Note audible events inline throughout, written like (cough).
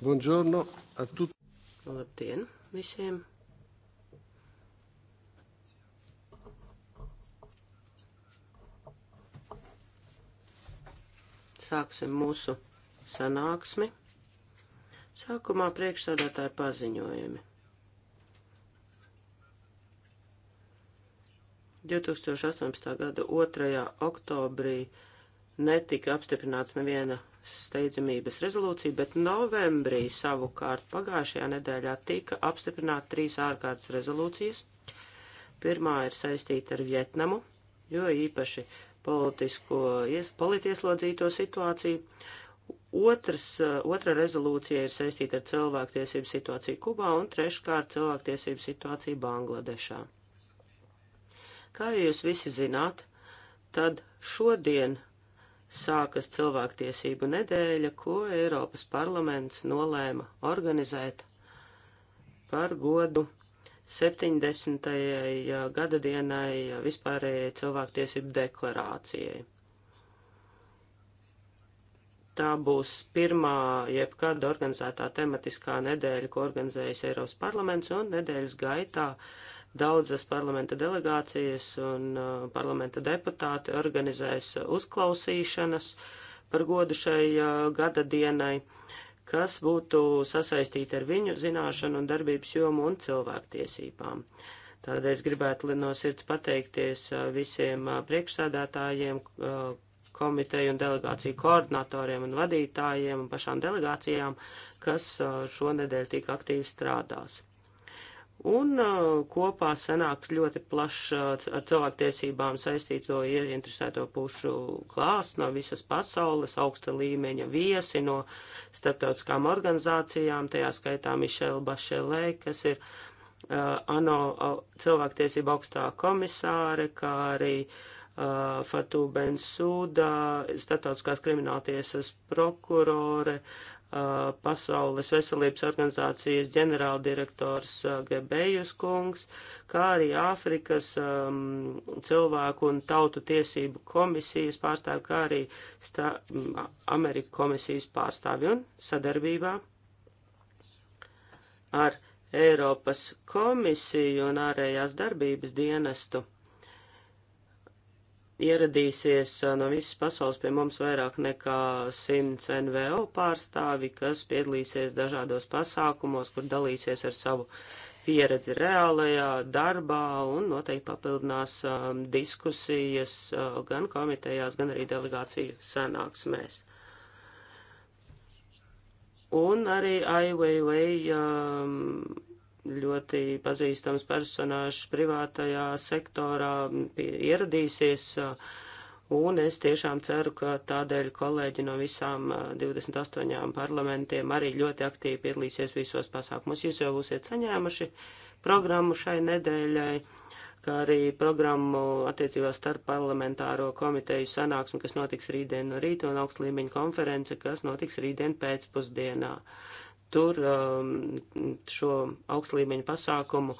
Buongiorno a tutti. Labdien visiem. Sāksim mūsu sanāksmi. Sākumā priekšsādātāja paziņojumi. 2018. gada 2. oktobrī netika apstiprināts neviena steidzamības rezolūcija, bet novembrī savukārt pagājušajā nedēļā tika apstiprināta trīs ārkārtas rezolūcijas. Pirmā ir saistīta ar Vietnamu, jo īpaši politisko, politieslodzīto situāciju. Otrs, otra rezolūcija ir saistīta ar cilvēktiesību situāciju Kubā un treškārt cilvēktiesību situāciju Bangladešā. Kā jūs visi zināt, tad šodien sākas cilvēktiesību nedēļa, ko Eiropas parlaments nolēma organizēt par godu 70. gada dienai vispārējai cilvēktiesību deklarācijai. Tā būs pirmā jebkad organizētā tematiskā nedēļa, ko organizējas Eiropas parlaments, un nedēļas gaitā uh, Daudzas parlamenta delegācijas un uh, parlamenta deputāti organizēs uzklausīšanas par godu šai uh, gada dienai, kas būtu sasaistīti ar viņu zināšanu un darbības jomu un cilvēktiesībām. Tādēļ es gribētu no sirds pateikties uh, visiem uh, priekšsēdētājiem, uh, komiteju un delegāciju koordinatoriem un vadītājiem un pašām delegācijām, kas uh, šonedēļ tik aktīvi strādās. Un uh, kopā sanāks ļoti plašs uh, ar cilvēktiesībām saistīto ieinteresēto pušu klāsts no visas pasaules, augsta līmeņa viesi no starptautiskām organizācijām, tajā skaitā Mišela Bašelē, kas ir uh, ANO uh, cilvēktiesība augstā komisāre, kā arī uh, Fatū Bensūda, starptautiskās krimināltiesas prokurore. Uh, Pasaules veselības organizācijas ģenerāldirektors Gebējus kungs, kā arī Āfrikas um, cilvēku un tautu tiesību komisijas pārstāvi, kā arī stā, Ameriku komisijas pārstāvi un sadarbībā ar Eiropas komisiju un ārējās darbības dienestu Ieradīsies uh, no visas pasaules pie mums vairāk nekā 100 NVO pārstāvi, kas piedalīsies dažādos pasākumos, kur dalīsies ar savu pieredzi reālajā darbā un noteikti papildinās um, diskusijas uh, gan komitejās, gan arī delegāciju sanāksmēs. Un arī Ai Weiwei um, ļoti pazīstams personāžs privātajā sektorā ieradīsies, un es tiešām ceru, ka tādēļ kolēģi no visām 28 parlamentiem arī ļoti aktīvi piedalīsies visos pasākumos. Jūs jau būsiet saņēmuši programmu šai nedēļai kā arī programmu attiecībā starp parlamentāro komiteju sanāksmi, kas notiks rītdien no rīta, un augst līmeņa konference, kas notiks rītdien pēcpusdienā. Tur um, šo augstlīmeņu pasākumu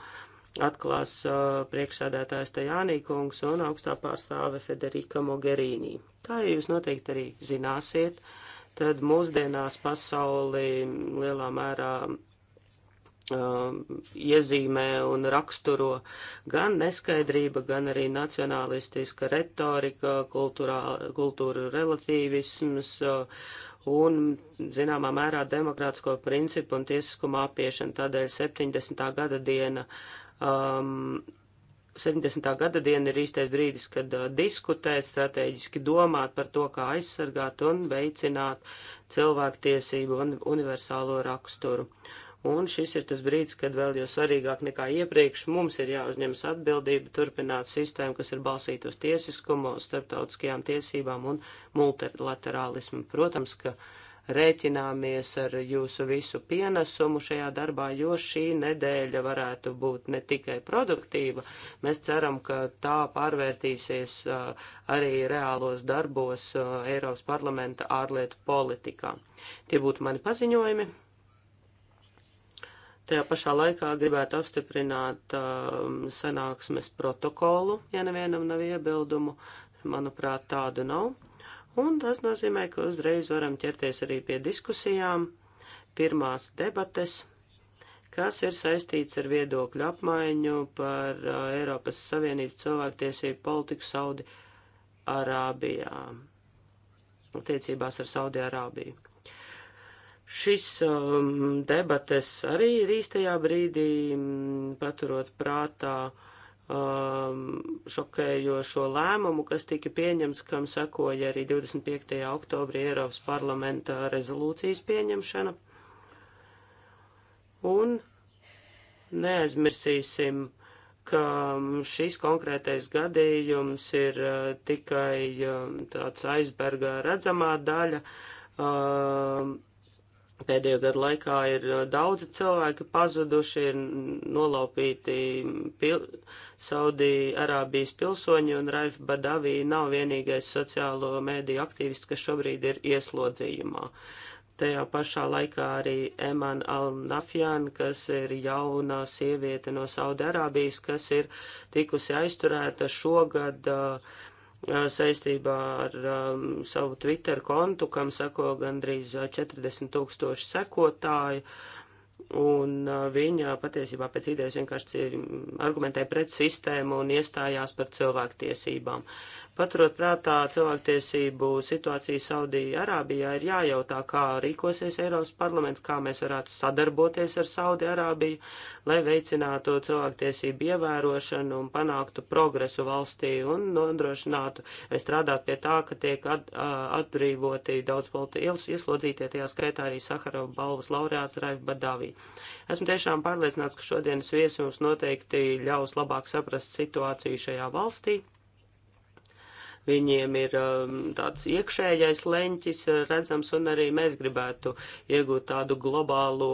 atklās uh, priekšsādātājs Tajānī kungs un augstā pārstāve Federika Mogherīnī. Tā ja jūs noteikti arī zināsiet, tad mūsdienās pasauli lielā mērā um, iezīmē un raksturo gan neskaidrība, gan arī nacionālistiska retorika, kultūra, kultūra relativisms, uh, un, zināmā mērā, demokrātisko principu un tiesiskumu apiešana. Tādēļ 70. gada diena. Um, 70. gada diena ir īstais brīdis, kad uh, diskutēt, strateģiski domāt par to, kā aizsargāt un veicināt cilvēktiesību un universālo raksturu. Uh, Un šis ir tas brīdis, kad vēl jau svarīgāk nekā iepriekš mums ir jāuzņemas atbildība turpināt sistēmu, kas ir balstīta uz tiesiskumu, starptautiskajām tiesībām un multilaterālismu. Protams, ka rēķināmies ar jūsu visu pienesumu šajā darbā, jo šī nedēļa varētu būt ne tikai produktīva, mēs ceram, ka tā pārvērtīsies uh, arī reālos darbos uh, Eiropas parlamenta ārlietu politikā. Tie būtu mani paziņojumi. Tajā pašā laikā gribētu apstiprināt um, sanāksmes protokolu, ja nevienam nav iebildumu. Manuprāt, tādu nav. Un tas nozīmē, ka uzreiz varam ķerties arī pie diskusijām. Pirmās debates, kas ir saistīts ar viedokļu apmaiņu par uh, Eiropas Savienības cilvēktiesību politiku Saudi Arābijā, attiecībās ar Saudi Arābiju. Šis um, debates arī ir īstajā brīdī, m, mm, paturot prātā um, šokējošo lēmumu, kas tika pieņemts, kam sekoja arī 25. oktobrī Eiropas parlamenta rezolūcijas pieņemšana. Un neaizmirsīsim ka mm, šis konkrētais gadījums ir uh, tikai uh, tāds aizberga redzamā daļa. Uh, pēdējo gadu laikā ir uh, daudzi cilvēki pazuduši, ir nolaupīti pil Saudī Arābijas pilsoņi, un Raif Badavī nav vienīgais sociālo mēdīju aktīvists, kas šobrīd ir ieslodzījumā. Tajā pašā laikā arī Eman Al-Nafjan, kas ir jaunā sieviete no Saudārābijas, kas ir tikusi aizturēta šogad uh, saistībā ar um, savu Twitter kontu, kam seko gandrīz 40 uh, tūkstoši sekotāju, un uh, viņa patiesībā pēc idejas vienkārši mm, argumentē pret sistēmu un iestājās par cilvēktiesībām. Paturot prātā cilvēktiesību situāciju Saudija Arābijā, ir jājautā, kā rīkosies Eiropas parlaments, kā mēs varētu sadarboties ar Saudi Arābiju, lai veicinātu cilvēktiesību ievērošanu un panāktu progresu valstī un nodrošinātu vai strādāt pie tā, ka tiek at, atbrīvoti daudz politiķi ieslodzītie, tajā skaitā arī Saharova balvas laureāts Raif Badavī. Esmu tiešām pārliecināts, ka šodienas viesi mums noteikti ļaus labāk saprast situāciju šajā valstī Viņiem ir um, tāds iekšējais leņķis uh, redzams, un arī mēs gribētu iegūt tādu globālo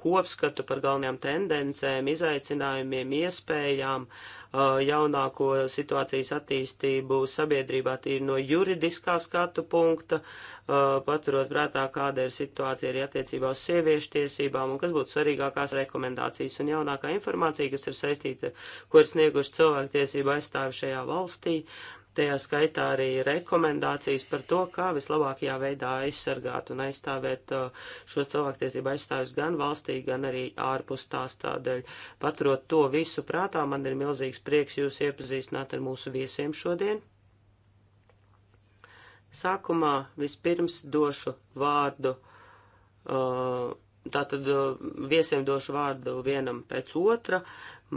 kopskatu par galvenajām tendencēm, izaicinājumiem, iespējām, uh, jaunāko situācijas attīstību sabiedrībā tīri no juridiskā skatu punkta, uh, paturot prātā, kāda ir situācija arī attiecībā uz sieviešu tiesībām un kas būtu svarīgākās rekomendācijas un jaunākā informācija, kas ir saistīta, ko ir snieguši cilvēktiesība aizstāvi šajā valstī. Uh, tajā skaitā arī rekomendācijas par to, kā vislabākajā veidā aizsargāt un aizstāvēt uh, šos cilvēktiesību aizstāvjus gan valstī, gan arī ārpus tās tādēļ. Paturot to visu prātā, man ir milzīgs prieks jūs iepazīstināt ar mūsu viesiem šodien. Sākumā vispirms došu vārdu. Uh, Tātad uh, viesiem došu vārdu vienam pēc otra.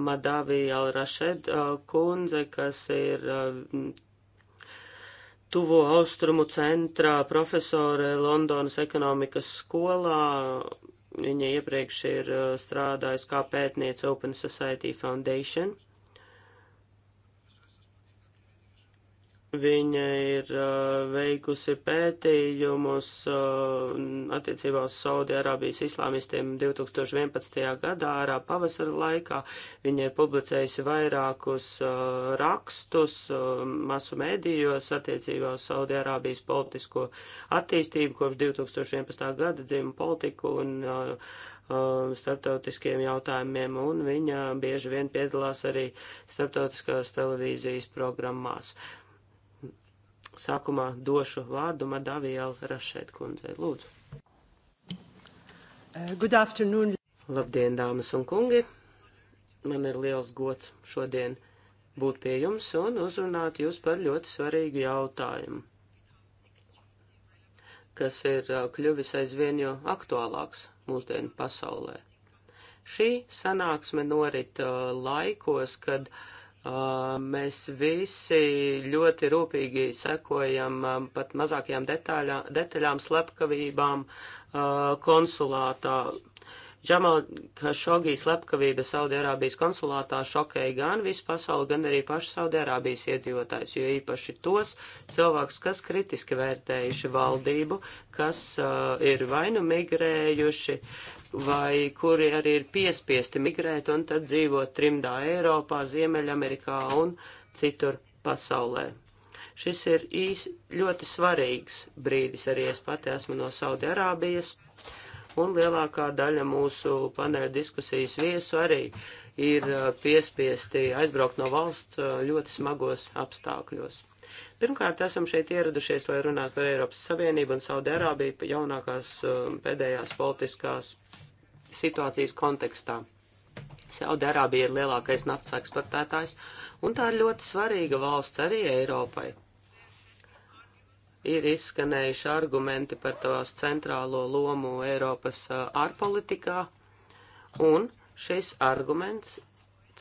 Madavija Alrašed uh, kundze, kas ir Tuvo austrumu centrā profesore Londonas ekonomikas skolā. Viņa iepriekš ir strādājusi kā pētniece Open Society Foundation. Uh, Viņa ir uh, veikusi pētījumus uh, attiecībā uz Saudi-Arābijas islāmistiem 2011. gadā, ārā pavasara laikā. Viņa ir publicējusi vairākus uh, rakstus uh, masu mēdījos attiecībā uz Saudi-Arābijas politisko attīstību kopš 2011. gada dzimu politiku un uh, uh, starptautiskiem jautājumiem, un viņa bieži vien piedalās arī starptautiskās televīzijas programmās. Uh, Sākumā došu vārdu Madaviel Rašēt kundzei. Lūdzu. Uh, good afternoon. Labdien, dāmas un kungi. Man ir liels gods šodien būt pie jums un uzrunāt jūs par ļoti svarīgu jautājumu, kas ir uh, kļuvis aizvien jo aktuālāks mūsdienu pasaulē. Šī sanāksme norit uh, laikos, kad uh, mēs visi ļoti rūpīgi sekojam pat mazākajām detaļā, detaļām, slepkavībām konsulātā. Džamal Khashoggi slepkavība Saudi-Arābijas konsulātā šokēja gan visu pasauli, gan arī pašu Saudi-Arābijas iedzīvotājus, jo īpaši tos cilvēkus, kas kritiski vērtējuši valdību, kas uh, ir vai nu migrējuši, vai kuri arī ir piespiesti migrēt un tad dzīvot trimdā Eiropā, Ziemeļamerikā un citur pasaulē. Šis ir īs, ļoti svarīgs brīdis, arī es pati esmu no Saudi-Arābijas, un lielākā daļa mūsu paneļa diskusijas viesu arī ir piespiesti aizbraukt no valsts ļoti smagos apstākļos. Pirmkārt, esam šeit ieradušies, lai runātu par Eiropas Savienību un Saudi-Arābiju jaunākās pēdējās politiskās situācijas kontekstā. Saudārābija ir lielākais naftas eksportētājs, un tā ir ļoti svarīga valsts arī Eiropai. Ir izskanējuši argumenti par tās centrālo lomu Eiropas ārpolitikā, un šis arguments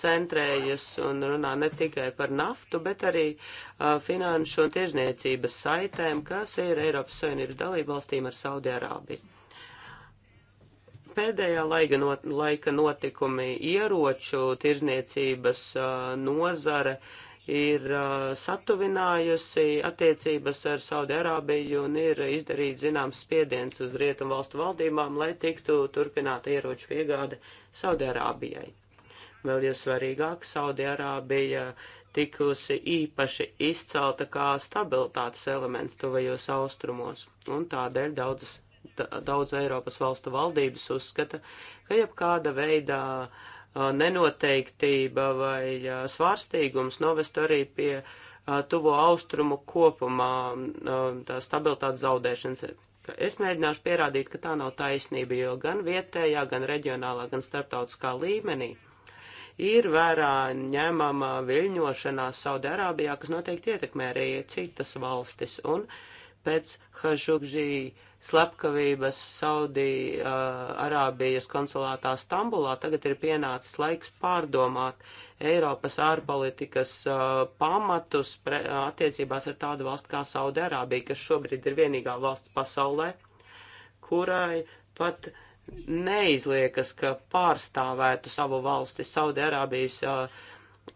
centrējas un runā ne tikai par naftu, bet arī uh, finanšu un tiežniecības saitēm, kas ir Eiropas Savienības dalībvalstīm ar Saudi Arābiju. Pēdējā laika, not, laika notikumi ieroču tirzniecības nozare ir satuvinājusi attiecības ar Saudi-Arābiju un ir izdarīts zināms spiediens uz rietumu valstu valdībām, lai tiktu turpināta ieroču iegāde Saudi-Arābijai. Vēl jau svarīgāk, Saudi-Arābija tikusi īpaši izcelta kā stabilitātes elements tuvajos austrumos, un tādēļ daudzas daudzu Eiropas valstu valdības uzskata, ka jebkāda veidā nenoteiktība vai svārstīgums novest arī pie tuvo austrumu kopumā tā stabilitātes zaudēšanas. Es mēģināšu pierādīt, ka tā nav taisnība, jo gan vietējā, gan reģionālā, gan starptautiskā līmenī ir vērā ņemama viļņošanās Saudārābijā, kas noteikti ietekmē arī citas valstis. Un pēc Hažugžī uh, slepkavības Saudī uh, Arābijas konsulātā Stambulā, tagad ir pienācis laiks pārdomāt Eiropas ārpolitikas uh, pamatus pre, uh, attiecībās ar tādu valstu kā Saudi Arābija, kas šobrīd ir vienīgā valsts pasaulē, kurai pat neizliekas, ka pārstāvētu savu valsti Saudi Arābijas uh,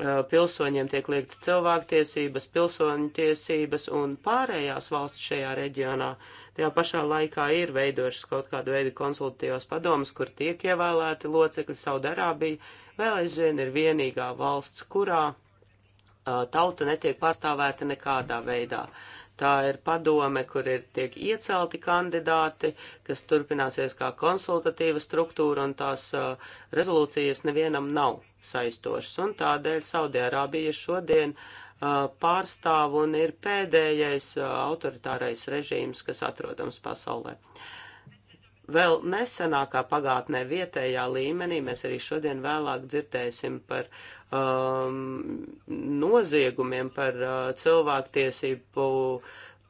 uh pilsoņiem tiek liektas cilvēktiesības, pilsoņu tiesības un pārējās valsts šajā reģionā tajā pašā laikā ir veidojušas kaut kādu veidu konsultatīvos padomus, kur tiek ievēlēti locekļi Saudarābija, vēl aizvien ir vienīgā valsts, kurā uh, tauta netiek pārstāvēta nekādā veidā. Tā ir padome, kur ir tiek iecelti kandidāti, kas turpināsies kā konsultatīva struktūra, un tās uh, rezolūcijas nevienam nav saistošas. Un tādēļ Saudijārābija šodien uh, pārstāv un ir pēdējais autoritārais režīms, kas atrodams pasaulē. Vēl nesenākā pagātnē vietējā līmenī mēs arī šodien vēlāk dzirdēsim par um, noziegumiem, par uh, cilvēktiesību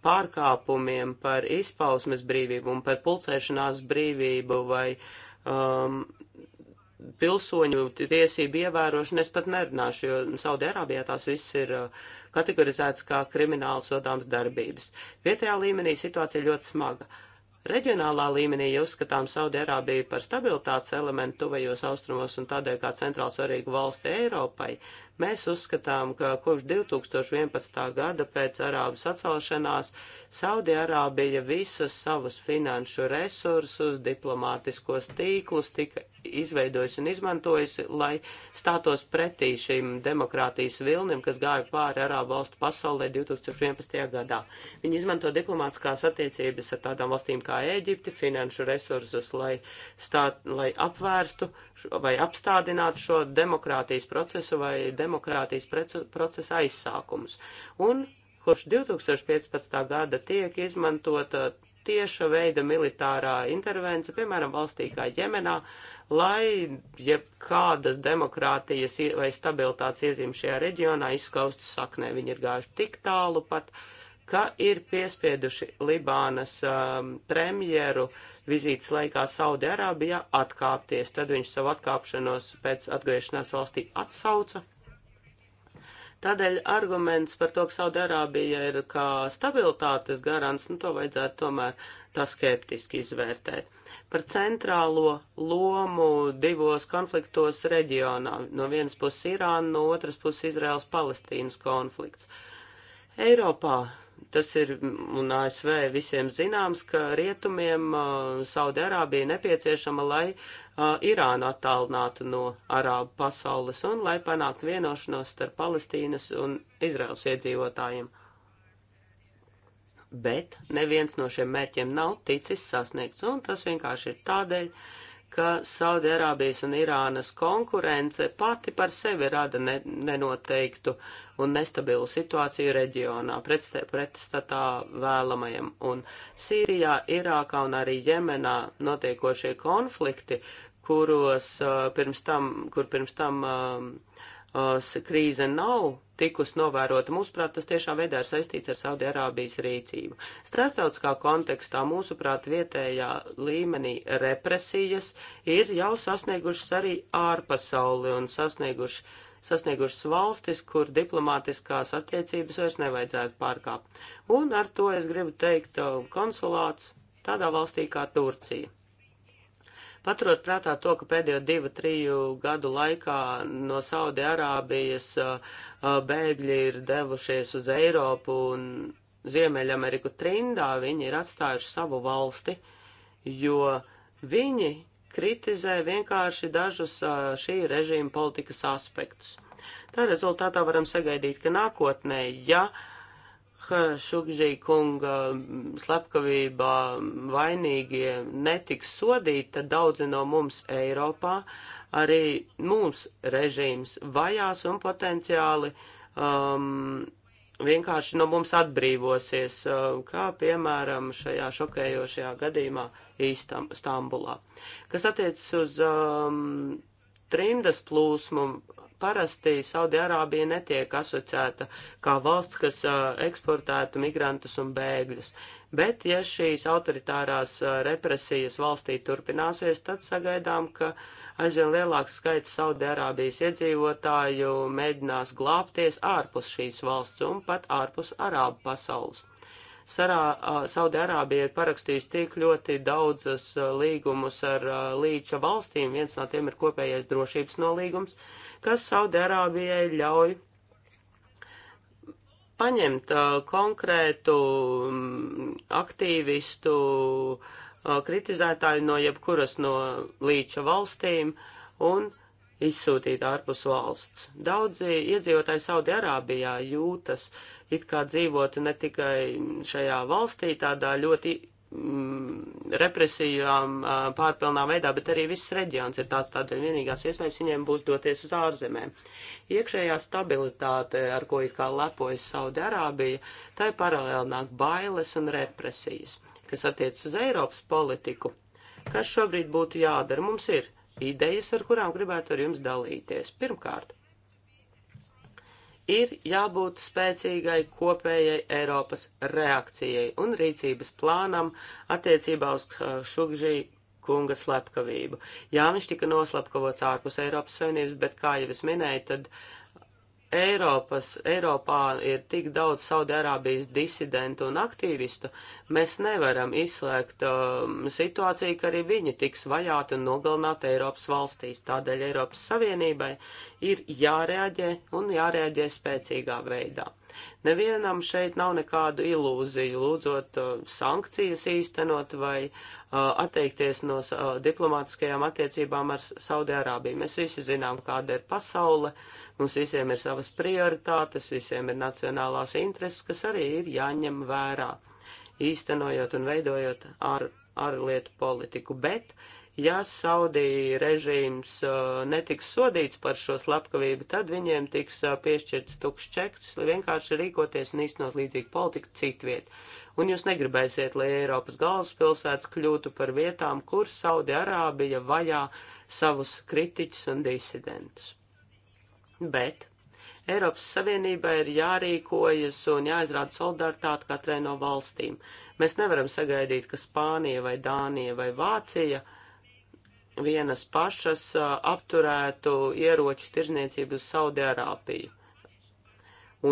pārkāpumiem, par izpausmes brīvību un par pulcēšanās brīvību vai um, pilsoņu tiesību ievērošanu es pat nerunāšu, jo Saudērābijā tās viss ir uh, kategorizēts kā krimināli sodāms darbības. Vietējā līmenī situācija ļoti smaga. Reģionālā līmenī, ja uzskatām Saudērābiju par stabilitātes elementu tuvajos austrumos un tādēļ kā centrāli svarīgu valsti Eiropai, Mēs uzskatām, ka kopš 2011. gada pēc Arābu sacelšanās Saudi-Arābija visus savus finanšu resursus, diplomātiskos tīklus tika izveidojusi un izmantojusi, lai stātos pretī šīm demokrātijas vilnim, kas gāja pāri Arābu valstu pasaulē 2011. gadā. Viņi izmanto diplomātiskās attiecības ar tādām valstīm kā Ēģipti, finanšu resursus, lai, stāt, lai apvērstu šo, vai apstādinātu šo demokrātijas procesu vai demokrātijas demokrātijas procesa aizsākumus. Un kurš 2015. gada tiek izmantota tieša veida militārā intervence, piemēram, valstī kā Jemenā, lai jebkādas demokrātijas vai stabilitātes iezīmes šajā reģionā izskaustu saknē. Viņi ir gājuši tik tālu pat, ka ir piespieduši Libānas um, premjeru vizītes laikā Saudi Arābijā atkāpties. Tad viņš savu atkāpšanos pēc atgriešanās valstī atsauca Tādēļ arguments par to, ka Saudārābija ir kā stabilitātes garants, nu to vajadzētu tomēr tā skeptiski izvērtēt. Par centrālo lomu divos konfliktos reģionā. No vienas puses Irāna, no otras puses Izraels Palestīnas konflikts. Eiropā tas ir un ASV visiem zināms, ka rietumiem uh, Saudārābija nepieciešama, lai uh, Irānu attālinātu no Arābu pasaules un lai panāktu vienošanos starp Palestīnas un Izraels iedzīvotājiem. Bet neviens no šiem mērķiem nav ticis sasniegts, un tas vienkārši ir tādēļ, ka Saudi-Arābijas un Irānas konkurence pati par sevi rada ne, nenoteiktu un nestabilu situāciju reģionā, pretstatā vēlamajam. Un Sīrijā, Irākā un arī Jemenā notiekošie konflikti kuros pirms tam, kur pirms tam krīze nav tikus novērota. Mūsuprāt, tas tiešām veidā ir saistīts ar Saudi-Arābijas rīcību. Startautiskā kontekstā, mūsuprāt, vietējā līmenī represijas ir jau sasniegušas arī ārpasauli un sasnieguši, sasniegušas valstis, kur diplomātiskās attiecības vairs nevajadzētu pārkāpt. Un ar to es gribu teikt konsulāts tādā valstī kā Turcija. Paturot prātā to, ka pēdējo divu, triju gadu laikā no Saudi Arābijas uh, uh, bēgļi ir devušies uz Eiropu un Ziemeļameriku trindā, viņi ir atstājuši savu valsti, jo viņi kritizē vienkārši dažus uh, šī režīma politikas aspektus. Tā rezultātā varam sagaidīt, ka nākotnē, ja uh, Šukžī kunga slepkavībā vainīgie netiks sodīti, tad daudzi no mums Eiropā arī mūs režīms vajās un potenciāli um, vienkārši no mums atbrīvosies, uh, kā piemēram šajā šokējošajā gadījumā Istambulā. Kas attiecas uz um, trimdas plūsmu Parasti Saudi-Arābija netiek asociēta kā valsts, kas uh, eksportētu migrantus un bēgļus. Bet, ja šīs autoritārās uh, represijas valstī turpināsies, tad sagaidām, ka aizvien lielāks skaits Saudi-Arābijas iedzīvotāju mēģinās glābties ārpus šīs valsts un pat ārpus Arābu pasaules. Sarā, uh, Saudi-Arābija ir parakstījusi tik ļoti daudzas līgumus ar līča valstīm, viens no tiem ir kopējais drošības nolīgums, līgums kas Saudārābijai ļauj paņemt uh, konkrētu um, aktīvistu uh, kritizētāju no jebkuras no līča valstīm un izsūtīt ārpus valsts. Daudzi iedzīvotāji Saudi-Arābijā jūtas, it kā dzīvotu ne tikai šajā valstī, tādā ļoti Mm, represijām pārpilnā veidā, bet arī viss reģions ir tāds tādēļ vienīgās iespējas viņiem būs doties uz ārzemēm. Iekšējā stabilitāte, ar ko it kā lepojas Saudarābija, tai paralēli nāk bailes un represijas, kas attiec uz Eiropas politiku. Kas šobrīd būtu jādara? Mums ir idejas, ar kurām gribētu ar jums dalīties. Pirmkārt, ir jābūt spēcīgai kopējai Eiropas reakcijai un rīcības plānam attiecībā uz uh, Šukžī kunga slepkavību. Jā, viņš tika noslapkavots ārpus Eiropas Savienības, bet, kā jau es minēju, tad Eiropas, Eiropā ir tik daudz Saudārābijas disidentu un aktīvistu, mēs nevaram izslēgt um, uh, situāciju, ka arī viņi tiks vajāti un nogalināti Eiropas valstīs. Tādēļ Eiropas Savienībai ir jārēģē un jārēģē spēcīgā veidā. Nevienam šeit nav nekādu ilūziju lūdzot uh, sankcijas īstenot vai uh, atteikties no uh, diplomātiskajām attiecībām ar Saudijārābiju. Mēs visi zinām, kāda ir pasaule, mums visiem ir savas prioritātes, visiem ir nacionālās intereses, kas arī ir jāņem vērā, īstenojot un veidojot ar ārlietu politiku, bet uh, Ja Saudija režīms uh, netiks sodīts par šo slepkavību, tad viņiem tiks uh, piešķirts tukšs čeks, lai vienkārši rīkoties un īstenot līdzīgu politiku citviet. Un jūs negribēsiet, lai Eiropas galvaspilsētas kļūtu par vietām, kur Saudi Arābija vajā savus kritiķus un disidentus. Bet Eiropas Savienībai ir jārīkojas un jāizrāda solidaritāte katrai no valstīm. Mēs nevaram sagaidīt, ka Spānija vai Dānija vai Vācija uh, vienas pašas apturētu ieroču tirzniecību uz Saudārābiju.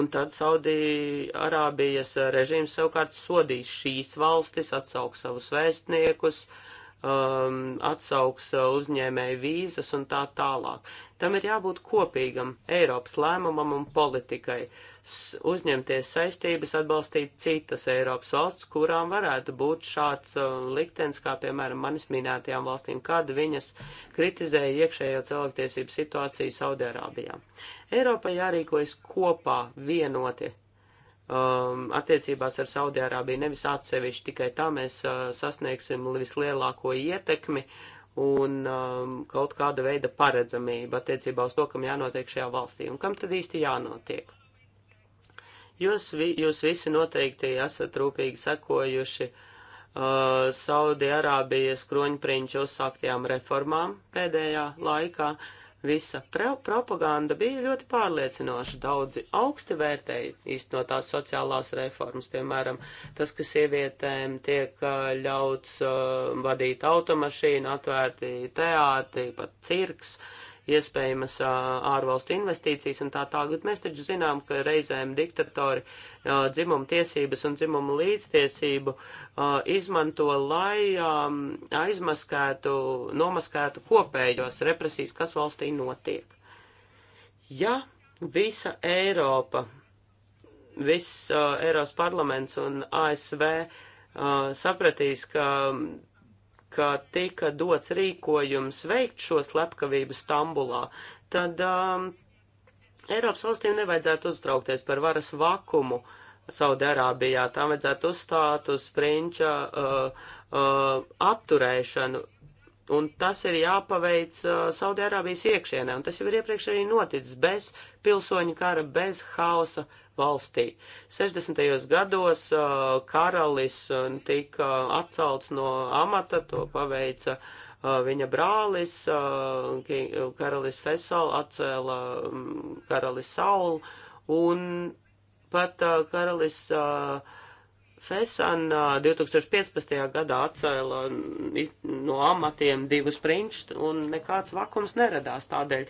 Un tad Saudārābijas režīms savukārt sodīs šīs valstis, atsauks savus vēstniekus, uh, um, atsauks uh, uzņēmēju vīzas un tā tālāk. Tam ir jābūt kopīgam Eiropas lēmumam un politikai. S uzņemties saistības atbalstīt citas Eiropas valsts, kurām varētu būt šāds uh, liktenis, kā piemēram manis minētajām valstīm, kad viņas kritizēja iekšējo cilvēktiesību situāciju Saudērābijā. Eiropai jārīkojas kopā vienoti um, attiecībās ar Saudijārābiju nevis atsevišķi, tikai tā mēs uh, sasniegsim vislielāko ietekmi un um, kaut kāda veida paredzamība attiecībā uz to, kam jānotiek šajā valstī un kam tad īsti jānotiek. Jūs, vi, jūs visi noteikti esat rūpīgi sekojuši uh, Saudi-Arābijas kroņprinču uzsāktajām reformām pēdējā laikā. Uh, Visa propaganda bija ļoti pārliecinoša. Daudzi augsti vērtēja īstenotās sociālās reformas, piemēram, tas, ka sievietēm tiek ļauts uh, vadīt automašīnu, atvērti teātri, pat cirks. Uh, iespējamas ārvalstu investīcijas un tā tālāk, bet mēs taču zinām, ka reizēm diktatori dzimumu tiesības un dzimumu līdztiesību izmanto, lai aizmaskētu, nomaskētu kopējos represijas, kas valstī notiek. Ja visa Eiropa, viss uh, Eiropas parlaments un ASV uh, sapratīs, ka ka tika dots rīkojums veikt šo slepkavību Stambulā, tad um, Eiropas valstīm nevajadzētu uztraukties par varas vakumu Saudārābijā. Tām vajadzētu uzstāt uz prinča uh, uh, apturēšanu. Un tas ir jāpaveic uh, Saudārābijas iekšienē, un tas jau ir iepriekš arī noticis bez pilsoņu kara, bez hausa, valstī. 60. gados uh, karalis uh, tika atcelts no amata, to paveica uh, viņa brālis, karalis Fesal, atcēla mm, karalis Saulu, un pat karalis uh, Fesan 2015. gadā atcēla no amatiem divus prinčus, un nekāds vakums neradās tādēļ.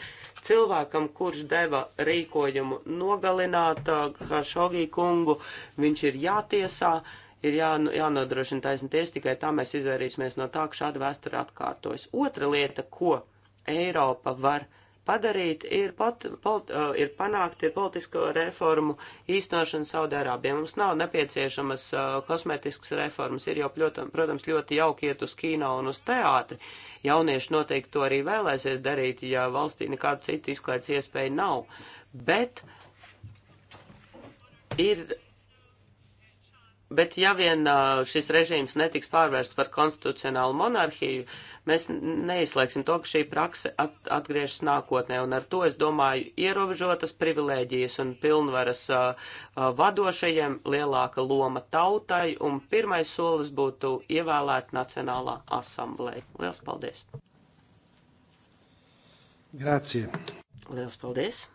Cilvēkam, kurš deva rīkojumu nogalināt uh, Hašogī kungu, viņš ir jātiesā, ir jā, jānodrošina taisnties, tikai tā mēs izvairīsimies no tā, ka šāda vēsture atkārtojas. Otra lieta, ko Eiropa var izdarīt padarīt, ir, pot, polit, uh, ir panākt ir politisko reformu īstenošana Saudārābijā. Mums nav nepieciešamas uh, kosmetiskas reformas, ir jau, pļotam, protams, ļoti jauki iet uz kino un uz teātri. Jaunieši noteikti to arī vēlēsies darīt, ja valstī nekādu citu izklaides iespēju nav. Bet ir Bet ja vien šis režīms netiks pārvērsts par konstitucionālu monarhiju, mēs neizslēgsim to, ka šī prakse at atgriežas nākotnē. Un ar to, es domāju, ierobežotas privilēģijas un pilnvaras uh, vadošajiem, lielāka loma tautai, un pirmais solis būtu ievēlēt Nacionālā asamblēja. Lielas paldies! Grācie! Lielas paldies!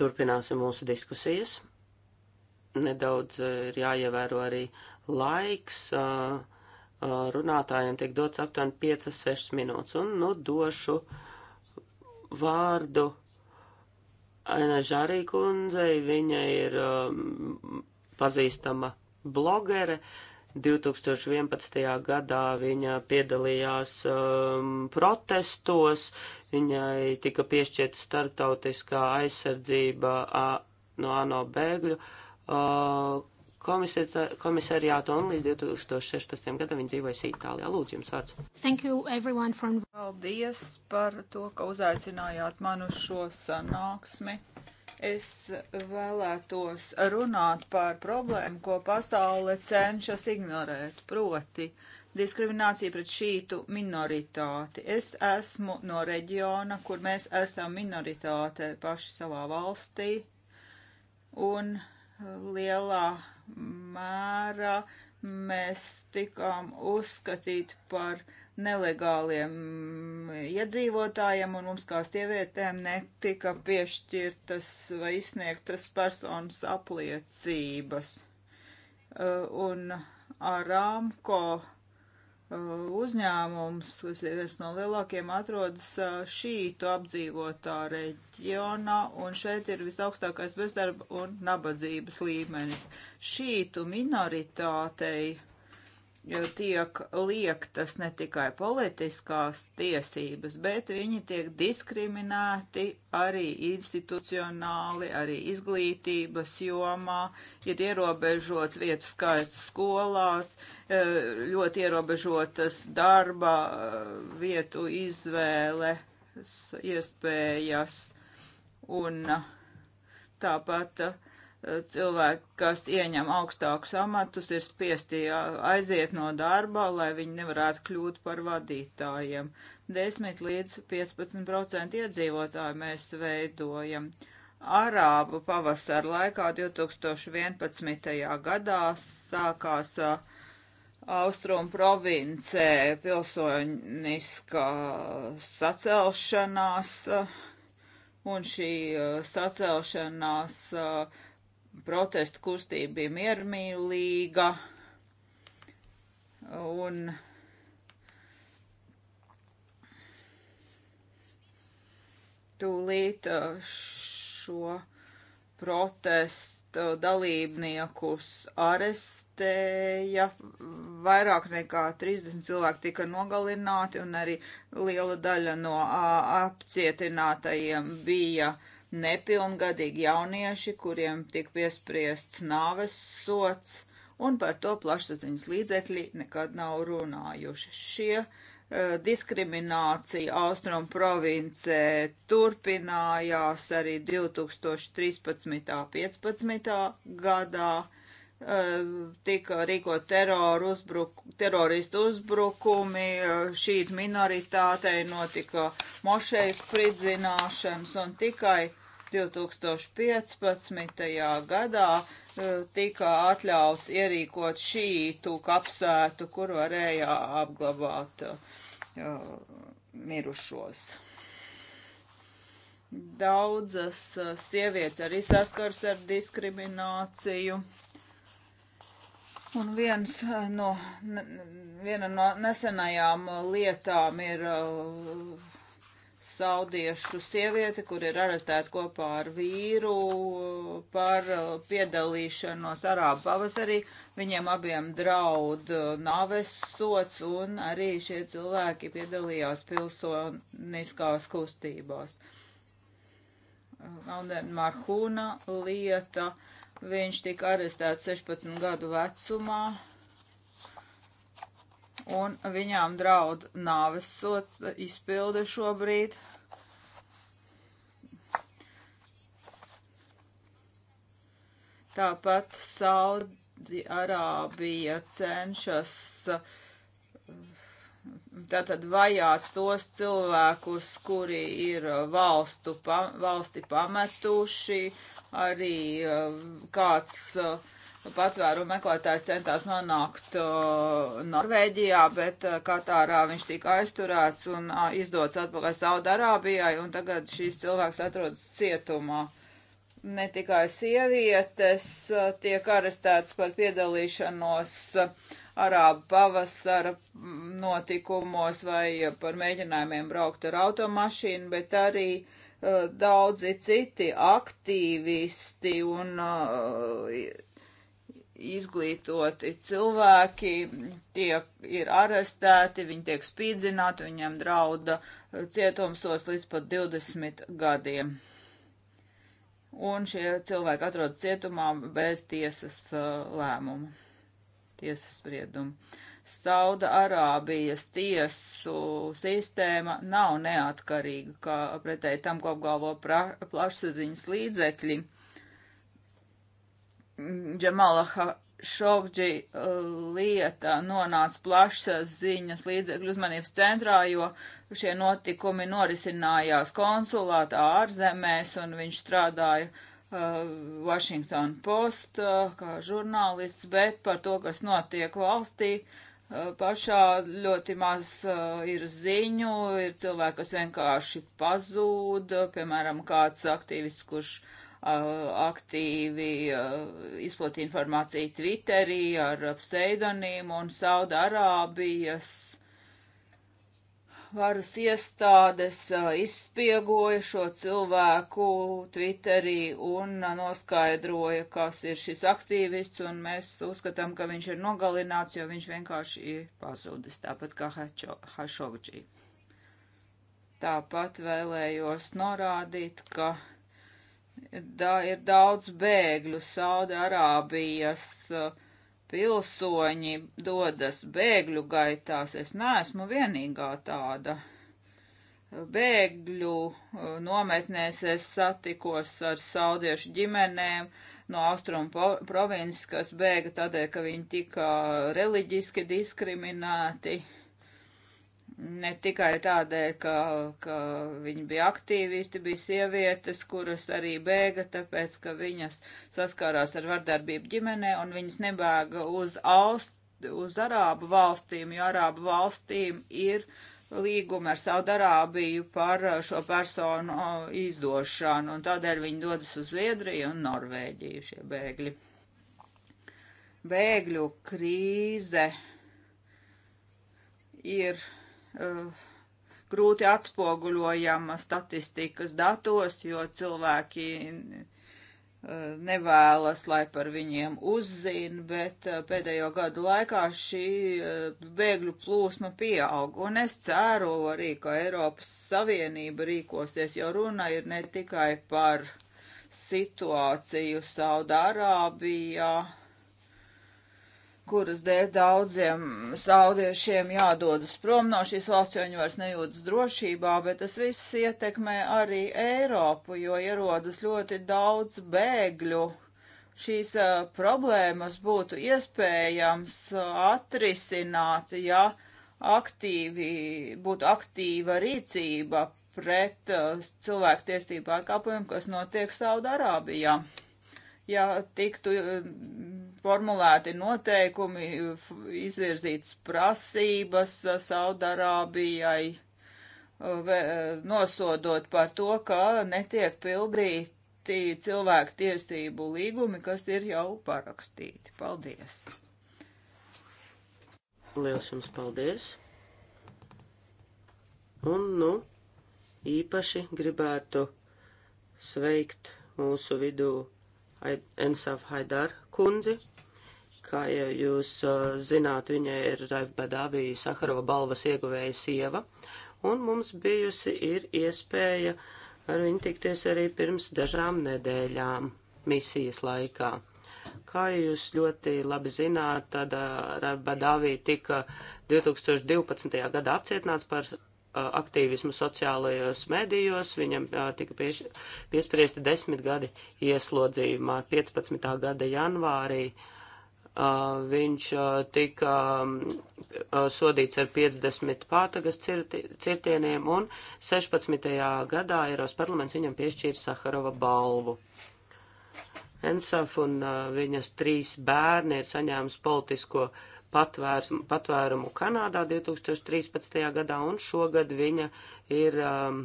Turpināsim mūsu diskusijas nedaudz eh, ir jāievēro arī laiks. Eh, eh, runātājiem tiek dots aptuveni 5-6 minūtes, un nu došu vārdu Aina Žārī kundzei. Viņa ir um, pazīstama blogere. 2011. gadā viņa piedalījās um, protestos, viņai tika piešķirta starptautiskā aizsardzība a, no ANO bēgļu uh, Uh, komisariātu un līdz 2016. gadam viņa dzīvojas Itālijā. Lūdzu, jums vārds. Thank you everyone from. Paldies par to, ka uzaicinājāt manu šo sanāksmi. Es vēlētos runāt par problēmu, ko pasaule cenšas ignorēt, proti diskriminācija pret šītu minoritāti. Es esmu no reģiona, kur mēs esam minoritāte paši savā valstī, un uh, lielā mērā mēs tikām uzskatīti par nelegāliem iedzīvotājiem, un mums kā sievietēm netika piešķirtas vai izsniegtas personas apliecības. Uh, un Arāmko ar uzņēmums, kas ir viens no lielākiem, atrodas šītu apdzīvotā reģionā, un šeit ir visaugstākais bezdarba un nabadzības līmenis. Šītu minoritātei tiek liektas ne tikai politiskās tiesības, bet viņi tiek diskriminēti arī institucionāli, arī izglītības jomā, ir ierobežots vietu skaits skolās, e, ļoti ierobežotas darba e, vietu izvēle, iespējas un e, tāpat uh, cilvēki, kas ieņem augstākus amatus, ir spiesti aiziet no darba, lai viņi nevarētu kļūt par vadītājiem. 10 līdz 15% iedzīvotāju mēs veidojam. Arābu pavasara laikā 2011. gadā sākās Austrum provincē pilsoniskā sacelšanās, un šī sacelšanās uh, protesta kustība bija miermīlīga un tūlīt uh, šo protestu dalībniekus arestēja. Vairāk nekā 30 cilvēki tika nogalināti un arī liela daļa no uh, apcietinātajiem bija uh, nepilngadīgi jaunieši, kuriem tik piespriests nāves sots, un par to plašsaziņas līdzekļi nekad nav runājuši. Šie uh, diskriminācija Austrum provincē turpinājās arī 2013.15. gadā. Uh, tika rīko teroru uzbruk, teroristu uzbrukumi, uh, eh, šī minoritātei notika mošeju spridzināšanas un tikai 2015. gadā e, tika atļauts ierīkot šītu kapsētu, kur varēja apglabāt uh, mirušos. Daudzas e, sievietes arī saskars ar diskrimināciju. Un viens no, ne, viena no nesenajām lietām ir uh, saudiešu sievieti, kur ir arestēta kopā ar vīru uh, par uh, piedalīšanos arābu pavasarī. Viņiem abiem draud uh, naves sots un arī šie cilvēki piedalījās pilsoniskās kustībās. Auden Marhūna lieta, viņš tika arestēts 16 gadu vecumā un viņām draud nāves sots izpilde šobrīd. Tāpat Saudi Arābija cenšas tātad vajāt tos cilvēkus, kuri ir valstu, pa, valsti pametuši, arī eh, kāds uh, patvēru meklētājs centās nonākt uh, Norvēģijā, bet uh, Katārā viņš tika aizturēts un uh, izdots atpakaļ Saudarābijai, un tagad šīs cilvēks atrodas cietumā. Ne tikai sievietes uh, tiek arestētas par piedalīšanos uh, arābu pavasara mm, notikumos vai uh, par mēģinājumiem braukt ar automašīnu, bet arī daudzi citi aktīvisti un uh, izglītoti cilvēki tiek, ir arestēti, viņi tiek spīdzināti, viņiem drauda cietumsos līdz pat 20 gadiem. Un šie cilvēki atrodas cietumā bez tiesas uh, lēmuma, tiesas sprieduma. Sauda Arābijas tiesu sistēma nav neatkarīga, kā pretēji tam, ko apgalvo plašsaziņas līdzekļi. Uh, Džamala Šokģi uh, lieta nonāca plašas ziņas līdzekļu uzmanības centrā, jo šie notikumi norisinājās konsulātā ārzemēs, un viņš strādāja uh, Washington Post uh, kā žurnālists, bet par to, kas notiek valstī, uh, pašā ļoti maz uh, ir ziņu, ir cilvēki, kas vienkārši pazūd, piemēram, kāds aktīvists, kurš Uh, aktīvi uh, izplatīja informāciju Twitterī ar pseidonīmu un Saudarābijas varas iestādes uh, izspiegoja šo cilvēku Twitterī un noskaidroja, kas ir šis aktīvists, un mēs uzskatām, ka viņš ir nogalināts, jo viņš vienkārši ir pazudis, tāpat kā Hašovģī. Tāpat vēlējos norādīt, ka da, ir daudz bēgļu. Saudārābijas uh, pilsoņi dodas bēgļu gaitās. Es neesmu vienīgā tāda. Bēgļu uh, nometnēs es satikos ar saudiešu ģimenēm no austrumu provinces, kas bēga tādēļ, ka viņi tika reliģiski diskriminēti. Uh, ne tikai tādēļ, ka, ka viņi bija aktīvisti, bija sievietes, kuras arī bēga, tāpēc, ka viņas saskārās ar vardarbību ģimenē, un viņas nebēga uz, aust, uz Arābu valstīm, jo Arābu valstīm ir līguma ar Saudarābiju par uh, šo personu uh, izdošanu, un tādēļ viņi dodas uz Zviedriju un Norvēģiju šie bēgļi. Bēgļu krīze ir uh, grūti atspoguļojama statistikas datos, jo cilvēki eh, nevēlas, lai par viņiem uzzina, bet eh, pēdējo gadu laikā šī bēgļu plūsma pieaug, un es ceru arī, ka Eiropas Savienība rīkosies, jo runa ir ne tikai par situāciju Saudārābijā, kuras dēļ daudziem saudiešiem jādodas prom no šīs valsts, jo viņi vairs nejūtas drošībā, bet tas viss ietekmē arī Eiropu, jo ierodas ļoti daudz bēgļu. Šīs uh, problēmas būtu iespējams uh, atrisināt, ja aktīvi, būtu aktīva rīcība pret uh, cilvēktiesību pārkāpumiem, kas notiek Saudārābijā. Ja tiktu formulēti noteikumi, izvirzītas prasības Saudarābijai, uh, uh, nosodot par to, ka netiek pildīti cilvēku tiesību līgumi, kas ir jau parakstīti. Paldies! Liels jums paldies! Un, nu, īpaši gribētu sveikt mūsu vidū Ensaf Haidar kundzi, Kā jau jūs zināt, viņa ir Raif Badavī Saharova balvas ieguvēja sieva, un mums bijusi ir iespēja ar viņu tikties arī pirms dažām nedēļām misijas laikā. Kā jūs ļoti labi zināt, tad Badavī tika 2012. gadā apcietināts par aktīvismu sociālajos medijos. Viņam tika pieš, piespriesti desmit gadi ieslodzījumā. 15. gada janvārī viņš tika sodīts ar 50 pātagas cirtieniem, un 16. gadā Eiropas parlaments viņam piešķīra Saharova balvu. Ensaf un viņas trīs bērni ir saņēmis politisko patvērs, patvērumu Kanādā 2013. gadā, un šogad viņa ir um,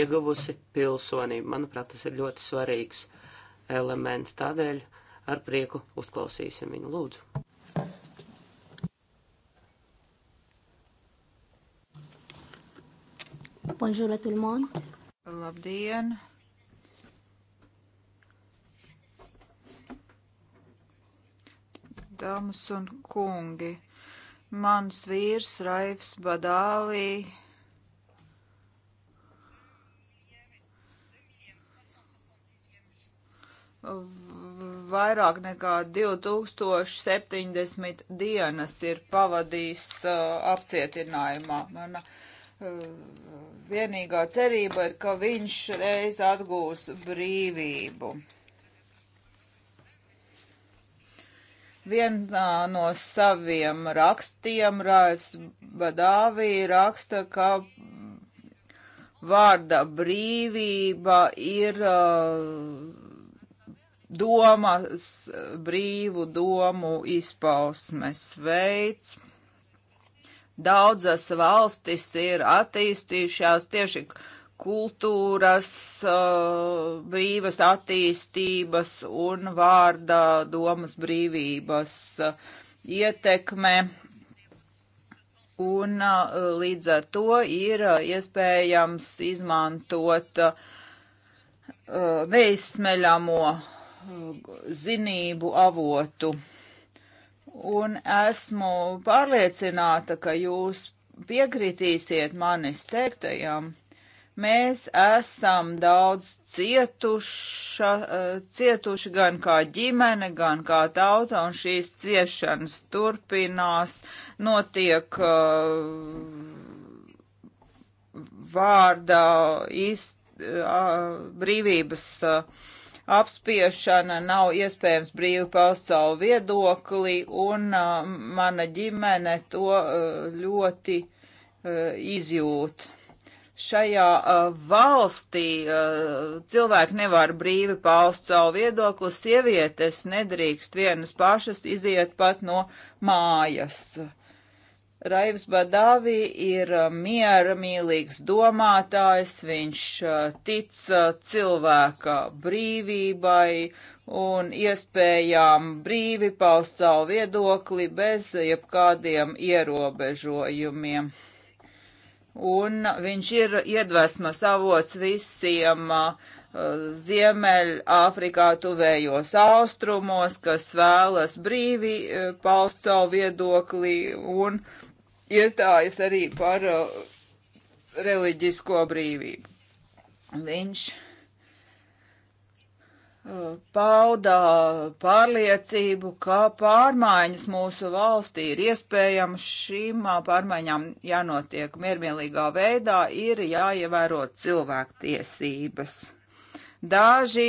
ieguvusi pilsonību. Manuprāt, tas ir ļoti svarīgs elements. Tādēļ uh, ar prieku uzklausīsim viņu lūdzu. Bonjour à tout le monde. Labdien! Dāmas un kungi, mans vīrs Raifs Badāvī vairāk nekā 2070 dienas ir pavadījis uh, apcietinājumā. Mana uh, vienīgā cerība ir, ka viņš reiz atgūs brīvību. Vienā no saviem rakstiem Raivs Badāvī raksta, ka vārda brīvība ir uh, domas, brīvu domu izpausmes veids. Daudzas valstis ir attīstījušās tieši kultūras, uh, brīvas attīstības un vārda domas brīvības uh, ietekme. Un uh, līdz ar to ir iespējams izmantot neizsmeļamo zinību avotu. Un esmu pārliecināta, ka jūs piekritīsiet manis teiktajam. Mēs esam daudz cietuša, cietuši gan kā ģimene, gan kā tauta, un šīs ciešanas turpinās, notiek uh, vārdā īst, uh, brīvības uh, apspiešana, nav iespējams brīvi paust savu viedokli, un uh, mana ģimene to uh, ļoti uh, izjūt. Šajā uh, valstī uh, cilvēki nevar brīvi paust savu viedokli, sievietes nedrīkst vienas pašas iziet pat no mājas. Uh, Raivs Badāvi ir uh, miera mīlīgs domātājs, viņš uh, tic uh, cilvēka brīvībai un iespējām brīvi paust savu viedokli bez jebkādiem ierobežojumiem. Un viņš ir iedvesmas avots visiem uh, Ziemeļāfrikā tuvējos austrumos, kas vēlas brīvi paust savu viedokli un iestājas arī par uh, reliģisko brīvību. Viņš uh, pauda pārliecību, ka pārmaiņas mūsu valstī ir iespējams, šīm uh, pārmaiņām jānotiek miermīlīgā veidā, ir jāievēro cilvēktiesības. Daži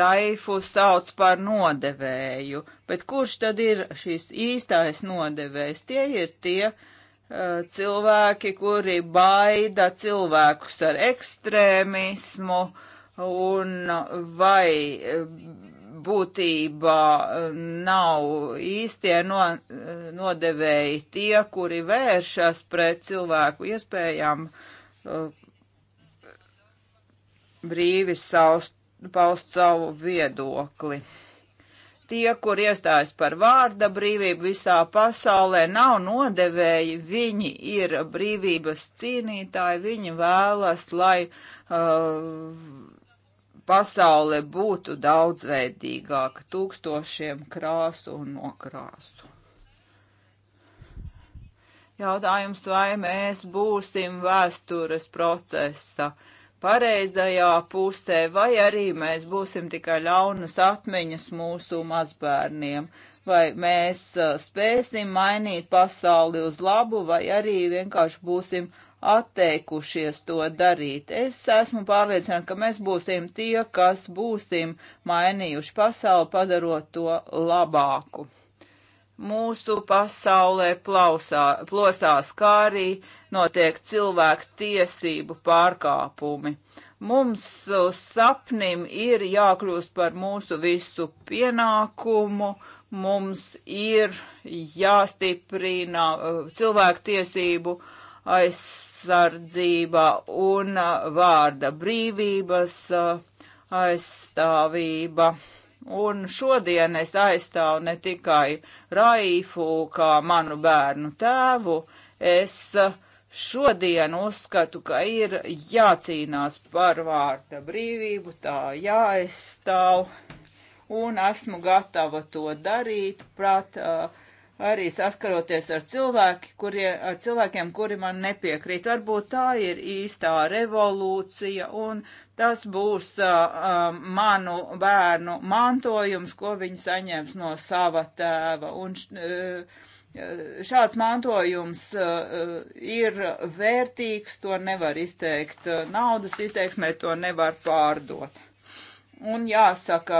raifu sauc par nodevēju, bet kurš tad ir šis īstais nodevējs? Tie ir tie, uh, cilvēki, kuri baida cilvēkus ar ekstrēmismu un vai būtībā nav īstie no, nodevēji tie, kuri vēršas pret cilvēku iespējām uh, brīvi saust, paust savu viedokli tie, kur iestājas par vārda brīvību visā pasaulē, nav nodevēji, viņi ir brīvības cīnītāji, viņi vēlas, lai uh, pasaule būtu daudzveidīgāka, tūkstošiem krāsu un nokrāsu. Jautājums, vai mēs būsim vēstures procesa uh, pareizajā pusē, vai arī mēs būsim tikai ļaunas atmiņas mūsu mazbērniem, vai mēs spēsim mainīt pasauli uz labu, vai arī vienkārši būsim atteikušies to darīt. Es esmu pārliecināta, ka mēs būsim tie, kas būsim mainījuši pasauli, padarot to labāku mūsu pasaulē plausā, plosās kārī, notiek cilvēku tiesību pārkāpumi. Mums sapnim ir jākļūst par mūsu visu pienākumu, mums ir jāstiprina uh, cilvēku tiesību aizsardzība un uh, vārda brīvības uh, aizstāvība. Un šodien es aizstāvu ne tikai Raifu kā manu bērnu tēvu, es šodien uzskatu, ka ir jācīnās par vārda brīvību, tā jāaizstāv, un esmu gatava to darīt, prāt, uh, arī saskaroties ar, cilvēki, kurie, ar cilvēkiem, kuri man nepiekrīt. Varbūt tā ir īstā revolūcija, un tas būs uh, manu bērnu mantojums, ko viņi saņems no sava tēva. Un, uh, Šāds mantojums uh, ir vērtīgs, to nevar izteikt naudas izteiksmē, to nevar pārdot. Un jāsaka,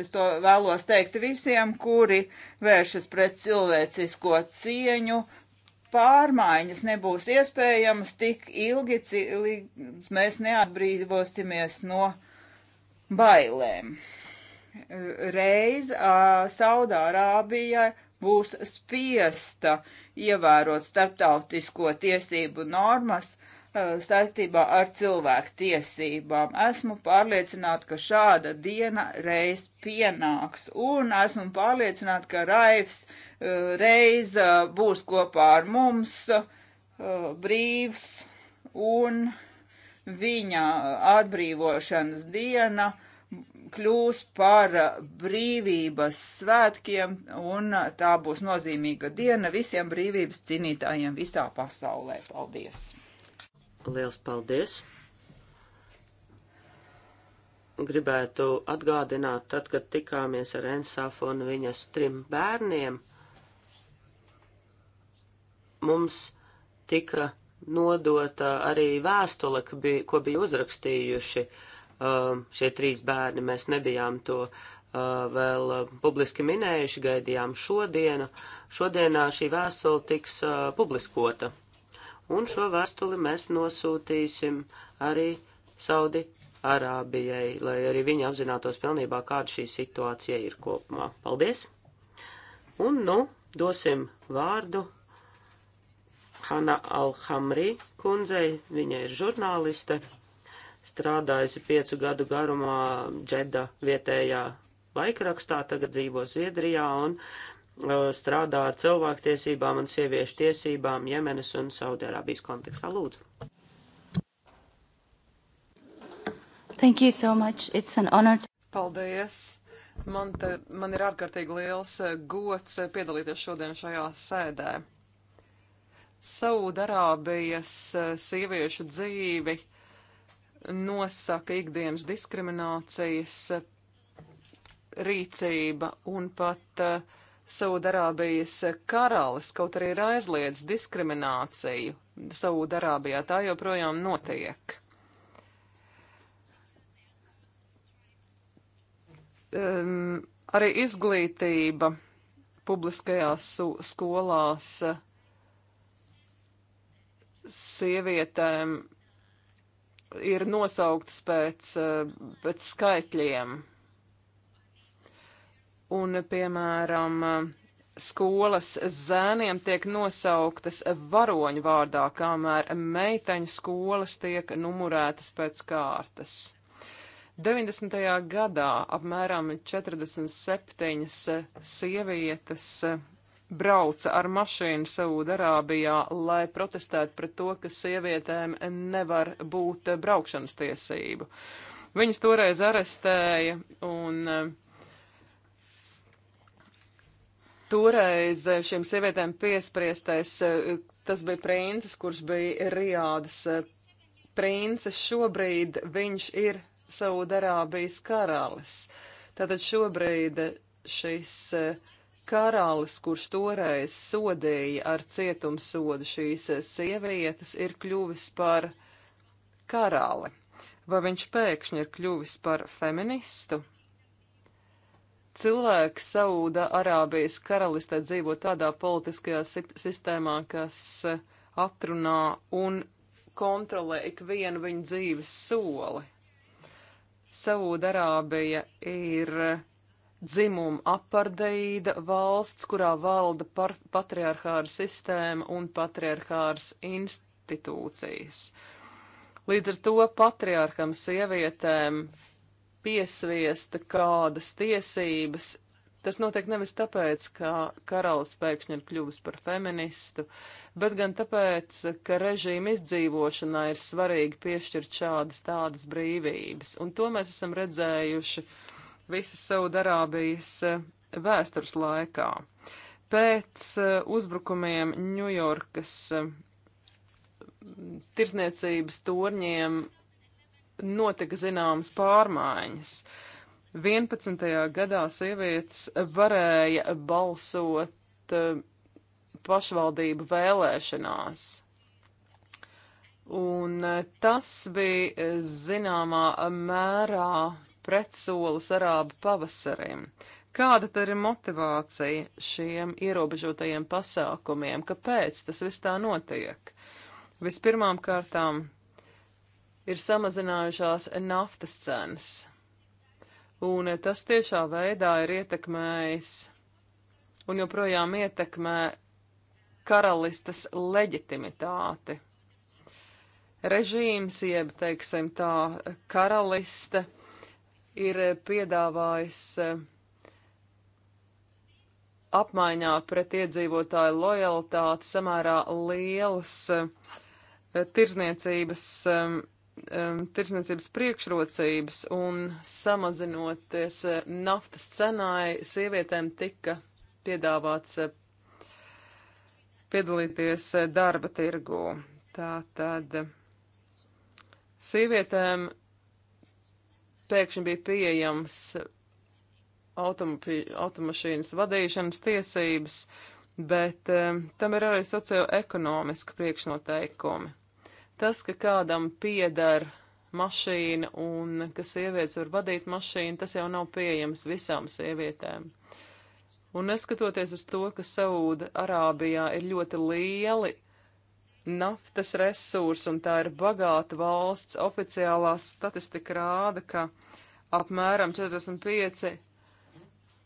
es to vēlos teikt visiem, kuri vēršas pret cilvēcisko cieņu. Pārmaiņas nebūs iespējamas tik ilgi, līdz mēs neatbrīvosimies no bailēm. Reiz Saudārābijai būs spiesta ievērot starptautisko tiesību normas, uh, saistībā ar cilvēku tiesībām. Esmu pārliecināta, ka šāda diena reiz pienāks, un esmu pārliecināta, ka Raivs reiz būs kopā ar mums brīvs, un viņa atbrīvošanas diena kļūs par brīvības svētkiem, un tā būs nozīmīga diena visiem brīvības cīnītājiem visā pasaulē. Paldies! Liels paldies! Gribētu atgādināt, tad, kad tikāmies ar Ensafu un viņas trim bērniem, mums tika nodota arī vēstule, bija, ko bija uzrakstījuši um, šie trīs bērni. Mēs nebijām to uh, vēl uh, publiski minējuši, gaidījām šodienu. Šodienā šī vēstule tiks uh, publiskota un šo vēstuli mēs nosūtīsim arī Saudi Arābijai, lai arī viņi apzinātos pilnībā, kāda šī situācija ir kopumā. Paldies! Un nu dosim vārdu Hana Alhamri kundzei, viņa ir žurnāliste, strādājusi piecu gadu garumā Džeda vietējā laikrakstā, tagad dzīvo Zviedrijā un Uh, strādā ar cilvēktiesībām un sieviešu tiesībām Jemenas un Saudārābijas kontekstā. Lūdzu! Thank you so much. It's an honor. To... Paldies! Man, te, man ir ārkārtīgi liels uh, gods uh, piedalīties šodien šajā sēdē. Saudarābijas sieviešu dzīvi nosaka ikdienas diskriminācijas rīcība un pat uh, Saudarābijas karalis, kaut arī ir aizliedz diskrimināciju Saudarābijā, tā joprojām notiek. Um, arī izglītība publiskajās skolās sievietēm ir nosauktas pēc, eh, pēc skaitļiem un, piemēram, skolas zēniem tiek nosauktas varoņu vārdā, kamēr meiteņu skolas tiek numurētas pēc kārtas. 90. gadā apmēram 47 sievietes brauca ar mašīnu Saudarābijā, lai protestētu pret to, ka sievietēm nevar būt braukšanas tiesību. Viņas toreiz arestēja un uh, Toreiz eh, šiem sievietēm piespriestais, eh, tas bija princis, kurš bija Riādas eh, princis, šobrīd viņš ir Saudarābijas karalis. Tātad šobrīd šis karalis, kurš toreiz sodīja ar cietumsodu šīs sievietes, ir kļuvis par karali. Vai viņš pēkšņi ir kļuvis par feministu? cilvēki Sauda Arābijas karalistē dzīvo tādā politiskajā sistēmā, kas eh, atrunā un kontrolē ikvienu viņu dzīves soli. Sauda Arābija ir eh, dzimuma apardeīda valsts, kurā valda patriarchāra sistēma un patriarchāras institūcijas. Līdz ar to patriarcham sievietēm piesviesta kādas tiesības. Tas notiek nevis tāpēc, ka karalis pēkšņi ir kļuvis par feministu, bet gan tāpēc, ka režīma izdzīvošanā ir svarīgi piešķirt šādas tādas brīvības. Un to mēs esam redzējuši visas Saudarābijas eh, vēstures laikā. Pēc eh, uzbrukumiem Ņujorkas eh, tirsniecības torņiem notika zināmas pārmaiņas. 11. gadā sievietes varēja balsot eh, pašvaldību vēlēšanās. Un eh, tas bija zināmā mērā pretsolis arābu pavasarim. Kāda tad ir motivācija šiem ierobežotajiem pasākumiem? Kāpēc tas viss tā notiek? Vispirmām kārtām ir samazinājušās naftas cenas. Un tas tiešā veidā ir ietekmējis un joprojām ietekmē karalistas leģitimitāti. Režīms, jeb, teiksim tā, karaliste ir piedāvājis eh, apmaiņā pret iedzīvotāju lojalitāti samērā lielus eh, tirzniecības eh, um, tirsniecības priekšrocības un samazinoties uh, naftas cenai, sievietēm tika piedāvāts uh, piedalīties uh, darba tirgū. Tā tad sievietēm pēkšņi bija pieejams automašīnas vadīšanas tiesības, bet um, tam ir arī socioekonomiski priekšnoteikumi. Tas, ka kādam pieder mašīna un ka sievietes var vadīt mašīnu, tas jau nav pieejams visām sievietēm. Un neskatoties uz to, ka Saūda Arābijā ir ļoti lieli naftas resursi un tā ir bagāta valsts, oficiālā statistika rāda, ka apmēram 45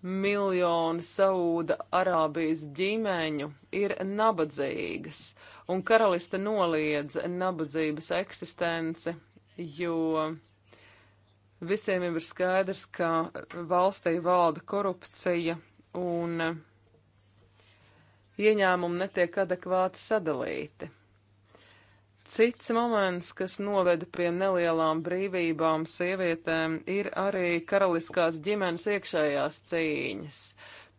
miljonu Saūda Arābijas ģimeņu ir nabadzīgas, un karaliste noliedz nabadzības eksistenci, jo visiem jau ir skaidrs, ka valstī valda korupcija un ieņēmumi netiek adekvāti sadalīti. Cits moments, kas noveda pie nelielām brīvībām sievietēm, ir arī karaliskās ģimenes iekšējās cīņas.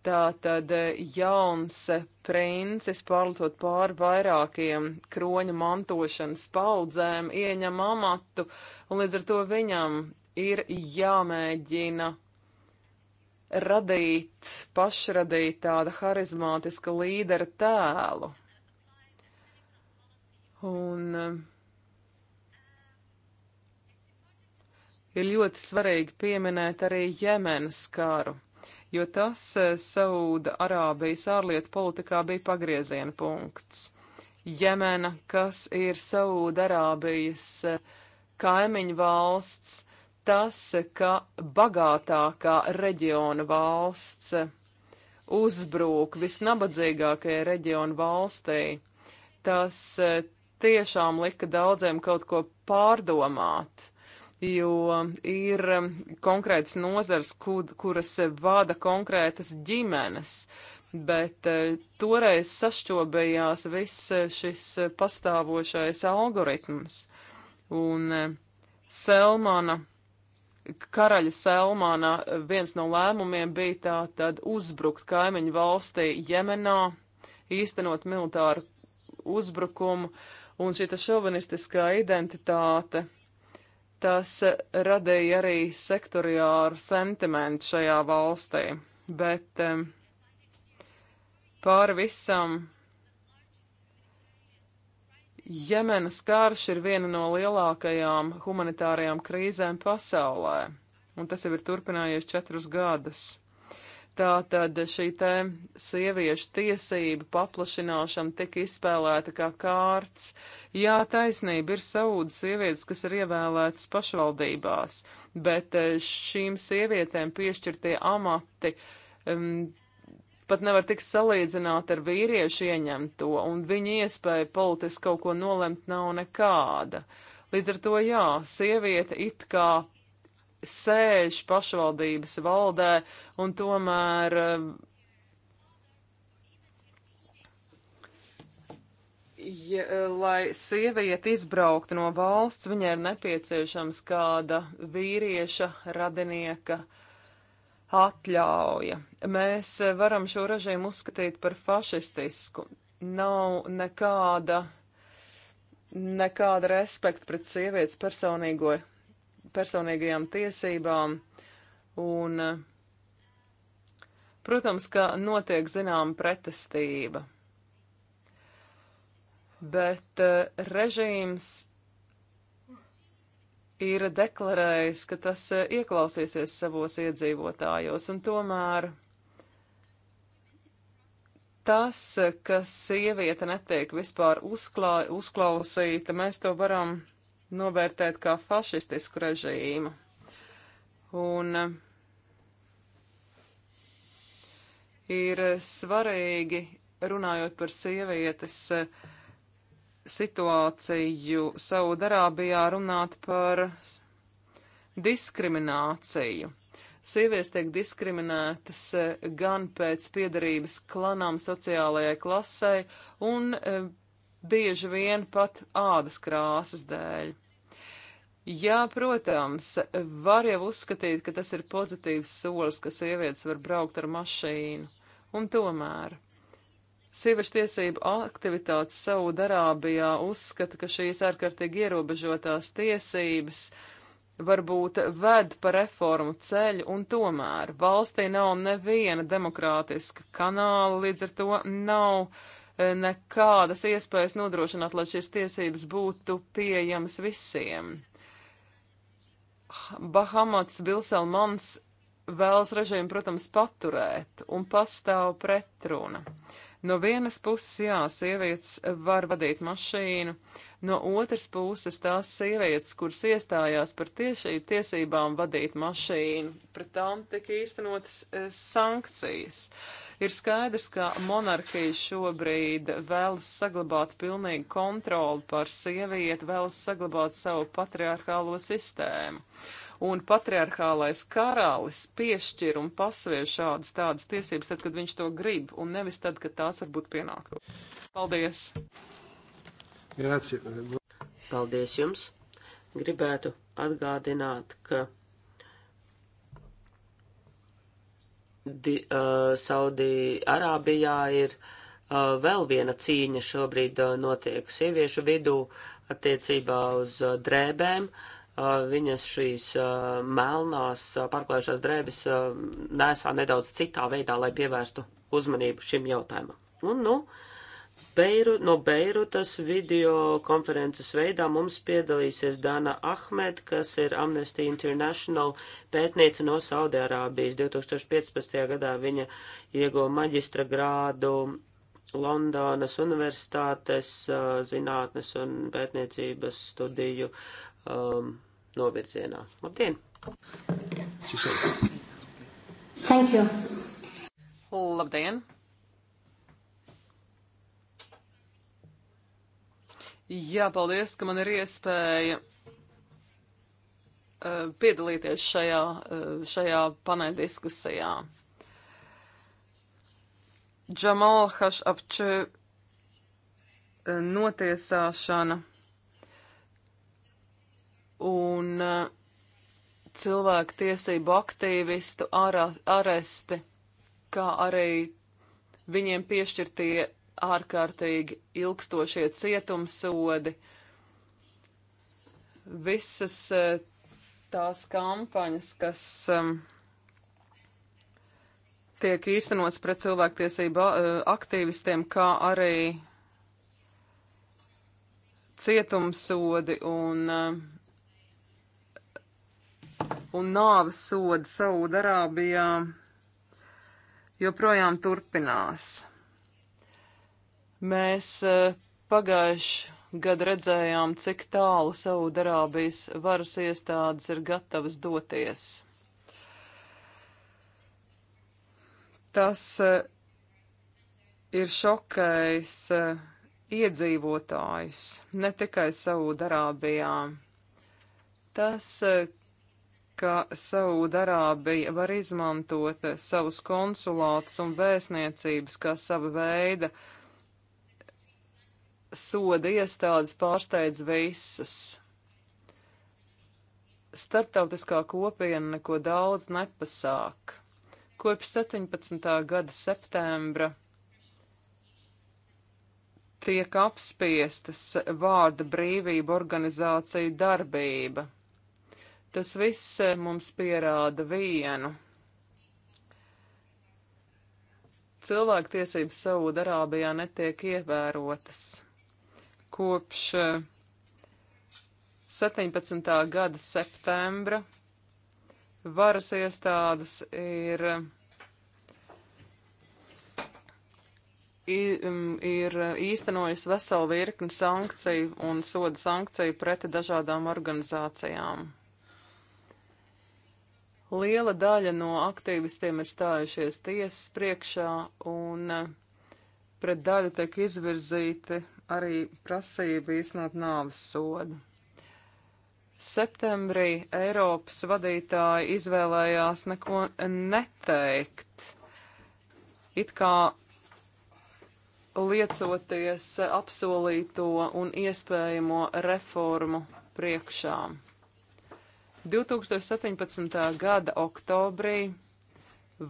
Tātad eh, jauns princis, pārlietot pāri vairākiem kroņa mantošanas paudzēm, ieņem amatu, un līdz ar to viņam ir jāmēģina radīt, pašradīt tāda harizmātiska līdera tēlu. Un eh, ir ļoti svarīgi pieminēt arī Jemenas karu, jo tas eh, Sauda Arābijas ārlietu politikā bija pagrieziena punkts. Jemena, kas ir Sauda Arābijas eh, kaimiņu valsts, tas, ka bagātākā reģiona valsts uzbrūk visnabadzīgākajai reģiona valstī, tas tiešām lika daudziem kaut ko pārdomāt. Jo ir konkrētas nozars, kur, kuras vada konkrētas ģimenes, bet e, toreiz sašķobējās viss šis pastāvošais algoritms. Un e, Selmana, karaļa Selmana e, viens no lēmumiem bija tā tad uzbrukt kaimiņu valstī Jemenā, īstenot militāru uzbrukumu, un šī šovinistiskā identitāte, tas radīja arī sektoriāru sentimentu šajā valstī, bet pāri visam Jemenas karš ir viena no lielākajām humanitārajām krīzēm pasaulē, un tas jau ir turpinājies četrus gadus. Tātad šī te sieviešu tiesība paplašināšana tika izspēlēta kā kārts. Jā, taisnība ir saūda sievietes, kas ir ievēlētas pašvaldībās, bet eh, šīm sievietēm piešķirtie amati um, pat nevar tik salīdzināt ar vīriešu ieņemto, un viņa iespēja politiski kaut ko nolemt nav nekāda. Līdz ar to, jā, sieviete it kā sēž pašvaldības valdē un tomēr ja, lai sieviete izbrauktu no valsts, viņai ir nepieciešams kāda vīrieša radinieka atļauja. Mēs varam šo režīmu uzskatīt par fašistisku. Nav nekāda, nekāda respekta pret sievietes personīgo personīgajām tiesībām. Un, protams, ka notiek zinām pretestība, bet eh, režīms ir deklarējis, ka tas eh, ieklausīsies savos iedzīvotājos, un tomēr tas, ka sieviete netiek vispār uzklā, uzklausīta, mēs to varam novērtēt kā fašistisku režīmu. Un eh, ir svarīgi, runājot par sievietes eh, situāciju Saudarābijā, runāt par diskrimināciju. Sievietes tiek diskriminētas eh, gan pēc piedarības klanām, sociālajai klasei, un bieži vien pat ādas krāsas dēļ. Jā, protams, var jau uzskatīt, ka tas ir pozitīvs solis, ka sievietes var braukt ar mašīnu, un tomēr. Sieviešu tiesību aktivitātes Saudarābijā uzskata, ka šīs ārkārtīgi ierobežotās tiesības varbūt ved pa reformu ceļu, un tomēr valstī nav neviena demokrātiska kanāla, līdz ar to nav nekādas iespējas nodrošināt, lai šīs tiesības būtu pieejamas visiem. Bahamats Bilselmans vēlas režīmu, protams, paturēt un pastāv pretruna. No vienas puses, jā, sievietes var vadīt mašīnu, uh, No otras puses, tās sievietes, kuras iestājās par tiešību tiesībām vadīt mašīnu, pret tām tika īstenotas eh, sankcijas. Ir skaidrs, ka monarhija šobrīd vēlas saglabāt pilnīgu kontroli pār sievieti, vēlas saglabāt savu patriarchālo sistēmu un patriarchālais karalis piešķir un pasviež šādas tādas tiesības tad, kad viņš to grib, un nevis tad, kad tās varbūt pienāktu. Paldies! Grācija. Paldies jums. Gribētu atgādināt, ka di, uh, Saudi Arābijā ir uh, vēl viena cīņa šobrīd uh, notiek sieviešu vidū attiecībā uz uh, drēbēm. Uh, viņas šīs uh, melnās uh, pārklājušās drēbes uh, nesā nedaudz citā veidā, lai pievērstu uzmanību šim jautājumam. Un, nu, Beiru, no Beirutas video konferences veidā mums piedalīsies Dana Ahmed, kas ir Amnesty International pētniece no Saudārābijas. 2015. gadā viņa ieguva maģistra grādu Londonas Universitātes zinātnes un pētniecības studiju um, novirzienā. Labdien! Thank you. Labdien! Jā, paldies, ka man ir iespēja uh, piedalīties šajā, uh, šajā paneļa diskusijā. Džamal Hašapče uh, notiesāšana un cilvēku tiesību aktīvistu arā, aresti, kā arī viņiem piešķirtie ārkārtīgi ilgstošie cietumsodi, visas eh, tās kampaņas, kas um, tiek īstenots pret cilvēktiesību eh, aktīvistiem, kā arī cietumsodi un um, un nāves soda Saudarābijā joprojām turpinās. Mēs eh, pagājuši gadu redzējām, cik tālu Saudarābijas varas iestādes ir gatavas doties. Tas eh, ir šokējis eh, iedzīvotājus ne tikai Saudarābijā. Tas, ka Saudarābija var izmantot savus konsulātus un vēstniecības kā sava veida uh, soda iestādes pārsteidz visus. Startautiskā kopiena neko daudz nepasāk. Kopš 17. gada septembra tiek apspiestas vārda brīvība organizāciju darbība. Tas viss eh, mums pierāda vienu. Cilvēktiesības Saudarābijā netiek ievērotas kopš 17. Eh, gada septembra varas iestādes ir, mm, ir īstenojis veselu virkni sankciju un soda sankciju preti dažādām organizācijām. Liela daļa no aktīvistiem ir stājušies tiesas priekšā un eh, pret daļu tiek izvirzīti arī prasība īstenot nāves sodu. Septembrī Eiropas vadītāji izvēlējās neko neteikt, it kā liecoties apsolīto un iespējamo reformu priekšā. 2017. gada oktobrī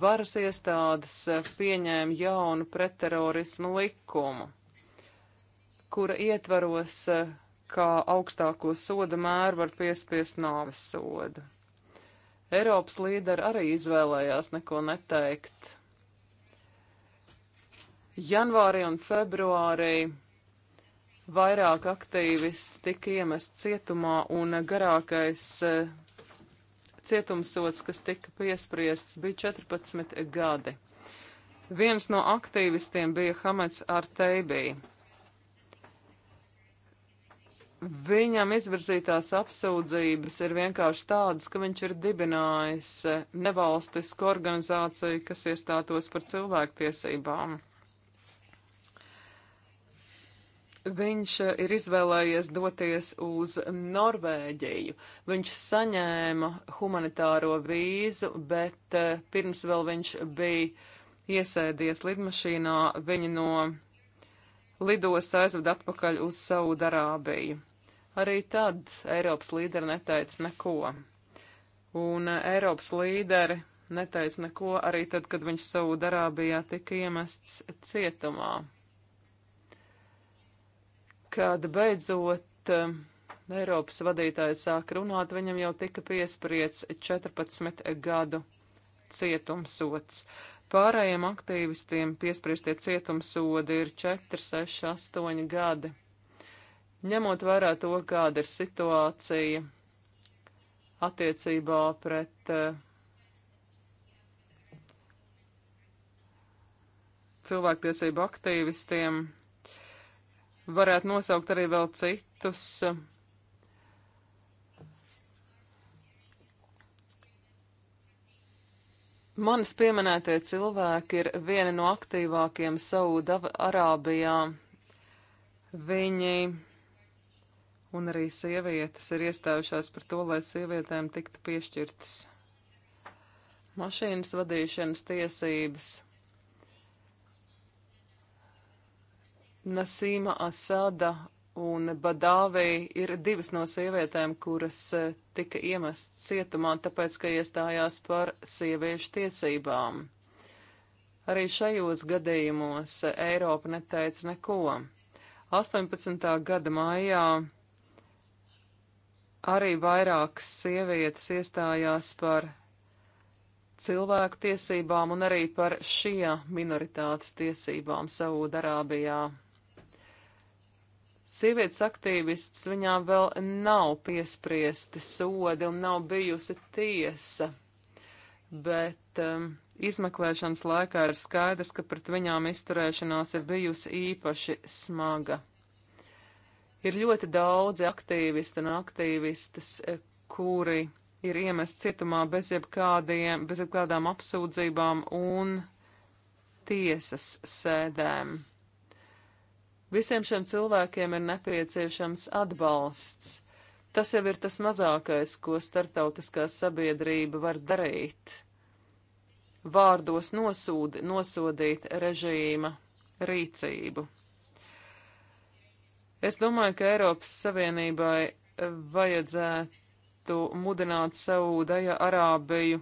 varas iestādes pieņēma jaunu pretterorismu likumu kura ietvaros, eh, kā augstāko soda mēru var piespiest nāves sodu. Eiropas līderi arī izvēlējās neko neteikt. Janvārī un februārī vairāk aktīvisti tika iemest cietumā un garākais eh, cietumsots, kas tika piespriests, bija 14 gadi. Viens no aktīvistiem bija Hamets Arteibī. Viņam izvirzītās apsūdzības ir vienkārši tādas, ka viņš ir dibinājis nevalstisku organizāciju, kas iestātos par cilvēktiesībām. Viņš ir izvēlējies doties uz Norvēģiju. Viņš saņēma humanitāro vīzu, bet eh, pirms vēl viņš bija iesēdies lidmašīnā, viņi no lidosta aizved atpakaļ uz Saudarābiju. Arī tad Eiropas līderi neteica neko. Un uh, Eiropas līderi neteica neko arī tad, kad viņš savu darābijā tika iemests cietumā. Kad beidzot um, Eiropas vadītājs sāk runāt, viņam jau tika piespriedz 14 gadu cietumsots. Pārējiem aktīvistiem piesprieztie cietumsodi ir 4, 6, 8 gadi. Ņemot vērā to, kāda ir situācija attiecībā pret eh, cilvēktiesību aktīvistiem, varētu nosaukt arī vēl citus. Eh, manis pieminētie cilvēki ir vieni no aktīvākiem Sauda Arābijā. Viņi un arī sievietes ir iestājušās par to, lai sievietēm tiktu piešķirtas mašīnas vadīšanas tiesības. Nasīma Asada un Badāvī ir divas no sievietēm, kuras eh, tika iemestas cietumā, tāpēc, ka iestājās par sieviešu tiesībām. Arī šajos gadījumos Eiropa neteica neko. 18. gada maijā arī vairākas sievietes iestājās par cilvēku tiesībām un arī par šie minoritātes tiesībām Saūdarābijā. Sievietes aktīvists viņām vēl nav piespriesti sodi un nav bijusi tiesa, bet um, izmeklēšanas laikā ir skaidrs, ka pret viņām izturēšanās ir bijusi īpaši smaga. Ir ļoti daudzi aktīvisti un aktīvistas, eh, kuri ir iemest cietumā bez jebkādiem, bez jebkādām apsūdzībām un tiesas sēdēm. Visiem šiem cilvēkiem ir nepieciešams atbalsts. Tas jau ir tas mazākais, ko starptautiskā sabiedrība var darīt. Vārdos nosūd, nosodīt režīma rīcību. Es domāju, ka Eiropas Savienībai vajadzētu mudināt Saūdaja Arābiju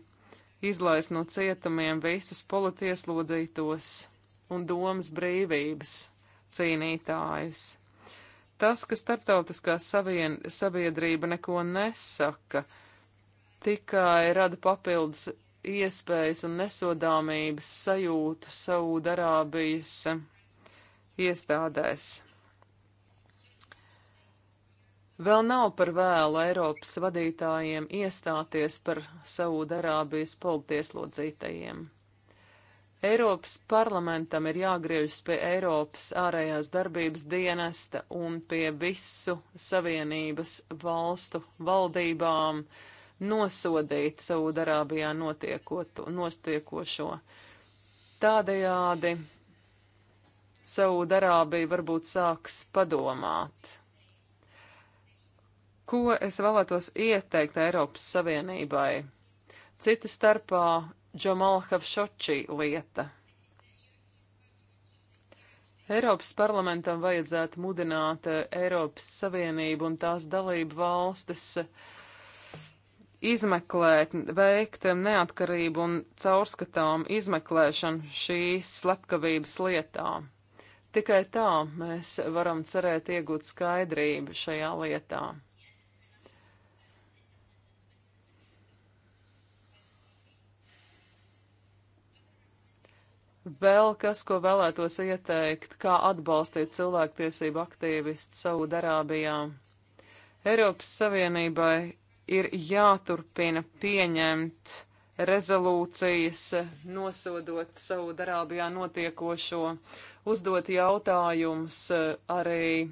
izlaist no cietumiem visus politieslodzītos un domas brīvības cīnītājus. Tas, ka starptautiskā savien, sabiedrība neko nesaka, tikai rada papildus iespējas un nesodāmības sajūtu Saūdarābijas iestādēs. Vēl nav par vēlu Eiropas vadītājiem iestāties par Saūda-Arābijas politieslodzītajiem. Eiropas parlamentam ir jāgriežas pie Eiropas ārējās darbības dienesta un pie visu Savienības valstu valdībām nosodīt Saūda-Arābijā notiekošo. Tādējādi Saūda-Arābija varbūt sāks padomāt Ko es vēlētos ieteikt Eiropas Savienībai? Citu starpā Džamala Havšoči lieta. Eiropas parlamentam vajadzētu mudināt Eiropas Savienību un tās dalību valstis izmeklēt, veikt neatkarību un caurskatām izmeklēšanu šīs slepkavības lietā. Tikai tā mēs varam cerēt iegūt skaidrību šajā lietā. Vēl kas, ko vēlētos ieteikt, kā atbalstīt cilvēktiesību aktīvistu Saudarābijā. Eiropas Savienībai ir jāturpina pieņemt rezolūcijas, nosodot Saudarābijā notiekošo, uzdot jautājumus eh, arī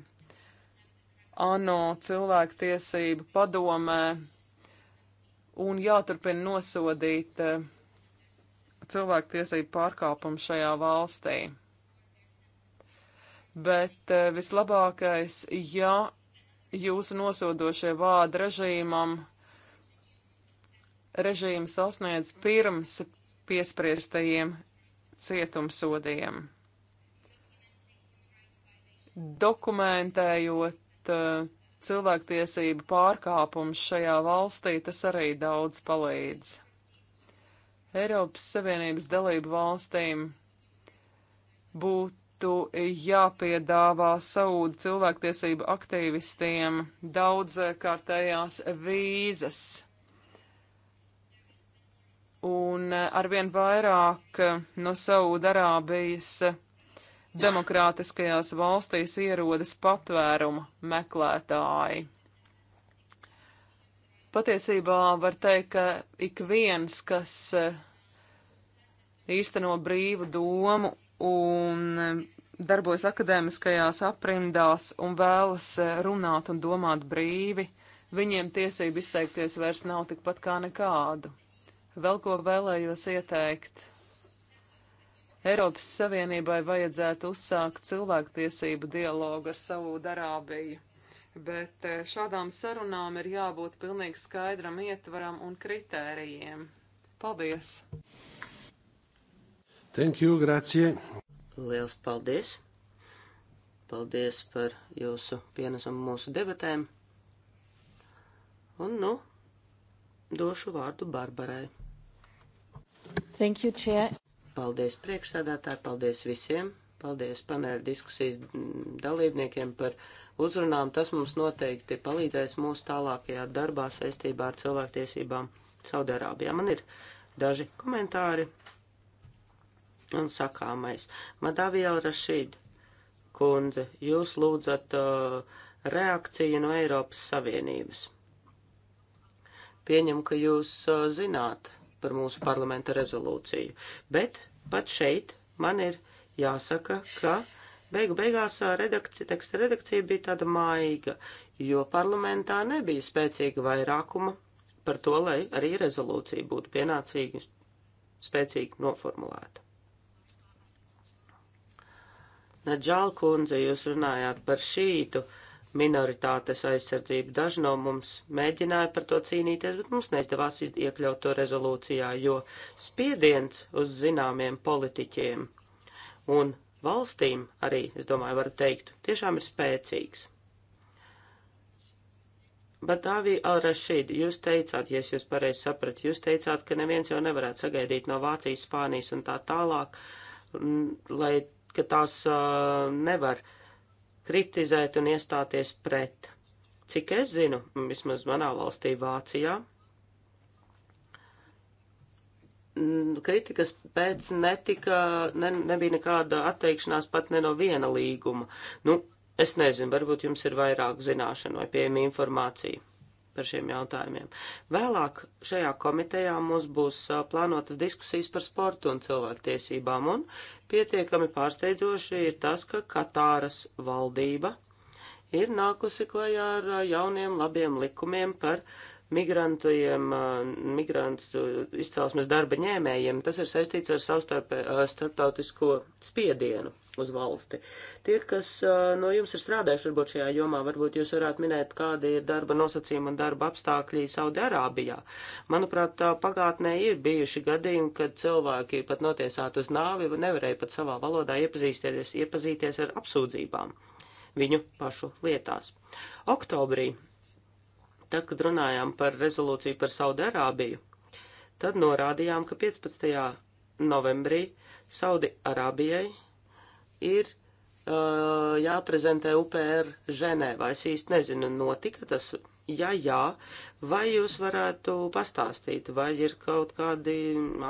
ANO cilvēktiesību padomē un jāturpina nosodīt uh, cilvēktiesību pārkāpumu šajā valstī. Bet eh, vislabākais, ja jūsu nosodošie vārdi režīmam režīmu sasniedz pirms piespriestajiem cietumsodiem, dokumentējot uh, cilvēktiesību pārkāpumus šajā valstī, tas arī daudz palīdz. Eiropas Savienības dalību valstīm būtu jāpiedāvā Saūda cilvēktiesību aktīvistiem daudzkārtējās vīzas. Un arvien vairāk no Saūdarābijas demokrātiskajās valstīs ierodas patvērumu meklētāji. Patiesībā var teikt, ka ik viens, kas eh, īsteno brīvu domu un eh, darbojas akadēmiskajās aprindās un vēlas eh, runāt un domāt brīvi, viņiem tiesība izteikties vairs nav tikpat kā nekādu. Vēl ko vēlējos ieteikt. Eiropas Savienībai vajadzētu uzsākt cilvēktiesību dialogu ar Saūdarābiju bet eh, šādām sarunām ir jābūt pilnīgi skaidram ietvaram un kritērijiem. Paldies! Thank you, grazie! Liels paldies! Paldies par jūsu pienesumu mūsu debatēm. Un, nu, došu vārdu Barbarai. Thank you, Chair. Paldies priekšsēdētāji, paldies visiem, paldies panēra diskusijas dalībniekiem par uzrunām, tas mums noteikti palīdzēs mūsu tālākajā darbā saistībā ar cilvēktiesībām Saudārābijā. Man ir daži komentāri un sakāmais. Madaviela Rašīd, kundze, jūs lūdzat uh, reakciju no Eiropas Savienības. Pieņem, ka jūs uh, zināt par mūsu parlamenta rezolūciju, bet pat šeit man ir jāsaka, ka Beigu beigās redakcija, teksta redakcija bija tāda maiga, jo parlamentā nebija spēcīga vairākuma par to, lai arī rezolūcija būtu pienācīgi spēcīgi noformulēta. Nedžāl kundze, jūs runājāt par šītu minoritātes aizsardzību. Daži no mums mēģināja par to cīnīties, bet mums neizdevās iekļaut to rezolūcijā, jo spiediens uz zināmiem politiķiem un valstīm arī, es domāju, varu teikt, tiešām ir spēcīgs. Bet Dāvī Al-Rashid, jūs teicāt, ja es jūs pareizi sapratu, jūs teicāt, ka neviens jau nevarētu sagaidīt no Vācijas, Spānijas un tā tālāk, lai, ka tās uh, nevar kritizēt un iestāties pret. Cik es zinu, vismaz manā valstī Vācijā, kritikas pēc netika, ne, nebija nekāda atteikšanās pat ne no viena līguma. Nu, es nezinu, varbūt jums ir vairāk zināšanu vai pieejama informācija par šiem jautājumiem. Vēlāk šajā komitejā mums būs plānotas diskusijas par sportu un cilvēktiesībām, un pietiekami pārsteidzoši ir tas, ka Katāras valdība ir nākusi klajā ar jauniem labiem likumiem par uh, migrantiem, migrantu izcelsmes darba ņēmējiem, tas ir saistīts ar savstarpē, starptautisko spiedienu uz valsti. Tie, kas no jums ir strādājuši varbūt šajā jomā, varbūt jūs varētu minēt, kāda ir darba nosacījuma un darba apstākļi Saudi-Arābijā. Manuprāt, pagātnē ir bijuši gadījumi, kad cilvēki pat notiesāti uz nāvi nevarēja pat savā valodā iepazīties, iepazīties ar apsūdzībām viņu pašu lietās. Oktobrī Tad, kad runājām par rezolūciju par Saudarābiju, tad norādījām, ka 15. novembrī Saudi Arābijai ir uh, jāprezentē UPR Ženēvā. Es īsti nezinu, notika tas, ja jā, vai jūs varētu pastāstīt, vai ir kaut kādi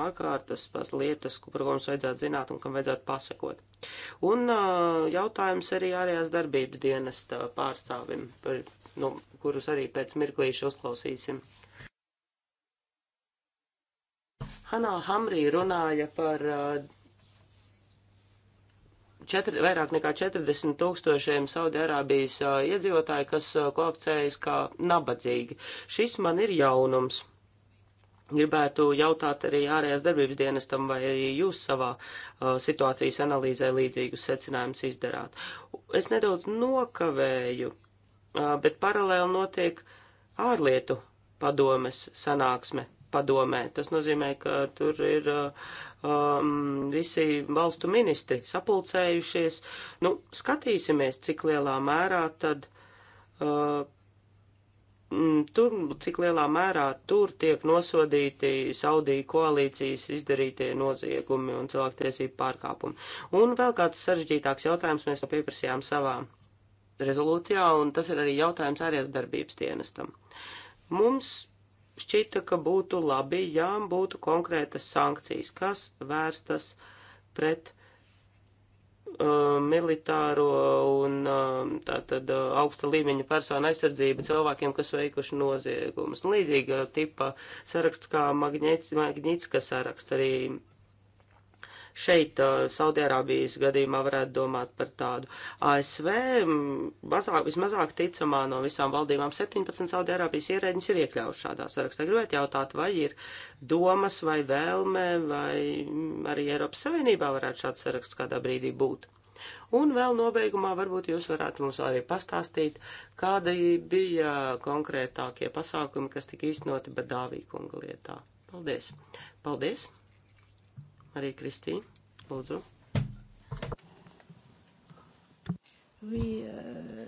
ārkārtas lietas, par ko mums vajadzētu zināt un kam vajadzētu pasakot. Un uh, jautājums arī ārējās darbības dienesta pārstāvim par nu, kurus arī pēc mirklīša uzklausīsim. Hanāla Hamrī runāja par četri, vairāk nekā 40 tūkstošiem Saudi-Arābijas iedzīvotāju, kas kvalificējas kā nabadzīgi. Šis man ir jaunums. Gribētu jautāt arī ārējās darbības dienestam, vai arī jūs savā uh, situācijas analīzē līdzīgus secinājumus izdarāt. Es nedaudz nokavēju Uh, bet paralēli notiek ārlietu padomes sanāksme padomē. Tas nozīmē, ka tur ir uh, um, visi valstu ministri sapulcējušies. Nu, skatīsimies, cik lielā mērā tad. Uh, mm, Tur, cik lielā mērā tur tiek nosodīti Saudiju koalīcijas izdarītie noziegumi un cilvēktiesību pārkāpumi. Un vēl kāds sarežģītāks jautājums mēs to pieprasījām savā rezolūcijā, un tas ir arī jautājums ārējās darbības dienestam. Mums šķita, ka būtu labi, ja būtu konkrētas sankcijas, kas vērstas pret uh, militāro un uh, tātad uh, augsta līmeņa personu aizsardzību cilvēkiem, kas veikuši noziegumus. Līdzīga tipa saraksts kā Magnitskas saraksts, arī Šeit uh, Saudierābijas gadījumā varētu domāt par tādu ASV, mazāk, vismazāk ticamā no visām valdībām 17 Saudierābijas ierēģis ir iekļauts šādā sarakstā. Gribētu jautāt, vai ir domas vai vēlme, vai arī Eiropas Savienībā varētu šāds saraksts kādā brīdī būt. Un vēl nobeigumā varbūt jūs varētu mums arī pastāstīt, kāda bija konkrētākie pasākumi, kas tika īstenoti Badāvī kunga lietā. Paldies! Paldies! Arī Kristī, lūdzu. Oui, euh...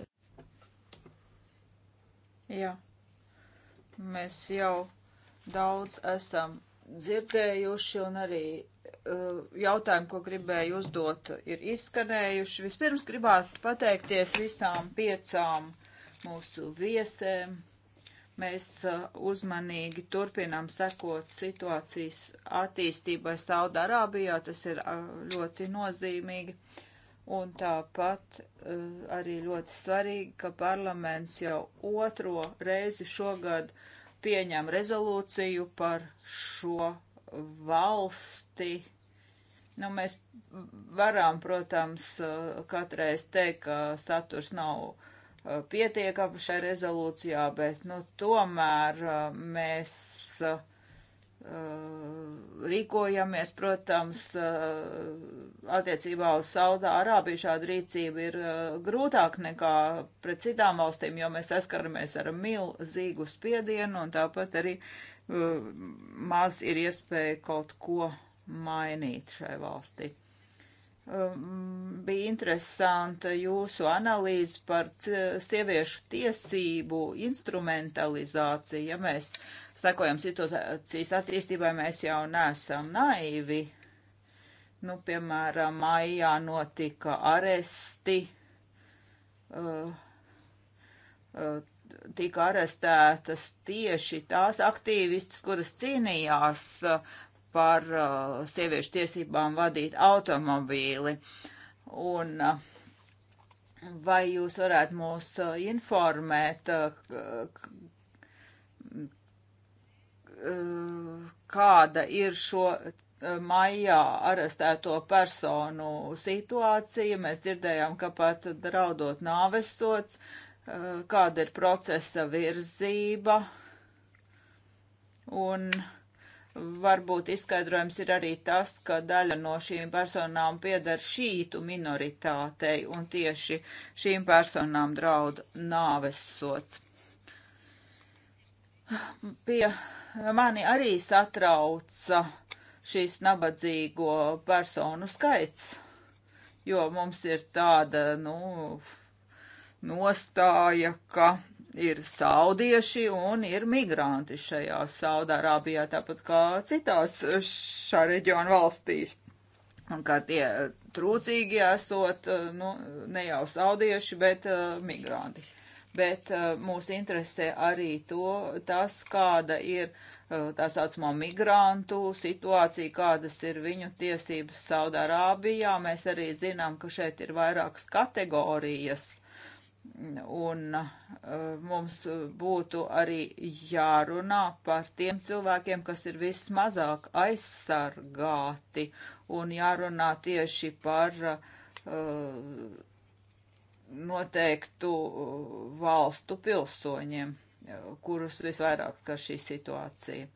Jā, mēs jau daudz esam dzirdējuši un arī uh, jautājumi, ko gribēju uzdot, ir izskanējuši. Vispirms gribētu pateikties visām piecām mūsu viesēm Mēs uh, uzmanīgi turpinām sekot situācijas attīstībai Saudārābijā, tas ir uh, ļoti nozīmīgi. Un tāpat uh, arī ļoti svarīgi, ka parlaments jau otro reizi šogad pieņem rezolūciju par šo valsti. Nu, mēs varam, protams, katreiz teikt, ka saturs nav uh, Uh, pietiekami šai rezolūcijā, bet nu, tomēr uh, mēs uh, uh, rīkojamies, protams, uh, attiecībā uz Saudā Arābiju šāda rīcība ir uh, grūtāk nekā pret citām valstīm, jo mēs saskaramies ar milzīgu spiedienu un tāpat arī maz ir iespēja kaut ko mainīt šai valstī. Um, bija interesanta jūsu analīze par sieviešu tiesību instrumentalizāciju. Ja mēs sekojam situācijas attīstībai, mēs jau nesam naivi. Nu, piemēram, maijā notika aresti, uh, uh, tika arestētas tieši tās aktīvistas, kuras cīnījās uh, par uh, sieviešu tiesībām vadīt automobīli. Un uh, vai jūs varētu mūs uh, informēt, uh, uh, kāda ir šo uh, maijā arestēto personu situācija? Mēs dzirdējām, ka pat draudot nāvesots, kāda ir procesa virzība. Un uh, Varbūt izskaidrojums ir arī tas, ka daļa no šīm personām pieder šītu minoritātei, un tieši šīm personām draud nāves sots. Pie mani arī satrauca šīs nabadzīgo personu skaits, jo mums ir tāda, nu, nostāja, ka ir saudieši un ir migranti šajā Saudārābijā, tāpat kā citās šā reģiona valstīs. Un kā tie trūcīgi esot, eh, nu, ne jau saudieši, bet uh, migranti. Bet uh, mūs interesē arī to, tas, kāda ir uh, tā saucamā migrantu situācija, kādas ir viņu tiesības Saudārābijā. Mēs arī zinām, ka šeit ir vairākas kategorijas uh, un uh, mums būtu arī jārunā par tiem cilvēkiem, kas ir vismazāk aizsargāti, un jārunā tieši par uh, noteiktu valstu pilsoņiem, kurus visvairāk skar šī situācija.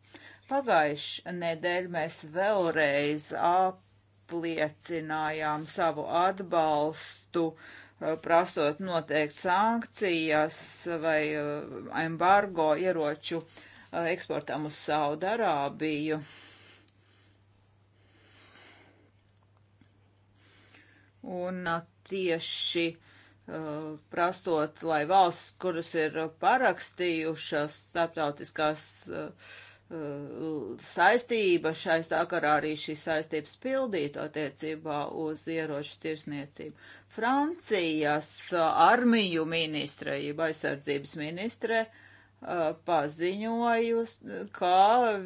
Pagājuši nedēļ mēs vēlreiz apiecinājām savu atbalstu uh, Uh, prasot noteikt sankcijas vai uh, embargo ieroču uh, eksportam uz Saudarābiju. Un tieši prastot, lai valsts, kuras ir parakstījušas starptautiskās uh, saistība šai sakarā arī šī saistības pildīt attiecībā uz ieroču tirsniecību. Francijas uh, armiju ministre, jeb aizsardzības ministre, uh, paziņojusi, ka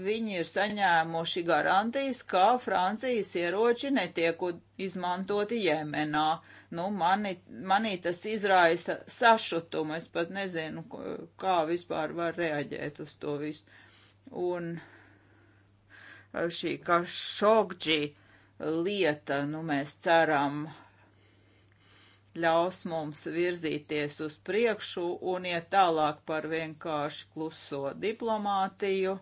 viņi ir saņēmuši garantijas, ka Francijas ieroči netiek izmantoti Jemenā. Nu, mani, manī tas izraisa sašutumu, es pat nezinu, kā vispār var reaģēt uz to visu Un šī kā šokģī lieta, nu mēs ceram, ļaus mums virzīties uz priekšu un iet tālāk par vienkārši kluso diplomātiju.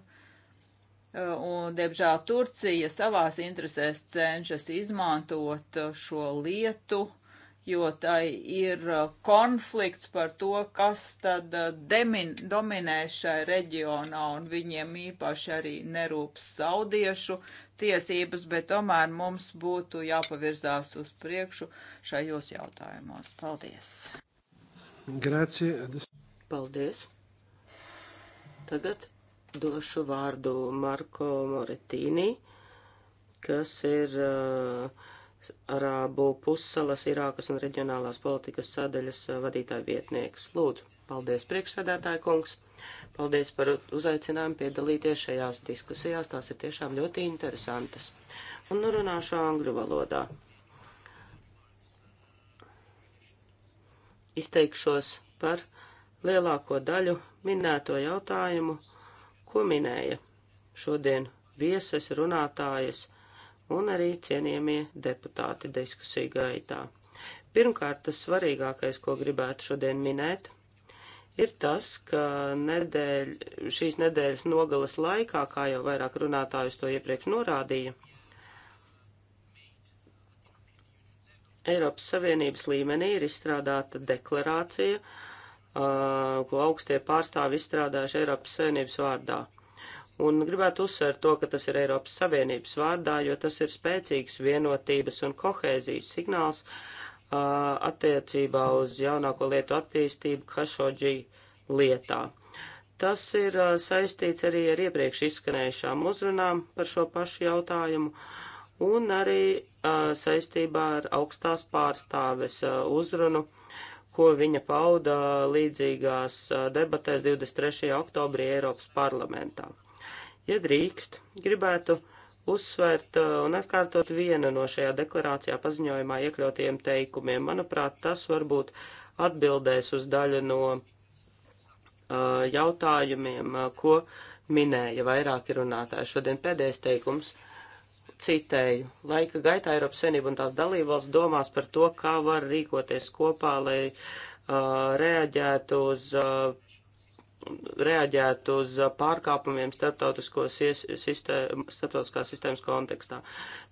Un, diemžēl, Turcija savās interesēs cenšas izmantot šo lietu, uh, jo tai ir uh, konflikts par to, kas tad uh, demin, dominē šai reģionā, un viņiem īpaši arī nerūp saudiešu tiesības, bet tomēr mums būtu jāpavirzās uz priekšu šajos jautājumos. Paldies! Grācie. Paldies! Tagad došu vārdu Marko Moretīnī, kas ir uh, Arābu pussalas, Irākas un reģionālās politikas sadaļas eh, vadītāja vietnieks. Lūdzu, paldies priekšsēdētāja kungs, paldies par uzaicinājumu piedalīties šajās diskusijās, tās ir tiešām ļoti interesantas. Un nu runāšu angļu valodā. Izteikšos par lielāko daļu minēto jautājumu, ko minēja šodien vieses runātājas un arī cienījamie deputāti diskusiju gaitā. Pirmkārt, tas svarīgākais, ko gribētu šodien minēt, ir tas, ka nedēļ, šīs nedēļas nogalas laikā, kā jau vairāk runātājus to iepriekš norādīja, Eiropas Savienības līmenī ir izstrādāta deklarācija, uh, ko augstie pārstāvi izstrādājuši Eiropas Savienības vārdā. Un gribētu uzsvērt to, ka tas ir Eiropas Savienības vārdā, jo tas ir spēcīgs vienotības un kohēzijas signāls uh, attiecībā uz jaunāko lietu attīstību Khashoggi lietā. Tas ir uh, saistīts arī ar iepriekš izskanējušām uzrunām par šo pašu jautājumu un arī uh, saistībā ar augstās pārstāves uh, uzrunu ko viņa pauda līdzīgās debatēs 23. oktobrī Eiropas parlamentā. Ja drīkst, gribētu uzsvērt uh, un atkārtot vienu no šajā deklarācijā paziņojumā iekļautiem teikumiem. Manuprāt, tas varbūt atbildēs uz daļu no uh, jautājumiem, uh, ko minēja vairāki runātāji. Šodien pēdējais teikums citēju. Laika gaitā Eiropas Savienība un tās dalībvalsts domās par to, kā var rīkoties kopā, lai uh, reaģētu uz uh, reaģētu uz pārkāpumiem starptautiskos sistēm, starptautiskās sistēmas kontekstā.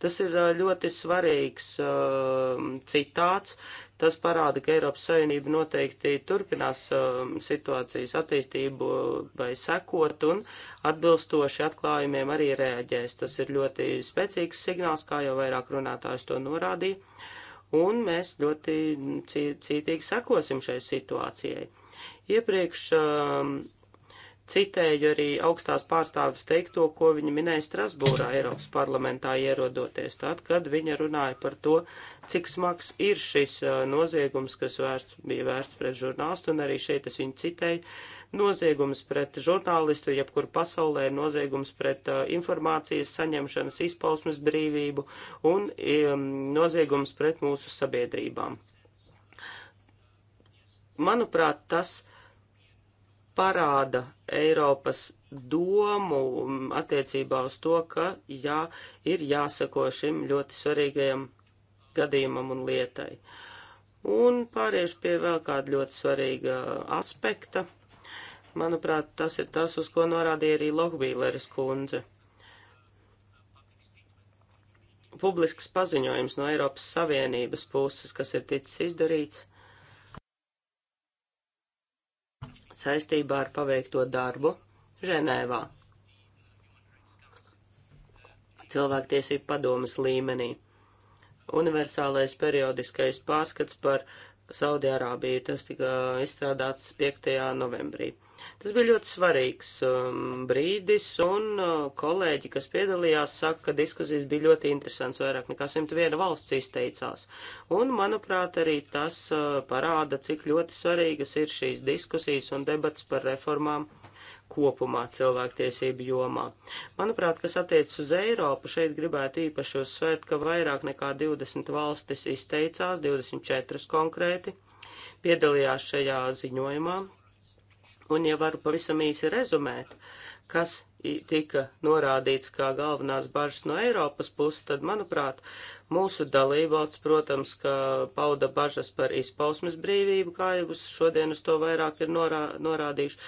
Tas ir ļoti svarīgs uh, citāts. Tas parāda, ka Eiropas Savienība noteikti turpinās uh, situācijas attīstību vai sekot un atbilstoši atklājumiem arī reaģēs. Tas ir ļoti spēcīgs signāls, kā jau vairāk runātājs to norādīja. Un mēs ļoti cītīgi sekosim šai situācijai. Iepriekš um, citēju arī augstās pārstāvis teikto, ko viņa minēja Strasbūrā Eiropas parlamentā ierodoties, tad, kad viņa runāja par to, cik smags ir šis uh, noziegums, kas vērsts, bija vērsts pret žurnālistu, un arī šeit es viņu citēju, noziegums pret žurnālistu, jebkur pasaulē ir noziegums pret uh, informācijas saņemšanas izpausmes brīvību un um, noziegums pret mūsu sabiedrībām. Manuprāt, tas ir parāda Eiropas domu um, attiecībā uz to, ka jā, ir jāsako šim ļoti svarīgajam gadījumam un lietai. Un pāriešu pie vēl kāda ļoti svarīga aspekta. Manuprāt, tas ir tas, uz ko norādīja arī Lohbīleres kundze. Publisks paziņojums no Eiropas Savienības puses, kas ir ticis izdarīts saistībā ar paveikto darbu Ženēvā. Cilvēktiesību padomas līmenī. Universālais periodiskais pārskats par Saudijārābija. Tas tika izstrādāts 5. novembrī. Tas bija ļoti svarīgs um, brīdis, un uh, kolēģi, kas piedalījās, saka, ka diskusijas bija ļoti interesants. Vairāk nekā 101 valsts izteicās. Un, manuprāt, arī tas uh, parāda, cik ļoti svarīgas ir šīs diskusijas un debats par reformām kopumā cilvēktiesību jomā. Manuprāt, kas attiecas uz Eiropu, šeit gribētu īpaši uzsvērt, ka vairāk nekā 20 valstis izteicās, 24 konkrēti, piedalījās šajā ziņojumā. Un, ja varu pavisam īsi rezumēt, kas tika norādīts kā galvenās bažas no Eiropas puses, tad, manuprāt, mūsu dalībvalsts, protams, ka pauda bažas par izpausmes brīvību, kā jau uz šodien uz to vairāk ir norā, norādījuši.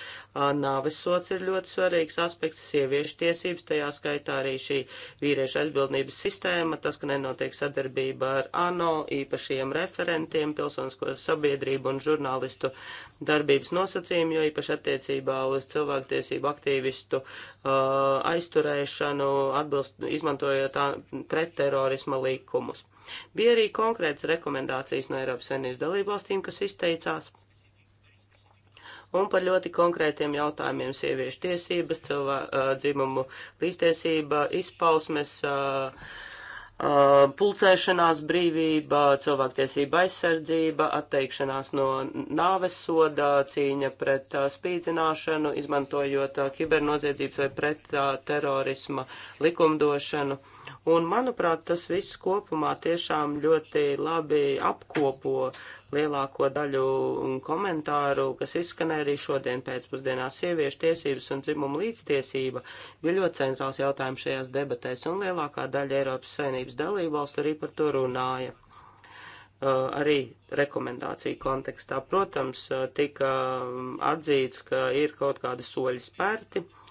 Nāvesots ir ļoti svarīgs aspekts, sieviešu tiesības, tajā skaitā arī šī vīriešu aizbildnības sistēma, tas, ka nenotiek sadarbība ar ANO, īpašiem referentiem, pilsonisko sabiedrību un žurnālistu darbības nosacījumu, jo īpaši attiecībā uz cilvēktiesību aktīvistu uh, Uh, aizturēšanu, atbilst, izmantojot uh, pretterorisma līkumus. Bija arī konkrētas rekomendācijas no Eiropas Savienības dalībvalstīm, kas izteicās. Un par ļoti konkrētiem jautājumiem - sieviešu tiesības, cilvēku uh, dzimumu līdztiesība, izpausmes. Uh, Uh, pulcēšanās brīvība, cilvēktiesība aizsardzība, atteikšanās no nāves soda, cīņa pret uh, spīdzināšanu, izmantojot uh, kibernoziedzības vai pret terorisma likumdošanu. Un, manuprāt, tas viss kopumā tiešām ļoti labi apkopo lielāko daļu komentāru, kas izskanēja arī šodien pēcpusdienā. Sieviešu tiesības un dzimuma līdztiesība bija ļoti centrāls jautājums šajās debatēs, un lielākā daļa Eiropas Savienības dalībvalstu arī par to runāja. Uh, arī rekomendāciju kontekstā, protams, uh, tika um, atzīts, ka ir kaut kādi soļi spērti. Uh,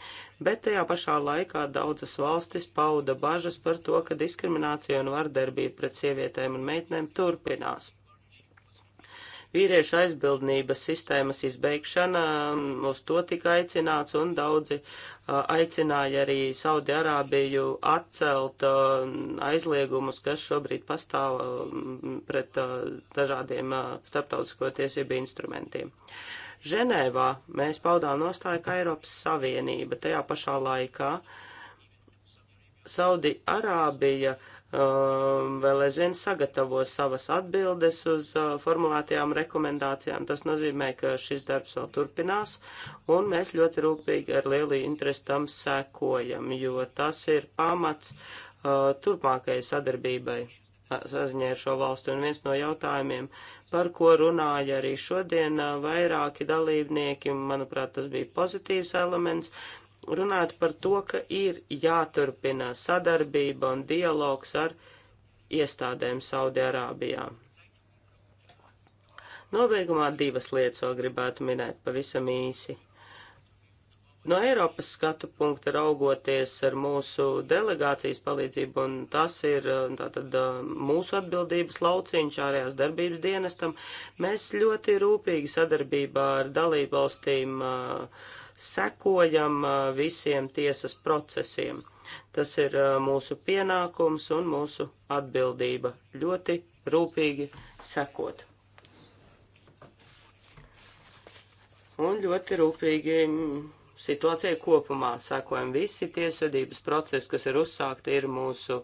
bet tajā pašā laikā daudzas valstis pauda bažas par to, ka diskriminācija un vardarbība pret sievietēm un meitnēm turpinās. Vīriešu aizbildnības sistēmas izbeigšana um, uz to tika aicināts, un daudzi uh, aicināja arī Saudi Arābiju atcelt uh, aizliegumus, kas šobrīd pastāv um, pret uh, dažādiem starptautisko tiesību instrumentiem. Uh, Ženēvā mēs paudām nostāju, ka Eiropas Savienība tajā pašā laikā Saudi Arābija um, vēl aizvien sagatavo savas atbildes uz uh, formulētajām rekomendācijām. Tas nozīmē, ka šis darbs vēl turpinās, un mēs ļoti rūpīgi ar lielu interesi tam sekojam, jo tas ir pamats uh, turpmākajai sadarbībai saziņā ar šo valstu. Un viens no jautājumiem, par ko runāja arī šodien vairāki dalībnieki, un manuprāt, tas bija pozitīvs elements, runāt par to, ka ir jāturpina sadarbība un dialogs ar iestādēm Saudi-Arābijā. Nobeigumā divas lietas vēl gribētu minēt pavisam īsi. No Eiropas skatu punkta raugoties ar mūsu delegācijas palīdzību, un tas ir uh, tātad uh, mūsu atbildības lauciņš ārējās darbības dienestam, mēs ļoti rūpīgi sadarbībā ar dalībvalstīm uh, sekojam visiem tiesas procesiem. Tas ir mūsu pienākums un mūsu atbildība ļoti rūpīgi sekot. Un ļoti rūpīgi mm, situācijai kopumā. Sekojam visi tiesvedības procesi, kas ir uzsākti, ir mūsu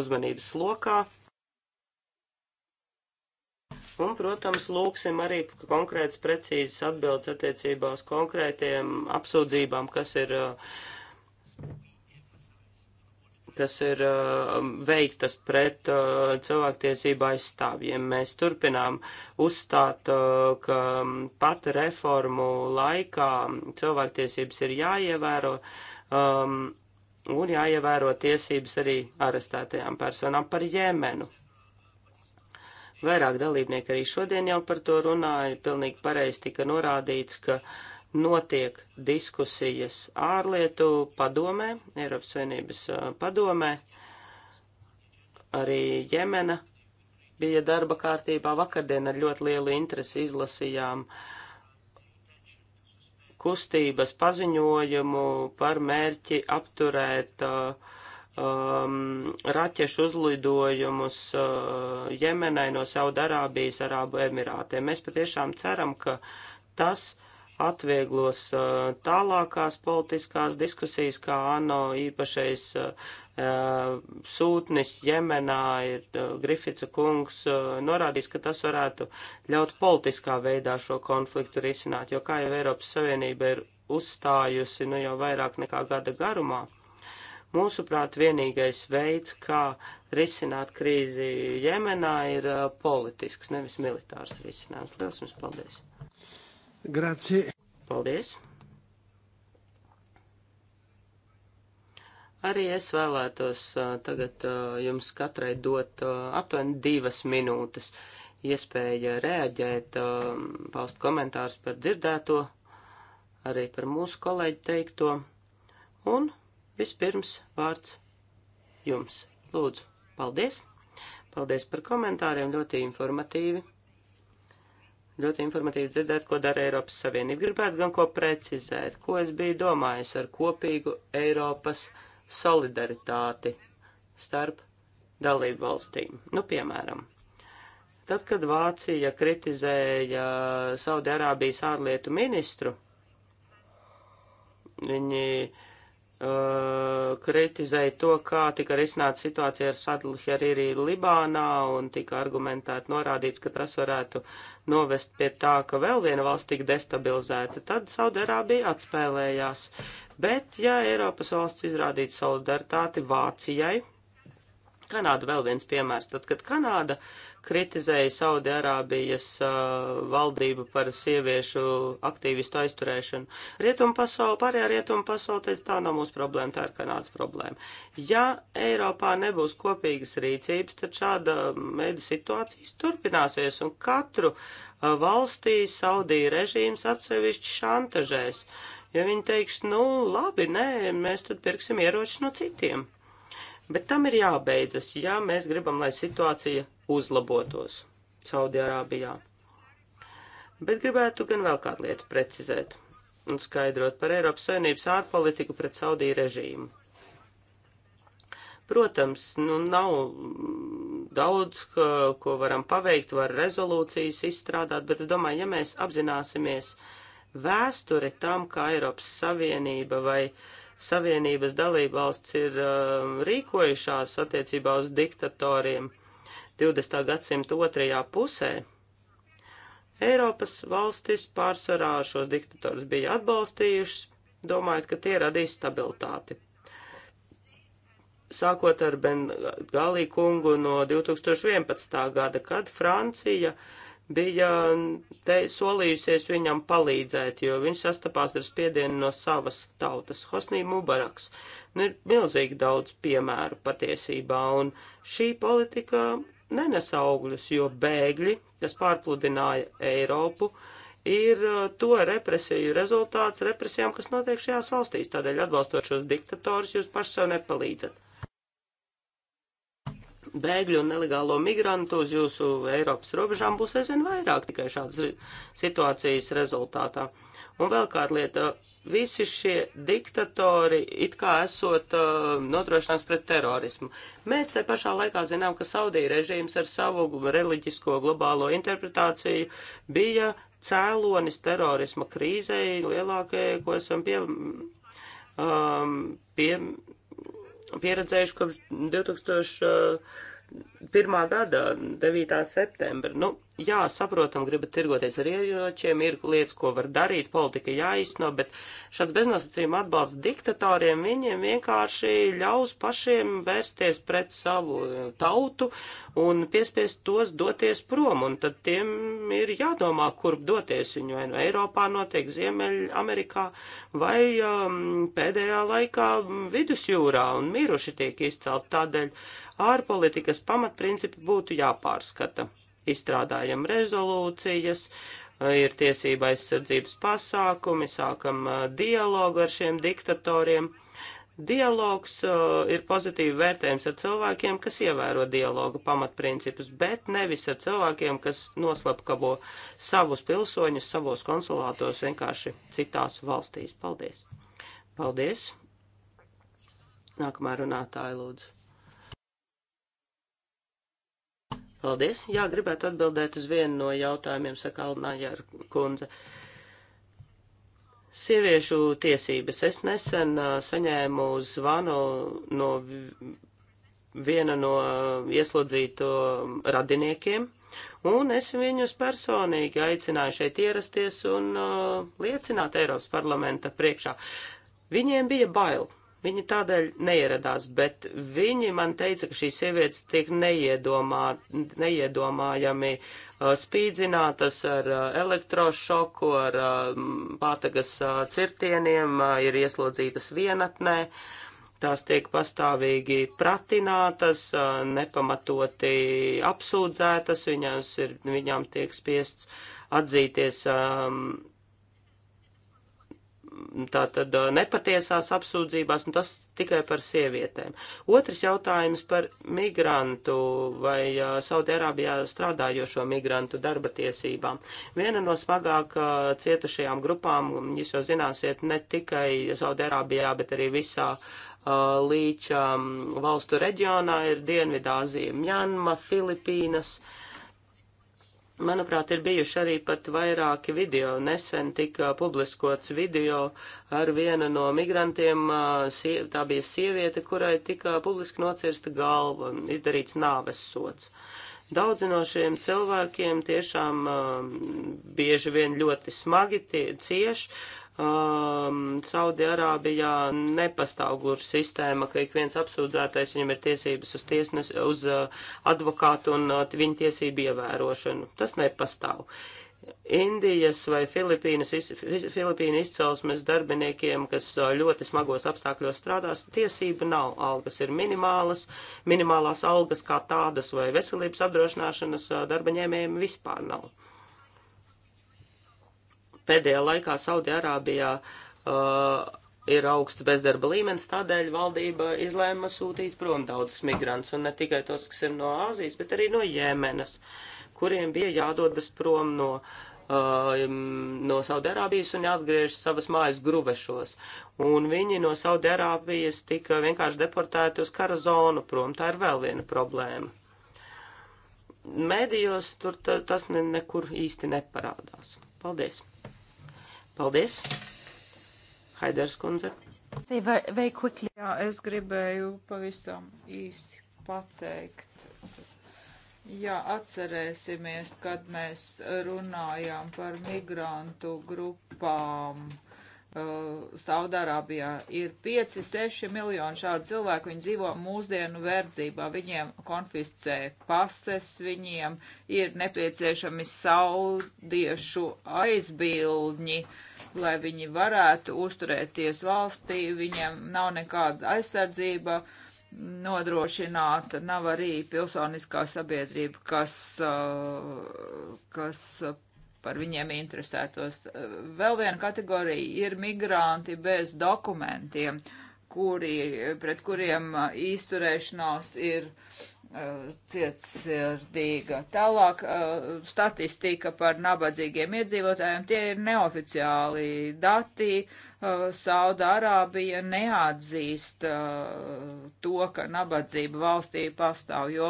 uzmanības lokā. Un, protams, lūksim arī konkrētas precīzes atbildes attiecībā uz konkrētiem apsūdzībām, kas ir uh, kas ir uh, veiktas pret uh, cilvēktiesību aizstāvjiem. Mēs turpinām uzstāt, uh, ka um, pat reformu laikā cilvēktiesības ir jāievēro um, un jāievēro tiesības arī arestētajām personām par Jēmenu. Vairāk dalībnieki arī šodien jau par to runāja, pilnīgi pareizi tika norādīts, ka uh, notiek diskusijas ārlietu padomē, Eiropas Savienības padomē, arī Jemena bija darba kārtībā. Vakardien ar ļoti lielu interesi izlasījām kustības paziņojumu par mērķi apturēt uh, um, raķešu uzlidojumus uh, Jemenai no Saudarābijas Arābu Emirātiem. Mēs patiešām ceram, ka tas uh, atvieglos uh, tālākās politiskās diskusijas, kā ANO īpašais uh, uh, sūtnis Jemenā ir Grifica kungs norādījis, ka tas varētu ļaut politiskā veidā šo konfliktu risināt, jo kā jau Eiropas Savienība ir uzstājusi nu jau vairāk nekā gada garumā, mūsuprāt vienīgais veids, kā risināt krīzi Jemenā ir politisks, nevis militārs risinājums. Liels jums paldies! Grazie. Paldies. Arī es vēlētos uh, tagad uh, jums katrai dot uh, aptuveni divas minūtes iespēja reaģēt, uh, paust komentārus par dzirdēto, arī par mūsu kolēģi teikto. Un vispirms vārds jums. Lūdzu, paldies! Paldies par komentāriem, ļoti informatīvi! Ļoti informatīvi dzirdēt, ko dara Eiropas Savienība. Gribētu gan ko precizēt, ko es biju domājis ar kopīgu Eiropas solidaritāti starp dalību valstīm. Nu, piemēram, tad, kad Vācija kritizēja Saudi Arābijas ārlietu ministru, viņi uh, Eh, kritizēja to, kā tika risināta situācija ar Sadlhi arī, arī Libānā un tika argumentēti norādīts, ka tas varētu novest pie tā, ka vēl viena valsts tika destabilizēta. Tad Saudarābija atspēlējās. Bet, ja Eiropas valsts izrādītu solidaritāti Vācijai, Kanāda vēl viens piemērs. Tad, kad Kanāda kritizēja Saudi-Arābijas uh, valdību par sieviešu aktīvistu aizturēšanu, rietumu pasauli, pārējā rietumu pasauli teica, tā nav mūsu problēma, tā ir Kanādas problēma. Ja Eiropā nebūs kopīgas rīcības, tad šāda veida situācijas turpināsies un katru uh, valstī Saudija režīms atsevišķi šantažēs. Ja viņi teiks, nu labi, nē, mēs tad pirksim ieroči no citiem. Bet tam ir jābeidzas, ja mēs gribam, lai situācija uzlabotos Saudijārābijā. Bet gribētu gan vēl kādu lietu precizēt un skaidrot par Eiropas Savienības ārpolitiku pret Saudiju režīmu. Protams, nu nav daudz, ko, ko varam paveikt, var rezolūcijas izstrādāt, bet es domāju, ja mēs apzināsimies vēsturi tam, kā Eiropas Savienība vai uh, Savienības dalībvalsts ir um, rīkojušās attiecībā uz diktatoriem 20. gadsimta otrajā pusē. Eiropas valstis pārsvarā šos diktatorus bija atbalstījušas, domājot, ka tie radīs stabilitāti. Sākot ar Bengālī kungu no 2011. gada, kad Francija uh, bija te solījusies viņam palīdzēt, jo viņš sastapās ar spiedienu no savas tautas, Hosnī Mubaraks. Nu, ir milzīgi daudz piemēru patiesībā, un šī politika nenes augļus, jo bēgļi, kas pārpludināja Eiropu, ir uh, to represiju rezultāts represijām, kas notiek šajās valstīs. Tādēļ atbalstot šos diktatorus, jūs paši sev nepalīdzat bēgļu un nelegālo migrantu uz jūsu Eiropas robežām būs aizvien vairāk tikai šādas situācijas rezultātā. Un vēl kāda lieta, visi šie diktatori it kā esot uh, nodrošinās pret terorismu. Mēs te pašā laikā zinām, ka Saudija režīms ar savu reliģisko globālo interpretāciju bija cēlonis terorisma krīzei lielākajai, ko esam pie, um, pie, pieredzējuši kopš 2001. gada 9. septembra. Nu, jā, saprotam, gribat tirgoties ar ieročiem, ir lietas, ko var darīt, politika jāizsno, bet šāds beznosacījuma atbalsts diktatoriem viņiem vienkārši ļaus pašiem vērsties pret savu tautu un piespiest tos doties prom, un tad tiem ir jādomā, kurp doties viņu, vai no nu Eiropā notiek, Ziemeļamerikā, vai um, pēdējā laikā vidusjūrā, un miruši tiek izcelt tādēļ ārpolitikas pamatprincipi būtu jāpārskata izstrādājam rezolūcijas, eh, ir tiesība aizsardzības pasākumi, sākam eh, dialogu ar šiem diktatoriem. Dialogs uh, ir pozitīvi vērtējums ar cilvēkiem, kas ievēro dialogu pamatprincipus, bet nevis ar cilvēkiem, kas noslapkavo savus pilsoņus savos konsulātos vienkārši citās valstīs. Paldies! Paldies! Nākamā runātāja lūdzu. Paldies. Jā, gribētu atbildēt uz vienu no jautājumiem, saka Alnāja kundze. Sieviešu tiesības. Es nesen uh, saņēmu zvanu no viena no ieslodzīto radiniekiem, un es viņus personīgi aicināju šeit ierasties un uh, liecināt Eiropas parlamenta priekšā. Viņiem bija bail Viņi tādēļ neieradās, bet viņi man teica, ka šīs sievietes tiek neiedomā, neiedomājami uh, spīdzinātas ar uh, elektrošoku, ar uh, pātagas uh, cirtieniem, uh, ir ieslodzītas vienatnē, tās tiek pastāvīgi pratinātas, uh, nepamatoti apsūdzētas, viņās ir, viņām tiek spiests atzīties. Um, tātad nepatiesās apsūdzībās, un tas tikai par sievietēm. Otrs jautājums par migrantu vai Saudi-Arābijā strādājošo migrantu darba tiesībām. Viena no smagāk cietušajām grupām, jūs jau zināsiet, ne tikai Saudi-Arābijā, bet arī visā uh, līča valstu reģionā ir Dienvidāzija, Mjanma, Filipīnas. Uh, Manuprāt, ir bijuši arī pat vairāki video. Nesen tika publiskots video ar vienu no migrantiem. Tā bija sieviete, kurai tika publiski nocirsta galva un izdarīts nāves sots. Daudzi no šiem cilvēkiem tiešām bieži vien ļoti smagi tie cieši um, Saudi-Arābijā nepastāv gluži sistēma, ka ik viens apsūdzētais viņam ir tiesības uz, tiesnes, uz uh, advokātu un uh, viņa tiesību ievērošanu. Tas nepastāv. Indijas vai Filipīnas, Filipīna izcelsmes darbiniekiem, kas uh, ļoti smagos apstākļos strādās, tiesība nav. Algas ir minimālas, minimālās algas kā tādas vai veselības apdrošināšanas uh, darbaņēmējiem vispār nav. Pēdējā laikā Saudi-Arābijā uh, ir augsts bezdarba līmenis, tādēļ valdība izlēma sūtīt prom daudzus migrantus, un ne tikai tos, kas ir no Āzijas, bet arī no Jēmenes, kuriem bija jādodas prom no, uh, no Saudarābijas un jāatgriežas savas mājas gruvešos. Un viņi no Saudarābijas tika vienkārši deportēti uz kara zonu prom. Tā ir vēl viena problēma. Mēdījos tur tas ne, nekur īsti neparādās. Paldies! Paldies! Haiders kundze. Jā, es gribēju pavisam īsi pateikt. Jā, atcerēsimies, kad mēs runājām par migrantu grupām Eh, Saudārābijā ir 5-6 miljoni šādu cilvēku, viņi dzīvo mūsdienu verdzībā, viņiem konfiscē pases, viņiem ir nepieciešami saudiešu aizbildņi, lai viņi varētu uzturēties valstī, viņiem nav nekāda aizsardzība nodrošināta, nav arī pilsoniskā sabiedrība, kas, eh, kas par viņiem interesētos. Vēl viena kategorija ir migranti bez dokumentiem, kuri, pret kuriem uh, izturēšanās ir uh, Eh, cietsirdīga. Tālāk eh, statistika par nabadzīgiem iedzīvotājiem, tie ir neoficiāli dati. Eh, Saudārābija neatzīst to, ka nabadzība valstī pastāv, jo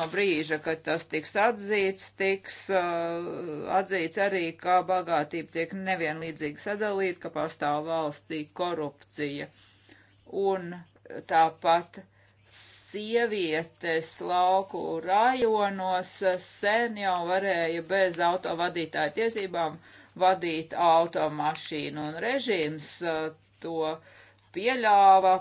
no brīža, kad tas tiks atzīts, tiks atzīts arī, ka bagātība tiek nevienlīdzīgi sadalīta, ka pastāv valstī korupcija. Un tāpat uh, sievietes lauku rajonos sen jau varēja bez autovadītāja tiesībām vadīt automašīnu, un režīms uh, to pieļāva,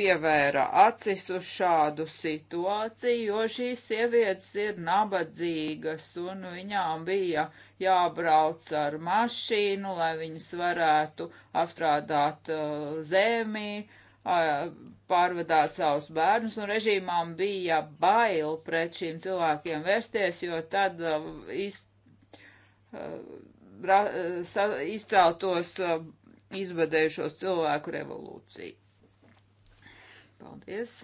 pievēra acis uz šādu situāciju, jo šīs sievietes ir nabadzīgas un viņām bija jābrauc ar mašīnu, lai viņas varētu apstrādāt uh, zemi, uh, pārvadāt savus bērnus, un režīmām bija bail pret šīm cilvēkiem vērsties, jo tad iz, ra, sa, izceltos izvadējušos cilvēku revolūciju. Paldies!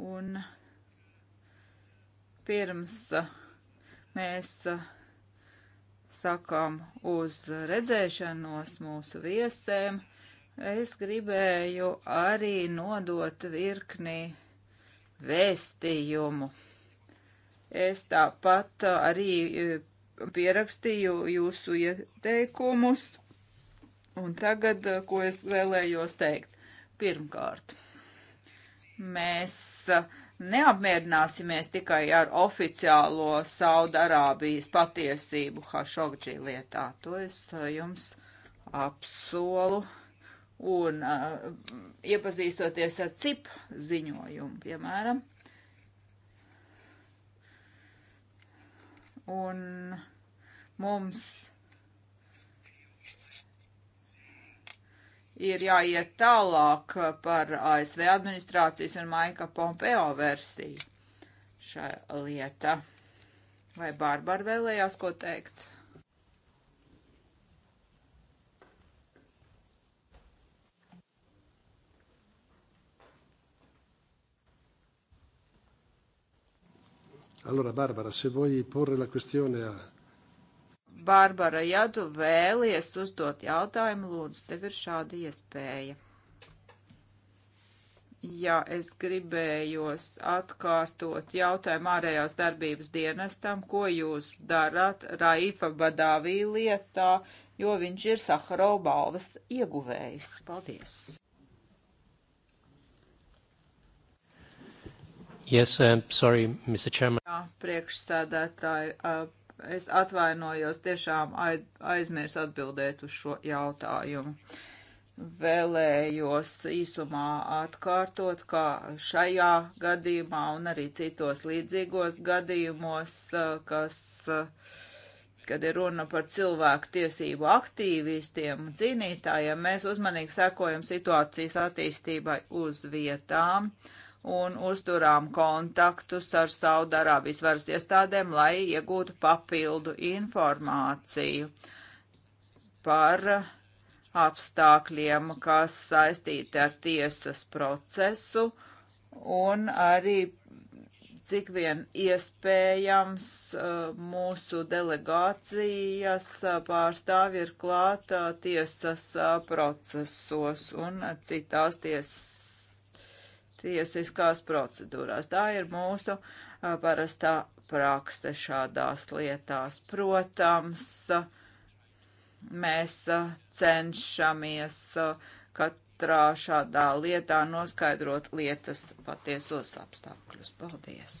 Un pirms mēs uh, sakām uz redzēšanos mūsu viesēm. Es gribēju arī nodot virkni vēstījumu. Es tāpat arī e, pierakstīju jūsu ieteikumus, un tagad, e, ko es vēlējos teikt. Pirmkārt, mēs uh, neapmierināsimies tikai ar oficiālo Saudarābijas patiesību Hašokģī lietā. To es eh, jums apsolu. Un uh, iepazīstoties ar cip ziņojumu, piemēram. Un mums ir jāiet tālāk par ASV administrācijas un Maika Pompeo versiju šā lieta. Vai Bārbara vēlējās ko teikt? Allora Barbara, se vuoi porre la questione a Bārbara, ja tu vēlies uzdot jautājumu, lūdzu, tev ir šāda iespēja. Ja es gribējos atkārtot jautājumu ārējās darbības dienestam, ko jūs darat Raifa Badāvī lietā, jo viņš ir Saharau balvas ieguvējs. Paldies! Yes, um, sorry, Mr. Chairman. Jā, priekšsēdētāji, uh, Es atvainojos, tiešām aizmirsu atbildēt uz šo jautājumu. Vēlējos īsumā atkārtot, ka šajā gadījumā un arī citos līdzīgos gadījumos, kas, kad ir runa par cilvēku tiesību aktīvistiem un cīnītājiem, mēs uzmanīgi sekojam situācijas attīstībai uz vietām. Uh, un uzturām kontaktus ar Saudarābijas varas iestādēm, lai iegūtu papildu informāciju par apstākļiem, kas saistīti ar tiesas procesu un arī cik vien iespējams mūsu delegācijas pārstāvi ir klāt tiesas procesos un citās tiesas tiesiskās procedūrās. Tā ir mūsu parastā prakse šādās lietās. Protams, mēs cenšamies katrā šādā lietā noskaidrot lietas patiesos apstākļus. Paldies!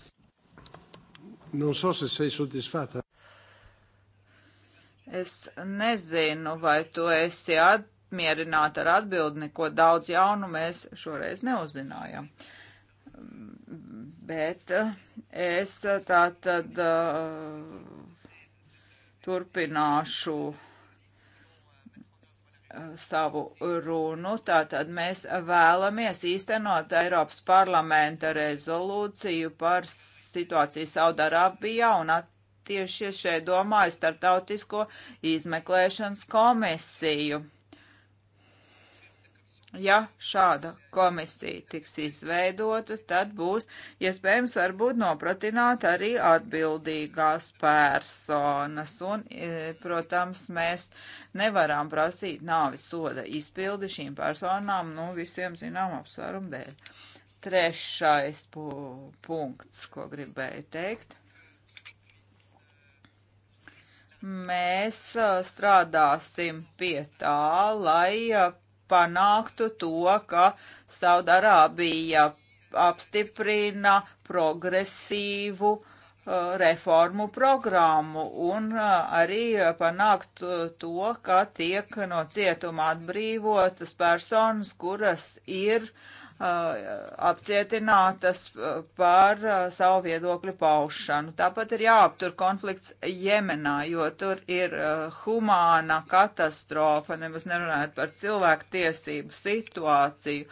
Non so se sei soddisfatta. Es nezinu, vai tu esi atbildīgs apmierināti ar atbildi, neko daudz jaunu mēs šoreiz neuzzinājām. Bet eh, es eh, tā tad eh, turpināšu savu runu. Tātad mēs vēlamies īstenot Eiropas parlamenta rezolūciju par situāciju Saudarābijā un at tieši šeit domāju starptautisko izmeklēšanas komisiju. Ja šāda komisija tiks izveidota, tad būs iespējams ja varbūt nopratināt arī atbildīgās personas. Un, e, protams, mēs nevaram prasīt nāvis soda izpildi šīm personām, nu, visiem zinām apsvērumu dēļ. Trešais pu punkts, ko gribēju teikt. Mēs e, strādāsim pie tā, lai e, panāktu to, ka Saudarābija apstiprina progresīvu uh, reformu programmu un uh, arī panākt uh, to, ka tiek no cietuma atbrīvotas personas, kuras ir uh, Uh, apcietinātas uh, par uh, savu viedokļu paušanu. Tāpat ir jāaptur konflikts Jemenā, jo tur ir humāna katastrofa, nemaz nerunājot par cilvēku tiesību situāciju.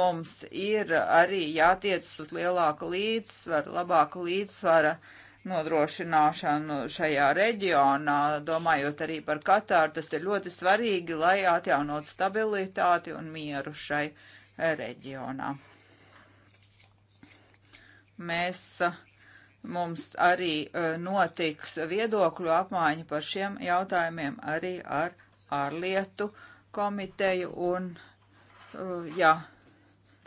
Mums ir arī jātiec uz lielāku līdzsvaru, labāku līdzsvaru nodrošināšanu šajā reģionā, domājot arī par Katāru, tas ir ļoti svarīgi, lai atjaunot stabilitāti un mieru šai reģionā reģionā. Mēs, mums arī e, notiks viedokļu apmaiņa par šiem jautājumiem arī ar ārlietu komiteju un, e, jā,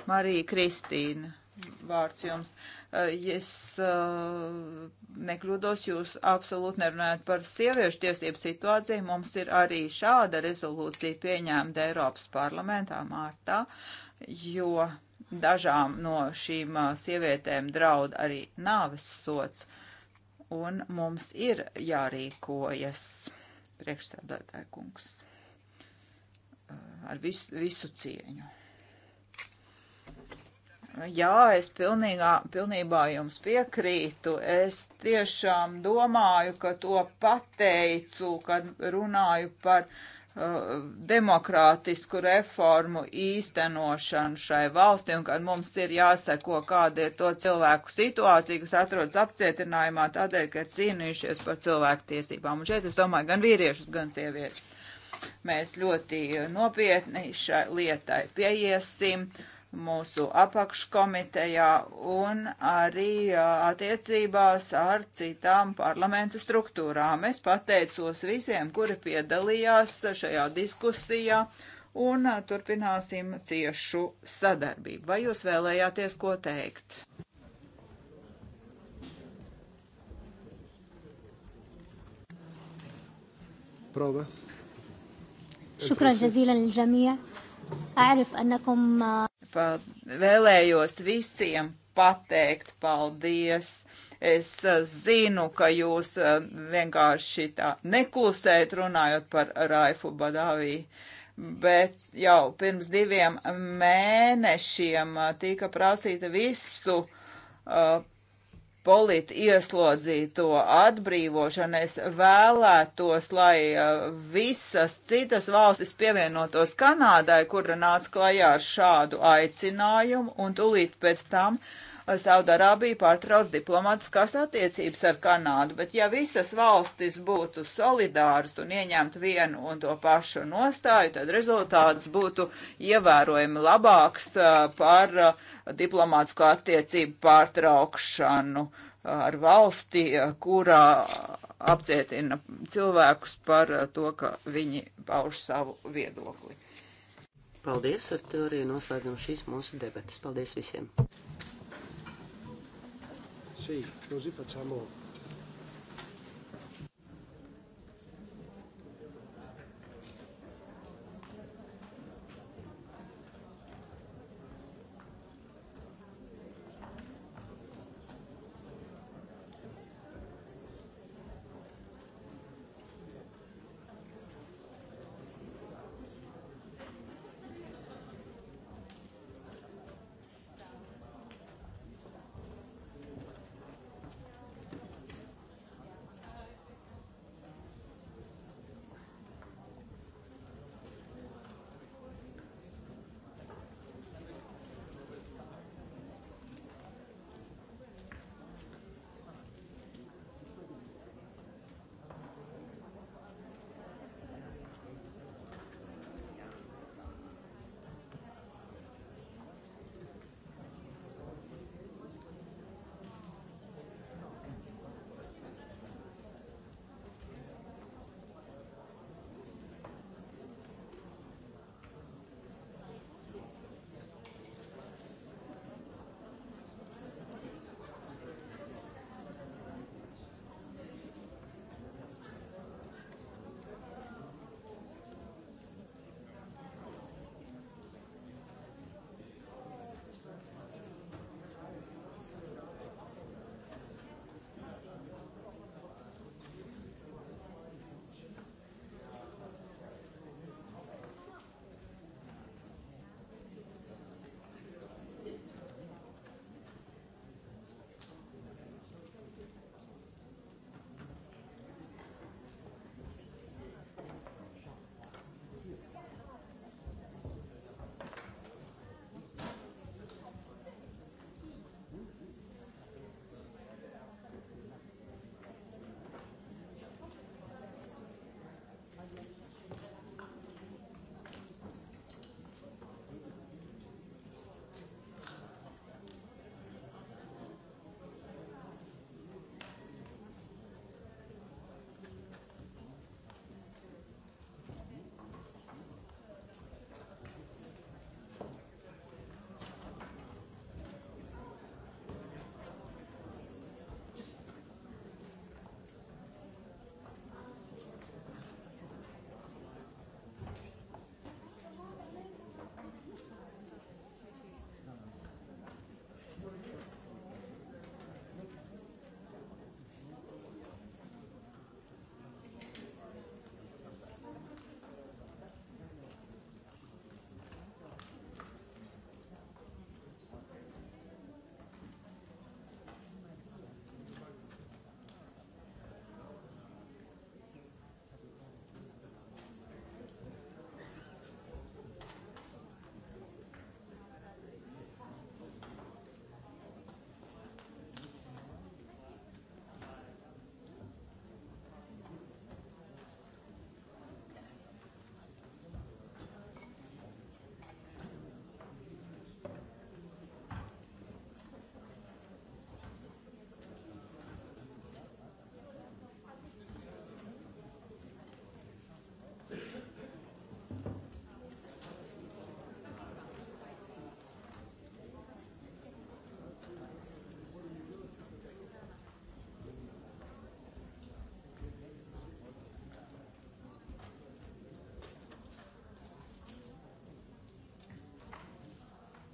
Marija Kristīna vārds jums. E, es nekļūdos, jūs absolūti nerunājat par sieviešu tiesību situāciju. Mums ir arī šāda rezolūcija pieņēmta Eiropas parlamentā mārtā jo dažām no šīm sievietēm draud arī nāves sots, un mums ir jārīkojas priekšsēdētāja kungs ar visu, visu cieņu. Jā, es pilnīgā, pilnībā jums piekrītu. Es tiešām domāju, ka to pateicu, kad runāju par uh, Eh, demokrātisku reformu īstenošanu šai valstī un kad mums ir jāseko, kāda ir to cilvēku situācija, kas atrodas apcietinājumā tādēļ, ka ir cīnījušies par cilvēku tiesībām. Un šeit es domāju gan vīriešus, gan sievietes. Mēs ļoti nopietni šai lietai pieiesim. Uh, mūsu apakškomitejā un arī attiecībās ar citām parlamentu struktūrām. Es pateicos visiem, kuri piedalījās šajā diskusijā un turpināsim ciešu sadarbību. Vai jūs vēlējāties ko teikt? Prova. شكرا جزيلا للجميع أعرف أنكم vēlējos visiem pateikt paldies. Es eh, zinu, ka jūs eh, vienkārši tā neklusējat runājot par Raifu Badavī, bet jau pirms diviem mēnešiem eh, tika prasīta visu uh, politi ieslodzīto atbrīvošanu. Es vēlētos, lai uh, visas citas valstis pievienotos Kanādai, kura nāca klajā ar šādu aicinājumu, un tūlīt pēc tam uh, Saudarābija pārtrauc diplomātiskās attiecības ar Kanādu, bet ja visas valstis būtu solidāras un ieņemtu vienu un to pašu nostāju, tad rezultāts būtu ievērojami labāks uh, par uh, diplomātisko attiecību pārtraukšanu uh, ar valsti, kurā apcietina cilvēkus par to, ka viņi pauž savu viedokli. Paldies, ar to arī noslēdzam šīs mūsu debatas. Paldies visiem! Sì, così facciamo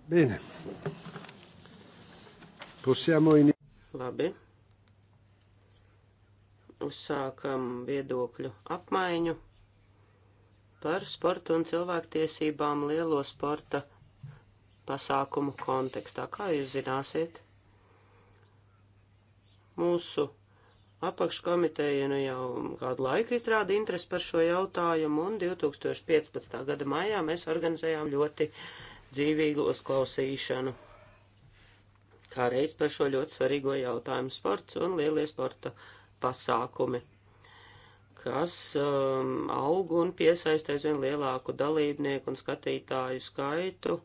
Bene. Possiamo in... Labi. Uzsākam viedokļu apmaiņu par sportu un cilvēktiesībām lielo sporta pasākumu kontekstā. Kā jūs zināsiet, mūsu apakškomiteja nu jau kādu laiku izrāda interesi par šo jautājumu, un 2015. gada maijā mēs organizējām ļoti uh, dzīvīgu uzklausīšanu. Kā reiz par šo ļoti svarīgo jautājumu sports un lielie sporta pasākumi, kas um, aug un piesaistēs vien lielāku dalībnieku un skatītāju skaitu.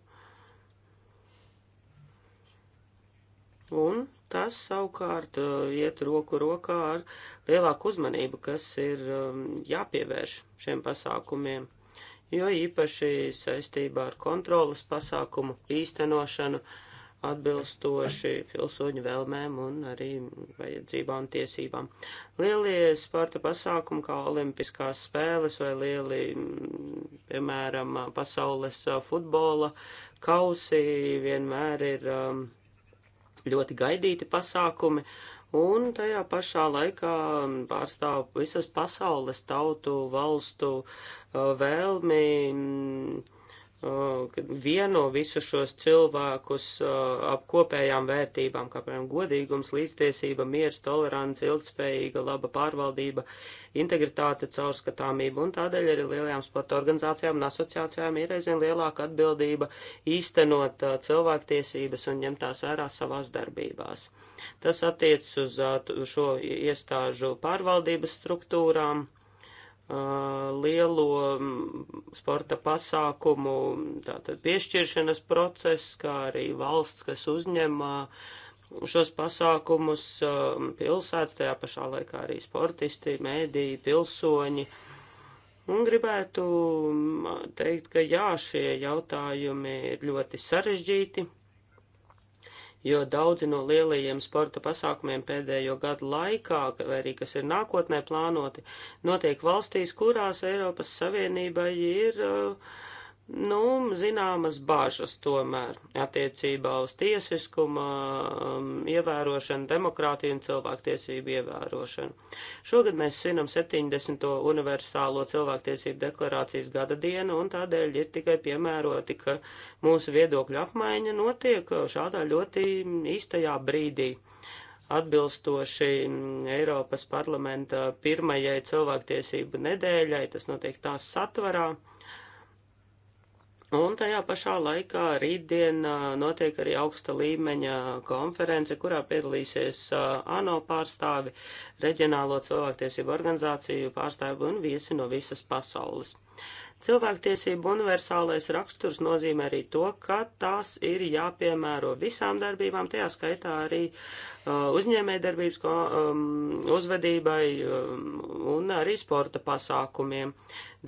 Un tas savukārt uh, iet roku rokā ar lielāku uzmanību, kas ir um, jāpievērš šiem pasākumiem jo īpaši saistībā ar kontrolas pasākumu īstenošanu atbilstoši pilsoņu vēlmēm un arī vajadzībām un tiesībām. Lielie sporta pasākumi, kā olimpiskās spēles vai lieli, piemēram, pasaules futbola kausi, vienmēr ir um, ļoti gaidīti pasākumi, un tajā pašā laikā pārstāv visas pasaules tautu valstu uh, vēlmi mm, Uh, vieno visus šos cilvēkus uh, ap kopējām vērtībām, kā piemēram godīgums, līdztiesība, miers, tolerants, ilgspējīga, laba pārvaldība, integritāte, caurskatāmība, un tādēļ arī lielajām sporta organizācijām un asociācijām ir aizvien lielāka atbildība īstenot uh, cilvēktiesības un ņemt tās vērā savās darbībās. Tas attiecas uz šo iestāžu pārvaldības struktūrām lielo sporta pasākumu tātad piešķiršanas process, kā arī valsts, kas uzņem šos pasākumus, pilsētas, tajā pašā laikā arī sportisti, mēdīji, pilsoņi. Un gribētu teikt, ka jā, šie jautājumi ir ļoti sarežģīti, jo daudzi no lielajiem sporta pasākumiem pēdējo gadu laikā, vai arī kas ir nākotnē plānoti, notiek valstīs, kurās Eiropas Savienībai ir uh, nu, zināmas bāžas tomēr attiecībā uz tiesiskuma um, ievērošanu, demokrātiju un cilvēktiesību ievērošanu. Šogad mēs svinam 70. universālo cilvēktiesību deklarācijas gada dienu, un tādēļ ir tikai piemēroti, ka mūsu viedokļu apmaiņa notiek šādā ļoti īstajā brīdī atbilstoši mm, Eiropas parlamenta pirmajai cilvēktiesību nedēļai, tas notiek tās satvarā. Un tajā pašā laikā rītdien notiek arī augsta līmeņa konference, kurā piedalīsies ANO pārstāvi, reģionālo cilvēktiesību organizāciju pārstāvi un viesi no visas pasaules. Cilvēktiesību universālais raksturs nozīmē arī to, ka tās ir jāpiemēro visām darbībām, tajā skaitā arī Uh, uzņēmējdarbības um, uzvedībai um, un arī sporta pasākumiem.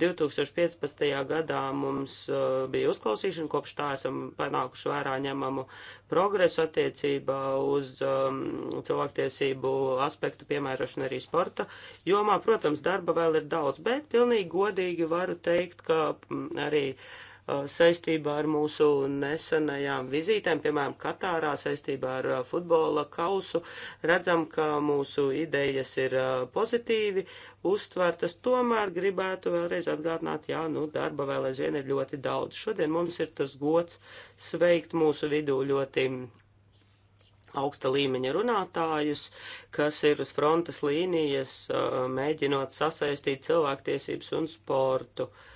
2015. gadā mums uh, bija uzklausīšana, kopš tā esam panākuši vērā ņemamu progresu attiecībā uz um, cilvēktiesību aspektu piemērošanu arī sporta jomā. Protams, darba vēl ir daudz, bet pilnīgi godīgi varu teikt, ka mm, arī uh, Uh, saistībā ar mūsu nesenajām vizītēm, piemēram, Katārā saistībā ar uh, futbola kausu, redzam, ka mūsu idejas ir uh, pozitīvi uztvertas, tomēr gribētu vēlreiz atgādināt, jā, nu, darba vēl aizvien ir ļoti daudz. Šodien mums ir tas gods sveikt mūsu vidū ļoti augsta līmeņa runātājus, kas ir uz frontes līnijas, mēģinot sasaistīt cilvēktiesības un sportu. Uh,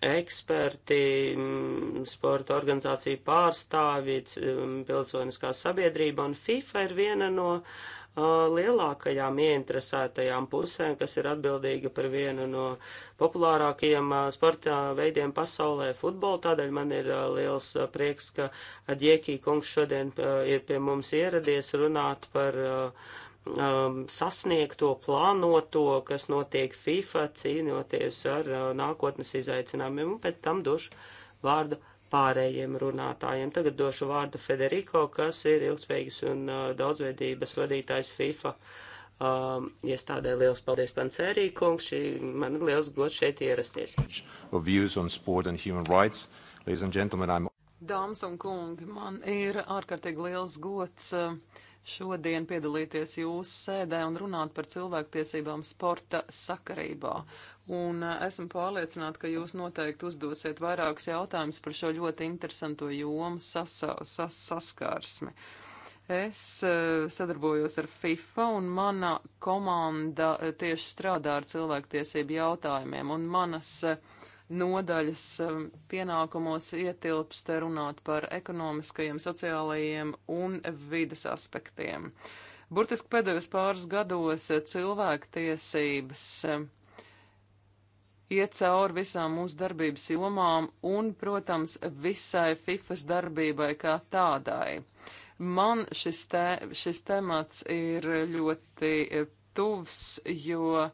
eksperti, mm, sporta organizāciju pārstāvji, mm, pilsoniskās sabiedrība un FIFA ir viena no uh, lielākajām ieinteresētajām pusēm, kas ir atbildīga par vienu no populārākajiem uh, sporta veidiem pasaulē - futbolu. Tādēļ man ir uh, liels uh, prieks, ka Adjekī kungs šodien uh, ir pie mums ieradies runāt par uh, um, sasniegto, plānoto, kas notiek FIFA, cīnoties ar uh, nākotnes izaicinājumiem, un pēc tam došu vārdu pārējiem runātājiem. Tagad došu vārdu Federico, kas ir ilgspējīgas un uh, daudzveidības vadītājs FIFA. Um, iestādē liels paldies, Pancerī kungs, šī man ir liels gods šeit ierasties. Dāmas un kungi, man ir ārkārtīgi liels gods uh, šodien piedalīties jūsu sēdē un runāt par cilvēktiesībām sporta sakarībā. Un uh, esmu pārliecināta, ka jūs noteikti uzdosiet vairākus jautājumus par šo ļoti interesanto jomu sasa, sas, saskārsmi. Es uh, sadarbojos ar FIFA un mana komanda uh, tieši strādā ar cilvēktiesību jautājumiem un manas uh, nodaļas um, pienākumos ietilpst runāt par ekonomiskajiem, sociālajiem un vidas aspektiem. Burtiski pēdējos pāris gados eh, cilvēktiesības eh, iet cauri visām mūsu darbības jomām un, protams, visai FIFAs darbībai kā tādai. Man šis, te, šis temats ir ļoti eh, tuvs, jo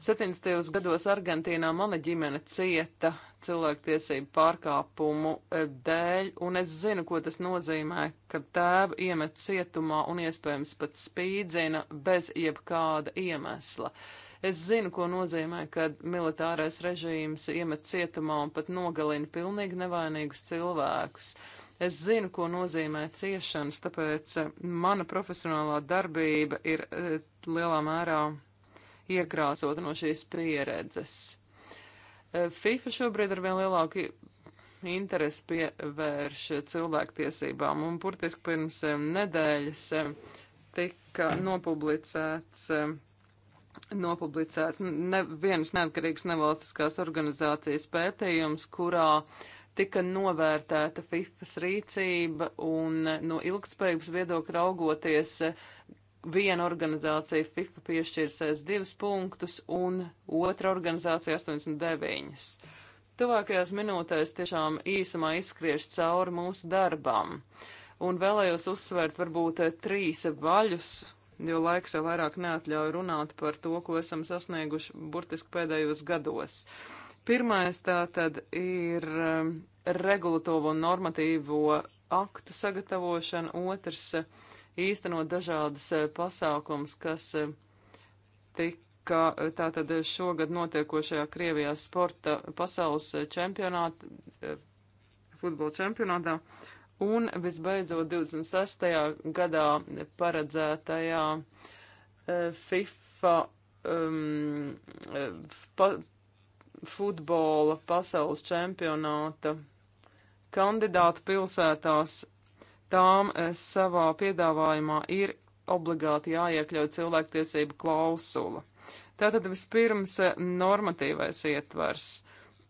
70. gados Argentīnā mana ģimene cieta cilvēktiesību pārkāpumu eh, dēļ, un es zinu, ko tas nozīmē, ka tēvu iemet cietumā un iespējams pat spīdzina bez jebkāda iemesla. Es zinu, ko nozīmē, kad militārais režīms iemet cietumā un pat nogalina pilnīgi nevainīgus cilvēkus. Es zinu, ko nozīmē ciešanas, tāpēc eh, mana profesionālā darbība ir e, lielā mērā iekrāsota no šīs pieredzes. E, FIFA šobrīd ar vien lielāku interesi pievērš cilvēktiesībām, un burtiski pirms e, nedēļas e, tika nopublicēts nopublicēts ne, vienas neatkarīgas nevalstiskās organizācijas pētījums, kurā tika novērtēta FIFAs rīcība un no ilgtspējības viedokļa raugoties, viena organizācija FIFA piešķir 62 punktus un otra organizācija 89. Tuvākajās minūtēs tiešām īsumā izskriež cauri mūsu darbam. Un vēlējos uzsvērt varbūt trīs vaļus, jo laiks jau vairāk neatļauj runāt par to, ko esam sasnieguši burtiski pēdējos gados. Pirmais tā tad ir um, regulatīvo un normatīvo aktu sagatavošana, otrs uh, īstenot dažādas eh, pasākums, kas eh, tika eh, tātad šogad notiekošajā Krievijā sporta pasaules čempionāta, futbola čempionātā, un visbeidzot 26. gadā paredzētajā FIFA um, pa, futbola pasaules čempionāta kandidātu pilsētās tām e, savā piedāvājumā ir obligāti jāiekļauj cilvēktiesību klausula. Tātad vispirms e, normatīvais ietvers.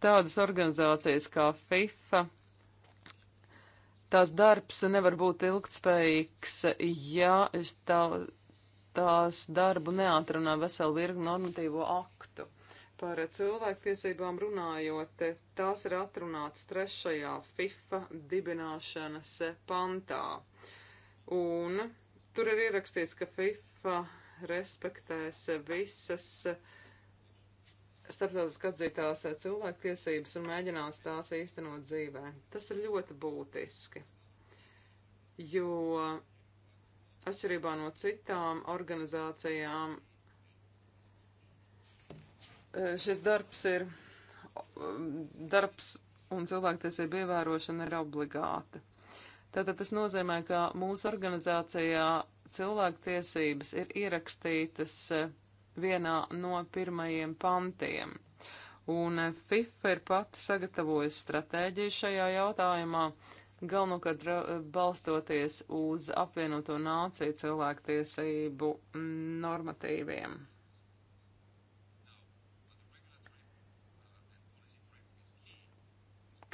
Tādas organizācijas kā FIFA, tās darbs nevar būt ilgtspējīgs, ja tā, tās darbu neatrunā veselu virkni normatīvo aktu. Par cilvēktiesībām runājot, tās ir atrunāts trešajā FIFA dibināšanas pantā. Un tur ir ierakstīts, ka FIFA respektēs visas starptautiski atzītās cilvēktiesības un mēģinās tās īstenot dzīvē. Tas ir ļoti būtiski, jo atšķirībā no citām organizācijām E, šis darbs ir um, darbs un cilvēktiesība ievērošana ir obligāta. Tātad tas nozīmē, ka mūsu organizācijā cilvēktiesības ir ierakstītas e, vienā no pirmajiem pantiem. Un e, FIFA ir pati sagatavojusi stratēģiju šajā jautājumā, galvenokārt balstoties uz apvienoto nāciju cilvēktiesību mm, normatīviem.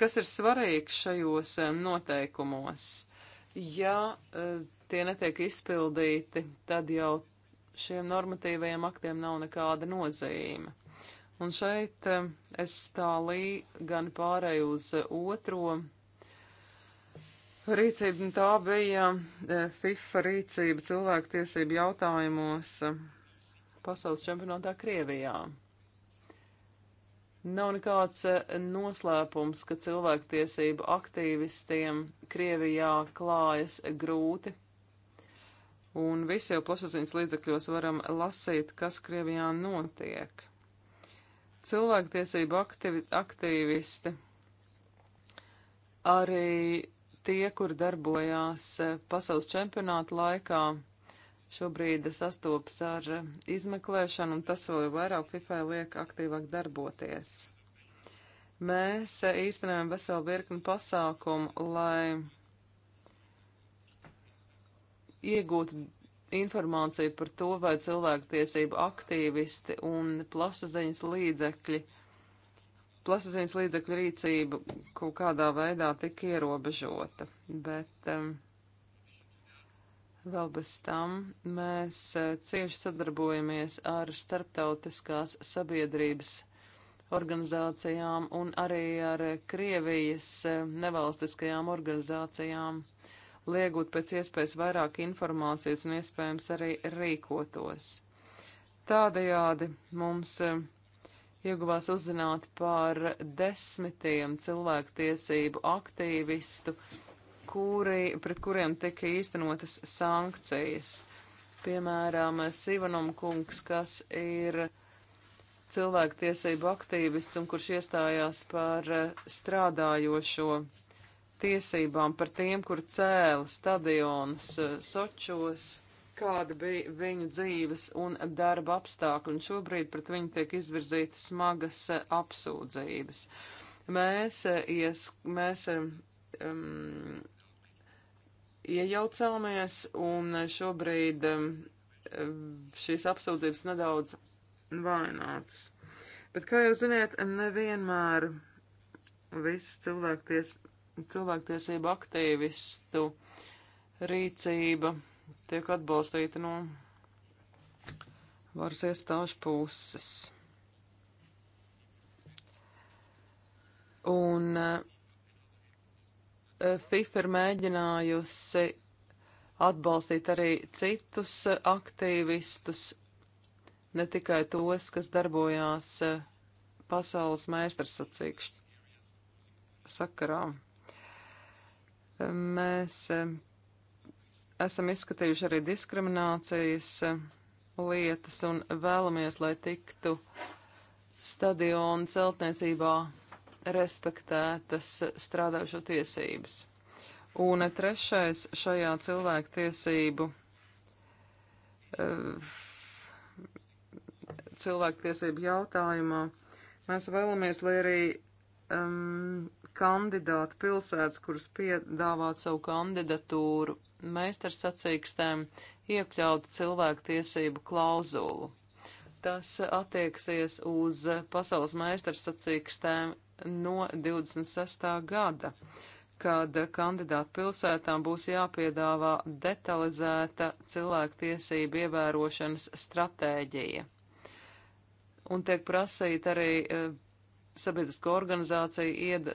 Kas ir svarīgs šajos noteikumos? Ja e, tie netiek izpildīti, tad jau šiem normatīvajiem aktiem nav nekāda nozīme. Un šeit es tālī gan pārēju uz e, otro rīcību, un tā bija e, FIFA rīcība cilvēktiesību jautājumos pasaules čempionātā Krievijā. Nav nekāds eh, noslēpums, ka cilvēktiesību aktīvistiem Krievijā klājas grūti. Un visi jau plašsaziņas līdzekļos varam lasīt, kas Krievijā notiek. Cilvēktiesību aktivi, aktīvisti, arī tie, kur darbojās eh, pasaules čempionāta laikā, šobrīd sastopas ar eh, izmeklēšanu, un tas vēl vairāk FIFA liek aktīvāk darboties. Mēs eh, īstenojam veselu virkni pasākumu, lai iegūtu informāciju par to, vai cilvēktiesību aktīvisti un plasaziņas līdzekļi, plasaziņas līdzekļu rīcība kaut kādā veidā tika ierobežota. Bet um, Vēl bez tam mēs e, cieši sadarbojamies ar starptautiskās sabiedrības organizācijām un arī ar Krievijas e, nevalstiskajām organizācijām, liegot pēc iespējas vairāk informācijas un iespējams arī rīkotos. Tādējādi mums e, ieguvās uzzināt par desmitiem cilvēktiesību aktīvistu, uh, kuri, pret kuriem tika īstenotas sankcijas. Piemēram, Sivanam kungs, kas ir cilvēktiesību aktīvists un kurš iestājās par eh, strādājošo tiesībām, par tiem, kur cēla stadionus eh, Sočos, kāda bija viņu dzīves un darba apstākļi, un šobrīd pret viņu tiek izvirzītas smagas eh, apsūdzības. Mēs, ies, mēs um, iejaucāmies, un šobrīd um, šīs apsūdzības nedaudz vaināts. Bet, kā jau ziniet, nevienmēr viss cilvēkties, cilvēktiesību aktīvistu rīcība tiek atbalstīta no varas iestāžu puses. Un uh, FIFA ir mēģinājusi atbalstīt arī citus aktīvistus, ne tikai tos, kas darbojās eh, pasaules mēstarsacīkšu sakarā. Mēs eh, esam izskatījuši arī diskriminācijas eh, lietas un vēlamies, lai tiktu stadionu celtniecībā respektētas strādājušo tiesības. Un trešais šajā cilvēku tiesību, eh, cilvēku tiesību jautājumā mēs vēlamies, lai arī um, kandidāti pilsētas, kuras piedāvāt savu kandidatūru meistarsacīkstēm, iekļautu cilvēku tiesību klauzulu. Tas attieksies uz pasaules meistarsacīkstēm no 26. gada, kad kandidātu pilsētām būs jāpiedāvā detalizēta cilvēktiesību ievērošanas stratēģija. Un tiek prasīta arī e, sabiedrisko organizāciju ied,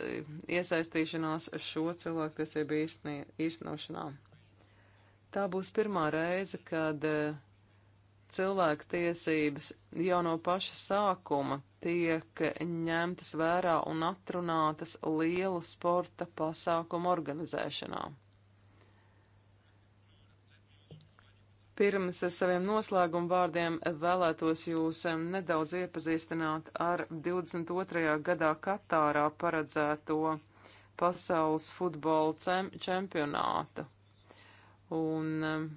iesaistīšanās šo cilvēktiesību īstenošanā. Tā būs pirmā reize, kad uh, cilvēku tiesības jau no paša sākuma tiek ņemtas vērā un atrunātas lielu sporta pasākumu organizēšanā. Pirms saviem noslēguma vārdiem vēlētos jūs nedaudz iepazīstināt ar 22. gadā Katārā paredzēto pasaules futbola čempionātu. Un, um,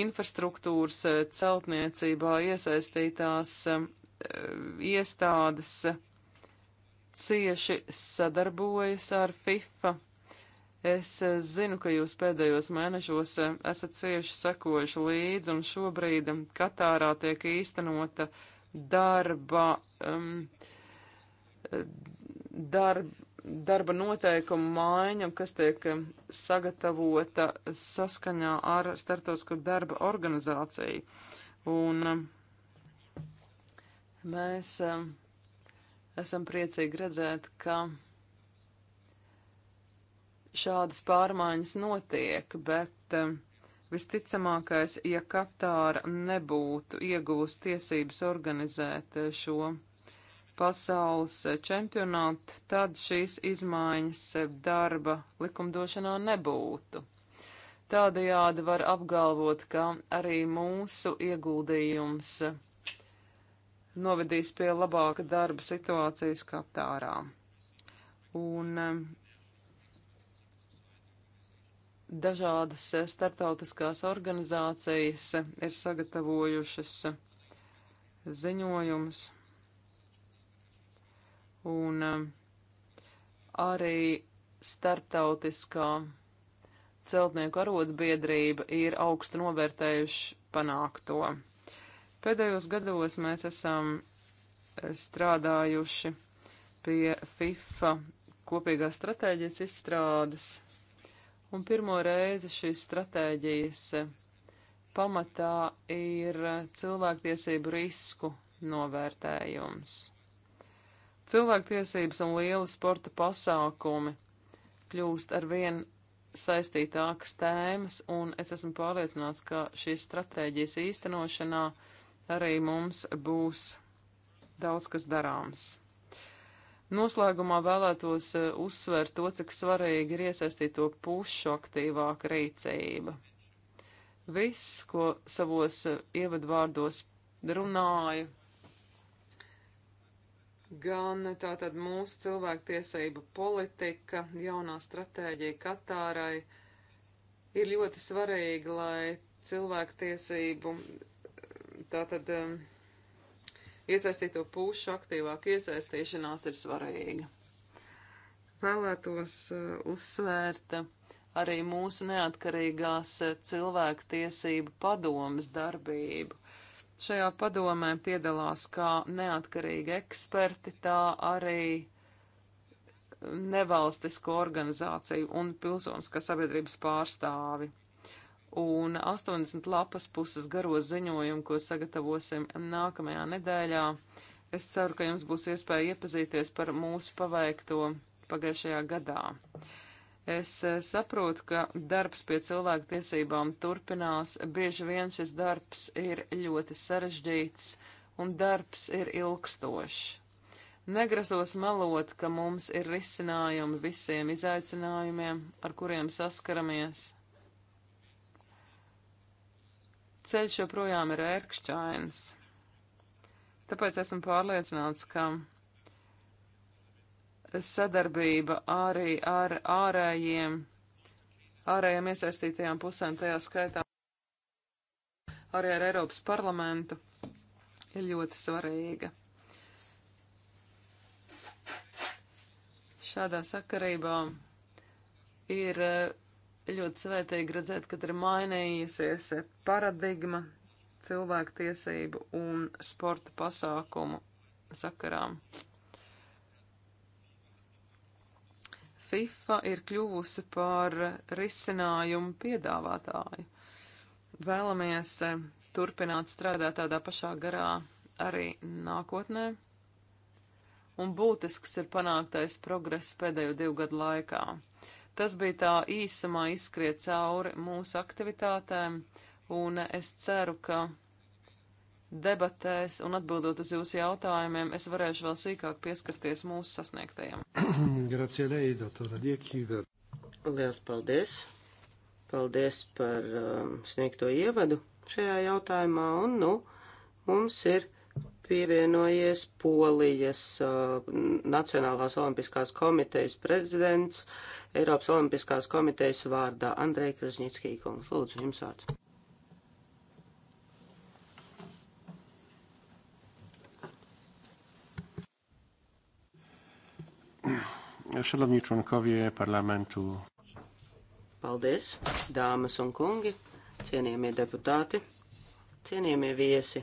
infrastruktūras eh, celtniecībā iesaistītās eh, iestādes cieši sadarbojas ar FIFA. Es eh, zinu, ka jūs pēdējos mēnešos esat cieši sekojuši līdzi, un šobrīd Katārā tiek īstenota darba, um, ehm, darba darba noteikumu maiņa, kas tiek eh, sagatavota saskaņā ar starptautisko darba organizāciju. Un eh, mēs eh, esam priecīgi redzēt, ka šādas pārmaiņas notiek, bet visticamākais, ja Katāra nebūtu iegūst tiesības organizēt šo pasaules čempionātu, tad šīs izmaiņas darba likumdošanā nebūtu. Tādējādi var apgalvot, ka arī mūsu ieguldījums novedīs pie labāka darba situācijas Katārā. Un um, dažādas starptautiskās organizācijas ir sagatavojušas ziņojumus un um, arī starptautiskā celtnieku arotbiedrība ir augstu novērtējuši panākto. Pēdējos gados mēs esam eh, strādājuši pie FIFA kopīgās stratēģijas izstrādes, un pirmo reizi šīs stratēģijas eh, pamatā ir eh, cilvēktiesību risku novērtējums. Cilvēktiesības un liela sporta pasākumi kļūst ar vien saistītākas tēmas, un es esmu pārliecināts, ka šīs stratēģijas īstenošanā arī mums būs daudz kas darāms. Noslēgumā vēlētos eh, uzsvērt to, cik svarīgi ir iesaistīt to pušu aktīvāka rīcība. Viss, ko savos eh, ievadvārdos runāju, gan tātad mūsu cilvēktiesību politika, jaunā stratēģija Katārai ir ļoti svarīga, lai cilvēktiesību tātad um, iesaistīto pušu aktīvāk iesaistīšanās ir svarīga. Vēlētos uh, uzsvērt arī mūsu neatkarīgās uh, cilvēktiesību padomas darbību Šajā padomē piedalās kā neatkarīgi eksperti, tā arī nevalstisko organizāciju un pilsoniskā sabiedrības pārstāvi. Un 80 lapas puses garo ziņojumu, ko sagatavosim nākamajā nedēļā. Es ceru, ka jums būs iespēja iepazīties par mūsu paveikto pagājušajā gadā. Uh, Es eh, saprotu, ka darbs pie cilvēku tiesībām turpinās. Bieži vien šis darbs ir ļoti sarežģīts un darbs ir ilgstošs. Negrasos melot, ka mums ir risinājumi visiem izaicinājumiem, ar kuriem saskaramies. Ceļš joprojām ir ērkšķains. Tāpēc esmu pārliecināts, ka sadarbība arī ar ārējiem, ārējiem iesaistītajām pusēm, tajā skaitā arī ar Eiropas parlamentu, ir ļoti svarīga. Šādā sakarībā ir eh, ļoti svētīgi redzēt, ka ir mainījusies paradigma cilvēktiesību un sporta pasākumu sakarām. FIFA ir kļuvusi par risinājumu piedāvātāju. Vēlamies eh, turpināt strādāt tādā pašā garā arī nākotnē, un būtisks ir panāktais progress pēdējo divu gadu laikā. Tas bija tā īsumā izskriet cauri mūsu aktivitātēm, un es ceru, ka debatēs un atbildot uz jūsu jautājumiem, es varēšu vēl sīkāk pieskarties mūsu sasniegtajiem. (clears throat) Grazie, lei, doktora Diekīver. Lielas paldies! Paldies par um, sniegto ievadu šajā jautājumā, un, nu, mums ir pievienojies Polijas uh, Nacionālās Olimpiskās komitejas prezidents Eiropas Olimpiskās komitejas vārdā Andrei Krasņickī kungs. Lūdzu, jums vārds. Szanowni członkowie parlamentu. Paldies, dāmas un kungi, cienījamie deputāti, cienījamie viesi.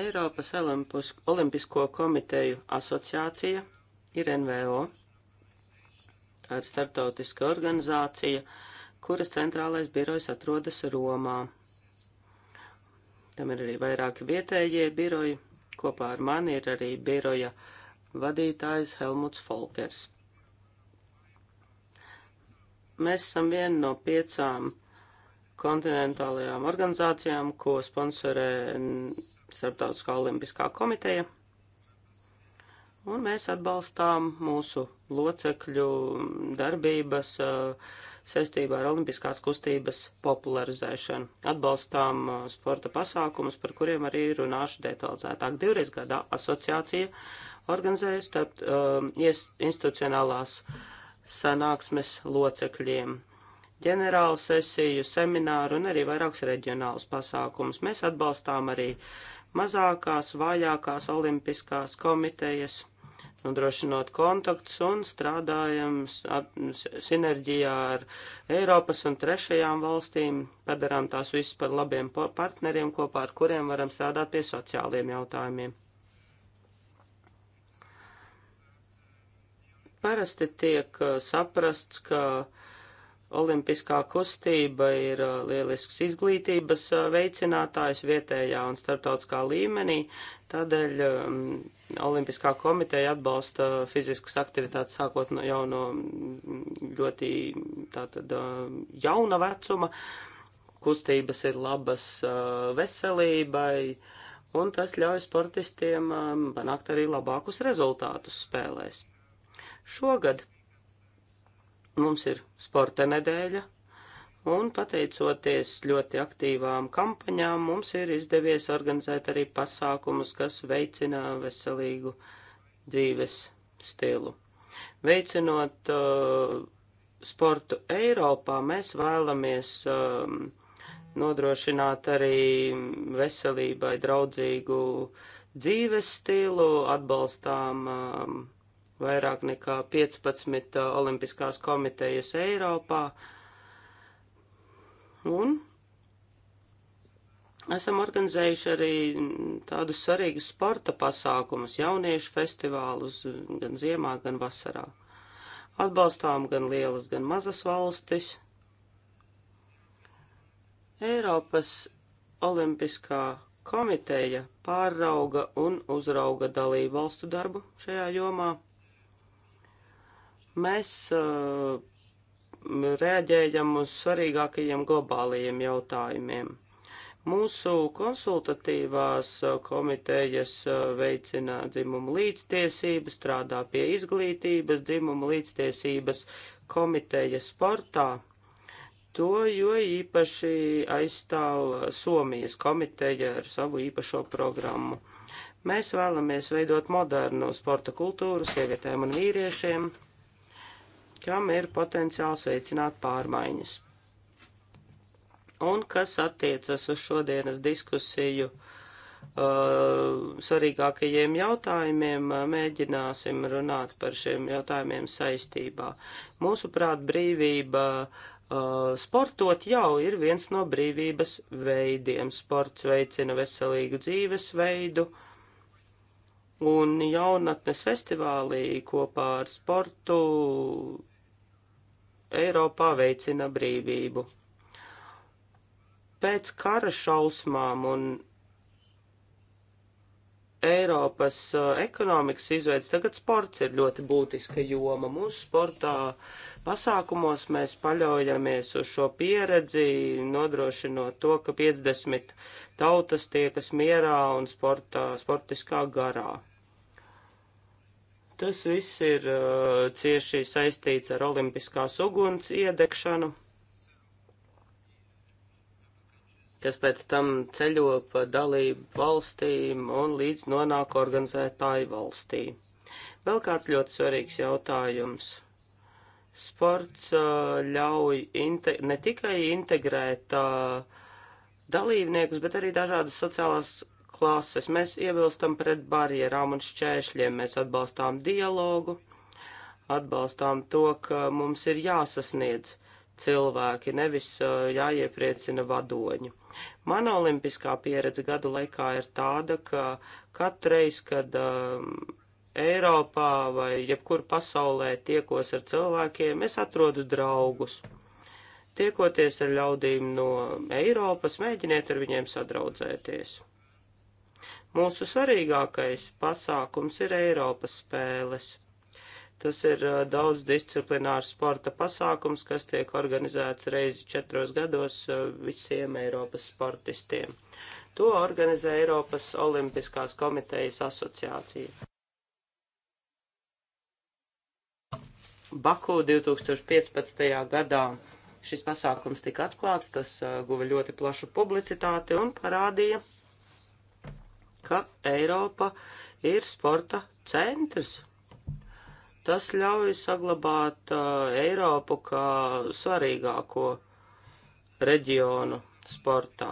Eiropas Olimpisko komiteju asociācija ir NVO. Tā ir starptautiska organizācija, kuras centrālais birojs atrodas Romā. Tam ir arī vairāki vietējie biroji. Kopā ar mani ir arī biroja uh, vadītājs Helmuts Folkers. Mēs esam viena no piecām kontinentālajām organizācijām, ko sponsorē Starptautiskā olimpiskā komiteja. Un mēs atbalstām mūsu locekļu darbības uh, saistībā ar olimpiskās kustības popularizēšanu. Atbalstām uh, sporta pasākumus, par kuriem arī runāšu detalizētāk. Divreiz gadā asociācija organizēja starp um, institucionālās sanāksmes locekļiem ģenerālu sesiju, semināru un arī vairākus reģionālus pasākumus. Mēs atbalstām arī mazākās, vājākās olimpiskās komitejas nodrošinot kontaktus un strādājam sinerģijā ar Eiropas un trešajām valstīm, padarām tās visus par labiem partneriem, kopā ar kuriem varam strādāt pie sociāliem jautājumiem. Parasti tiek uh, saprasts, ka Olimpiskā kustība ir uh, lielisks izglītības uh, veicinātājs vietējā un starptautiskā līmenī, tādēļ um, Olimpiskā komiteja atbalsta fiziskas aktivitātes sākot no jau no ļoti tātad jauna vecuma. Kustības ir labas veselībai, un tas ļauj sportistiem panākt arī labākus rezultātus spēlēs. Šogad mums ir sporta nedēļa, un pateicoties ļoti aktīvām kampaņām, mums ir izdevies organizēt arī pasākumus, kas veicina veselīgu dzīves stilu. Veicinot uh, sportu Eiropā, mēs vēlamies um, nodrošināt arī veselībai draudzīgu dzīves stilu, atbalstām um, vairāk nekā 15 uh, Olimpiskās komitejas Eiropā. Uh, Un esam organizējuši arī tādus svarīgus sporta pasākumus, jauniešu festivālus gan ziemā, gan vasarā. Atbalstām gan lielas, gan mazas valstis. Eiropas Olimpiskā komiteja pārauga un uzrauga dalību valstu darbu šajā jomā. Mēs uh, reaģējam uz svarīgākajiem globālajiem jautājumiem. Mūsu konsultatīvās komitejas uh, veicina dzimumu līdztiesību, strādā pie izglītības, dzimumu līdztiesības komiteja sportā. To jo īpaši aizstāv Somijas komiteja ar savu īpašo programmu. Mēs vēlamies veidot modernu sporta kultūru sievietēm un vīriešiem kam ir potenciāls veicināt pārmaiņas. Un kas attiecas uz šodienas diskusiju uh, svarīgākajiem jautājumiem, uh, mēģināsim runāt par šiem jautājumiem saistībā. Mūsuprāt, brīvība uh, sportot jau ir viens no brīvības veidiem. Sports veicina veselīgu dzīvesveidu, uh, Un jaunatnes festivālī kopā ar sportu Eiropā veicina brīvību. Pēc kara šausmām un Eiropas uh, ekonomikas izveids tagad sports ir ļoti būtiska joma. Mūsu sportā pasākumos mēs paļaujamies uz šo pieredzi, nodrošinot to, ka 50 tautas tiekas mierā un sportā, sportiskā garā. Tas viss ir uh, cieši saistīts ar olimpiskās uguns iedegšanu, kas pēc tam ceļo pa dalību valstīm un līdz nonāk organizētāju valstī. Vēl kāds ļoti svarīgs jautājums. Sports uh, ļauj inte ne tikai integrēt uh, dalībniekus, bet arī dažādas sociālās klases. Mēs iebilstam pret barjerām un šķēršļiem, mēs atbalstām dialogu, atbalstām to, ka mums ir jāsasniedz cilvēki, nevis jāiepriecina vadoņi. Mana olimpiskā pieredze gadu laikā ir tāda, ka katreiz, kad um, Eiropā vai jebkur pasaulē tiekos ar cilvēkiem, es atrodu draugus tiekoties ar ļaudīm no Eiropas, mēģiniet ar viņiem sadraudzēties. Mūsu svarīgākais pasākums ir Eiropas spēles. Tas ir daudz disciplinārs sporta pasākums, kas tiek organizēts reizi četros gados visiem Eiropas sportistiem. To organizē Eiropas Olimpiskās komitejas asociācija. Baku 2015. gadā šis pasākums tika atklāts, tas guva ļoti plašu publicitāti un parādīja, ka Eiropa ir sporta centrs. Tas ļauj saglabāt uh, Eiropu kā svarīgāko reģionu sportā.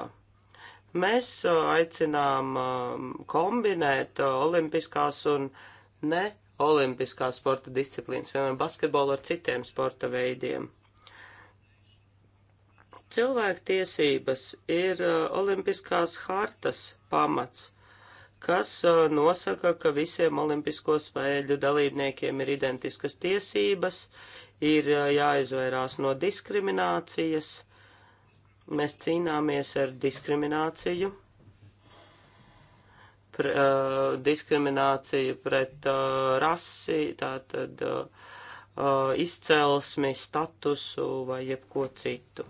Mēs uh, aicinām uh, kombinēt uh, olimpiskās un ne olimpiskās sporta disciplīnas, piemēram, basketbolu ar citiem sporta veidiem. Cilvēktiesības ir uh, olimpiskās hartas pamats, kas nosaka, ka visiem Olimpisko spēļu dalībniekiem ir identiskas tiesības, ir jāizvairās no diskriminācijas. Mēs cīnāmies ar diskrimināciju, pre, uh, diskrimināciju pret uh, rasi, tātad uh, izcelsmi, statusu vai jebko citu.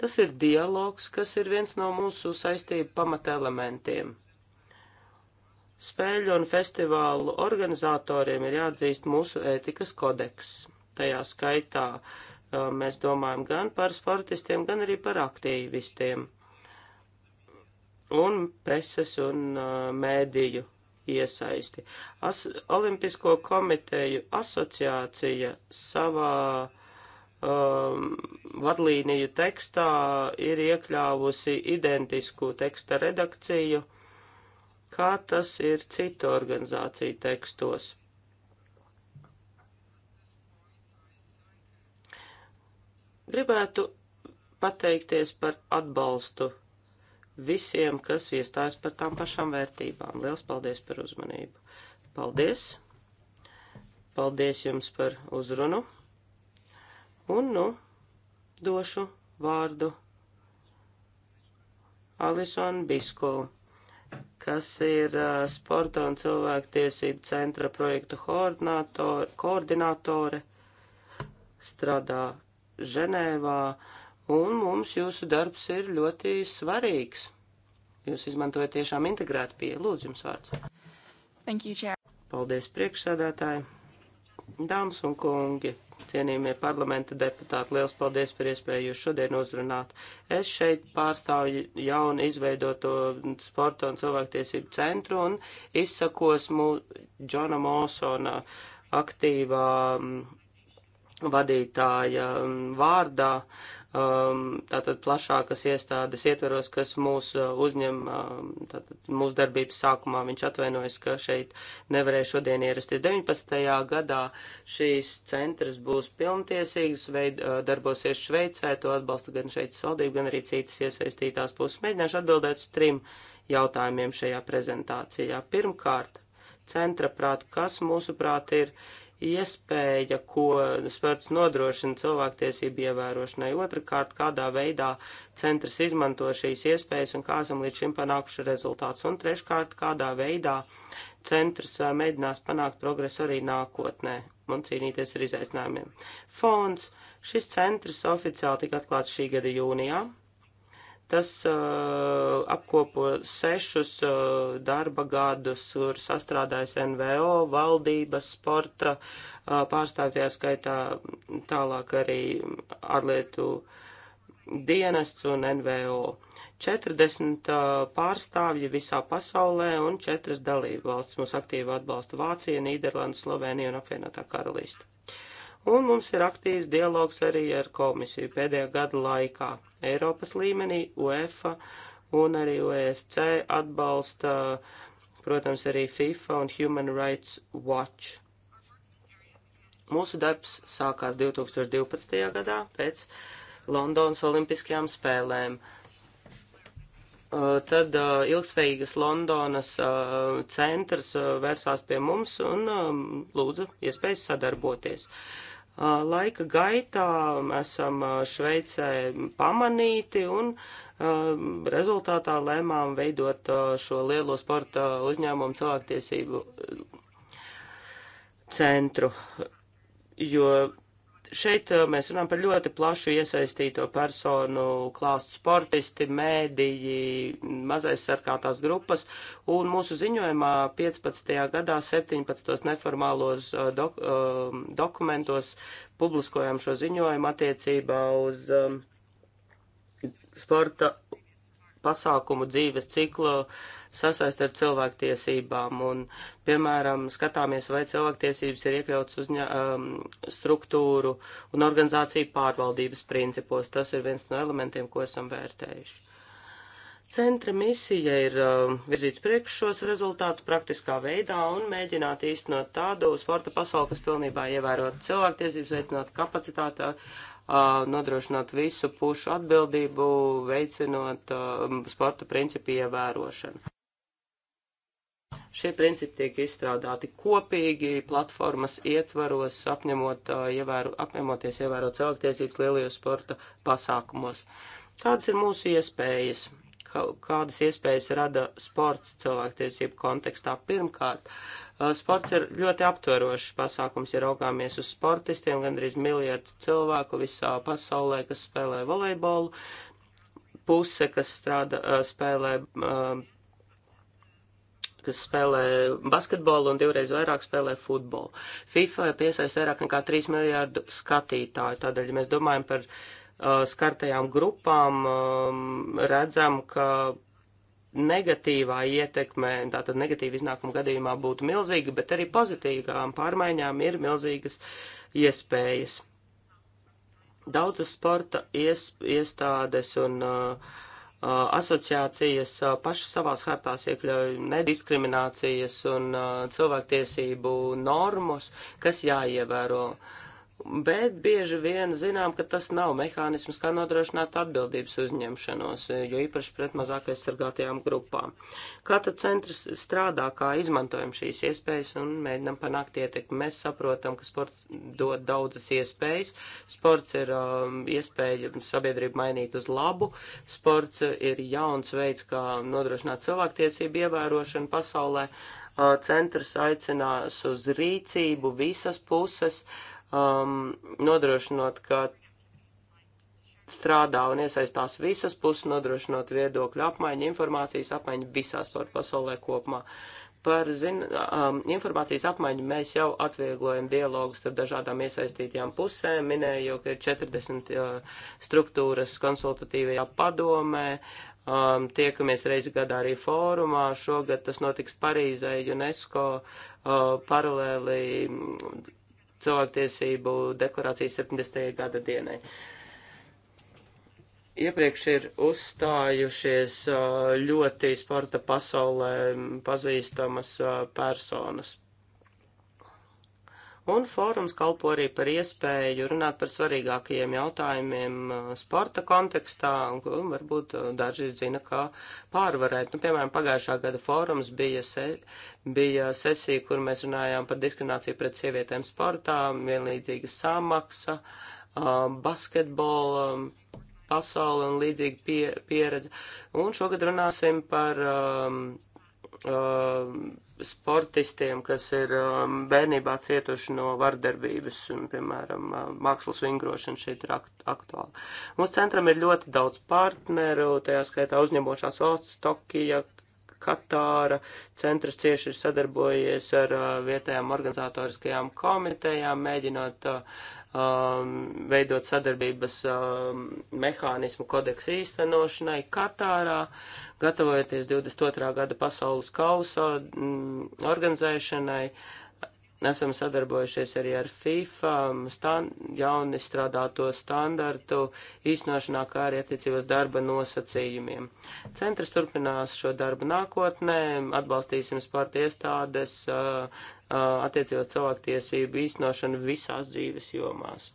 Tas ir dialogs, kas ir viens no mūsu saistību pamatelementiem. Spēļu un festivālu organizatoriem ir jāatzīst mūsu ētikas kodeks. Tajā skaitā uh, mēs domājam gan par sportistiem, gan arī par aktīvistiem un preses un uh, mēdīju iesaisti. As Olimpisko komiteju asociācija savā um, vadlīniju tekstā ir iekļāvusi identisku teksta redakciju, kā tas ir citu organizāciju tekstos. Gribētu pateikties par atbalstu visiem, kas iestājas par tām pašām vērtībām. Liels paldies par uzmanību! Paldies! Paldies jums par uzrunu! Un, nu, došu vārdu Alison Bisko, kas ir uh, sporta un cilvēktiesību centra projektu koordinātore, strādā Ženēvā, un mums jūsu darbs ir ļoti svarīgs. Jūs izmantojat tiešām integrētu pieeju. Lūdzu, jums vārds. Thank you, Chair. Paldies, priekšsēdētāji, dāmas un kungi cienījumie parlamenta deputāti, liels paldies par iespēju jūs šodien uzrunāt. Es šeit pārstāvu jaunu izveidoto sporta un cilvēktiesību centru un izsakos mūsu Džona Mosona aktīvā mm, vadītāja mm, vārdā. Uh, um, tātad plašākas iestādes ietveros, kas mūs uh, uzņem um, tātad mūsu darbības sākumā. Viņš atvainojas, ka šeit nevarēja šodien ierasties. 19. gadā šīs centras būs pilntiesīgas, veid, uh, darbosies Šveicē, to atbalsta gan Šveicas valdība, gan arī citas iesaistītās puses. Mēģināšu atbildēt uz trim jautājumiem šajā prezentācijā. Pirmkārt, centra prāt, kas mūsuprāt ir iespēja, ko sports nodrošina cilvēktiesību ievērošanai. Otrakārt, kādā veidā centrs izmanto šīs iespējas un kā esam līdz šim panākuši rezultāts. Un treškārt, kādā veidā centrs eh, mēģinās panākt progresu arī nākotnē un cīnīties ar izaicinājumiem. Fonds. Šis centrs oficiāli tika atklāts šī gada jūnijā. Tas uh, apkopo sešus uh, darba gadus, kur sastrādājas NVO, valdības, sporta uh, pārstāvjā skaitā tālāk arī ārlietu dienests un NVO. 40 uh, pārstāvji visā pasaulē un 4 dalību valsts mūs aktīvi atbalsta Vācija, Nīderlanda, Slovenija un apvienotā karalista un mums ir aktīvs dialogs arī ar komisiju pēdējā gada laikā. Eiropas līmenī UEFA un arī OSC e atbalsta, protams, arī FIFA un Human Rights Watch. Mūsu darbs sākās 2012. gadā pēc Londonas Olimpiskajām spēlēm. Uh, tad uh, ilgspējīgas Londonas uh, centrs vērsās pie mums un um, lūdza iespējas sadarboties. Ja Laika gaitā esam Šveicē pamanīti un rezultātā lēmām veidot šo lielo sporta uzņēmumu cilvēktiesību centru, jo šeit eh, mēs runājam par ļoti plašu iesaistīto personu klāstu sportisti, mēdīji, mazais sarkātās grupas, un mūsu ziņojumā 15. gadā 17. neformālos eh, dok eh, dokumentos publiskojam šo ziņojumu attiecībā uz sporta pasākumu dzīves ciklu sasaist ar cilvēktiesībām un, piemēram, skatāmies, vai cilvēktiesības ir iekļauts uzņa, um, struktūru un organizāciju pārvaldības principos. Tas ir viens no elementiem, ko esam vērtējuši. Centra misija ir uh, virzīt priekš šos rezultātus praktiskā veidā un mēģināt īstenot tādu sporta pasauli, kas pilnībā ievērot cilvēktiesības, veicināt kapacitātā, uh, nodrošināt visu pušu atbildību, veicinot uh, sporta principu ievērošanu. Šie principi tiek izstrādāti kopīgi platformas ietvaros, apņemot, ievēru, apņemoties ievērot cilvēktiesības lielajos sporta pasākumos. Kādas ir mūsu iespējas? Kādas iespējas rada sports cilvēktiesību kontekstā? Pirmkārt, sports ir ļoti aptverošs pasākums, ja raugāmies uz sportistiem, gandrīz miljards cilvēku visā pasaulē, kas spēlē volejbolu, puse, kas strādā, spēlē kas spēlē basketbolu un divreiz vairāk spēlē futbolu. FIFA piesaista vairāk nekā 3 miljārdu skatītāju, tādēļ, ja mēs domājam par uh, skartajām grupām, um, redzam, ka negatīvā ietekmē, tātad negatīva iznākuma gadījumā būtu milzīga, bet arī pozitīvām pārmaiņām ir milzīgas iespējas. Daudzas sporta ies, iestādes un uh, asociācijas pašas savās hartās iekļauj nediskriminācijas un cilvēktiesību normas, kas jāievēro. Uh, Bet bieži vien zinām, ka tas nav mehānisms, kā nodrošināt atbildības uzņemšanos, jo īpaši pret mazāk aizsargātajām grupām. Kā tad centrs strādā, kā izmantojam šīs iespējas un mēģinam panākt ietekmi? Mēs saprotam, ka sports dod daudzas iespējas. Sports ir um, iespēja sabiedrību mainīt uz labu. Sports ir jauns veids, kā nodrošināt cilvēktiesību ievērošanu pasaulē. Uh, centrs aicinās uz rīcību visas puses. Uh, um, nodrošinot, ka strādā un iesaistās visas puses, nodrošinot viedokļu apmaiņu, informācijas apmaiņu visās par pasaulē kopumā. Par zin, um, informācijas apmaiņu mēs jau atvieglojam dialogus ar dažādām iesaistītajām pusēm. Minēju, ka ir 40 uh, struktūras konsultatīvajā padomē, Um, tiekamies reizi gadā arī fórumā. Šogad tas notiks Parīzē, UNESCO uh, paralēli cilvēktiesību deklarācijas 70. gada dienai. Iepriekš ir uzstājušies ļoti sporta pasaulē pazīstamas personas un fórums kalpo arī par iespēju runāt par svarīgākajiem jautājumiem uh, sporta kontekstā, un varbūt uh, daži zina, kā pārvarēt. Nu, piemēram, pagājušā gada fórums bija, se, bija sesija, kur mēs runājām par diskrimināciju pret sievietēm sportā, vienlīdzīga samaksa, uh, basketbola um, pasauli un līdzīga pie, pieredze. Un šogad runāsim par um, um, sportistiem, kas ir um, bērnībā cietuši no vardarbības un, piemēram, uh, mākslas vingrošana šeit ir akt aktuāla. Mūsu centram ir ļoti daudz partneru, tajā skaitā uzņemošās valsts Tokija, Katāra. Centrs cieši ir sadarbojies ar uh, vietējām organizatoriskajām komitejām, mēģinot uh, um, veidot sadarbības um, mehānismu kodeksu īstenošanai Katārā, gatavojoties 22. gada pasaules kausa mm, organizēšanai. Esam sadarbojušies arī ar FIFA um, stand, jauni strādāto standartu īstenošanā, kā arī attiecībos darba nosacījumiem. Centrs turpinās šo darbu nākotnē, atbalstīsim sporta iestādes, uh, attiecībā cilvēktiesību īstenošanu visās dzīves jomās.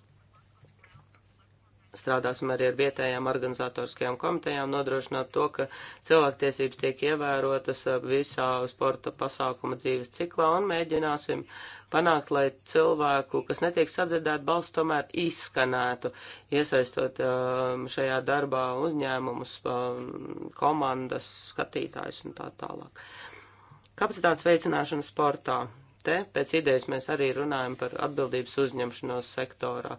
Strādāsim arī ar vietējām organizatoriskajām komitejām, nodrošināt to, ka cilvēktiesības tiek ievērotas visā sporta pasākuma dzīves ciklā un mēģināsim panākt, lai cilvēku, kas netiek sadzirdēt, balss tomēr izskanētu, iesaistot šajā darbā uzņēmumus, komandas, skatītājus un tā tālāk. Kapacitātes veicināšana sportā Te pēc idejas mēs arī runājam par atbildības uzņemšanos sektorā.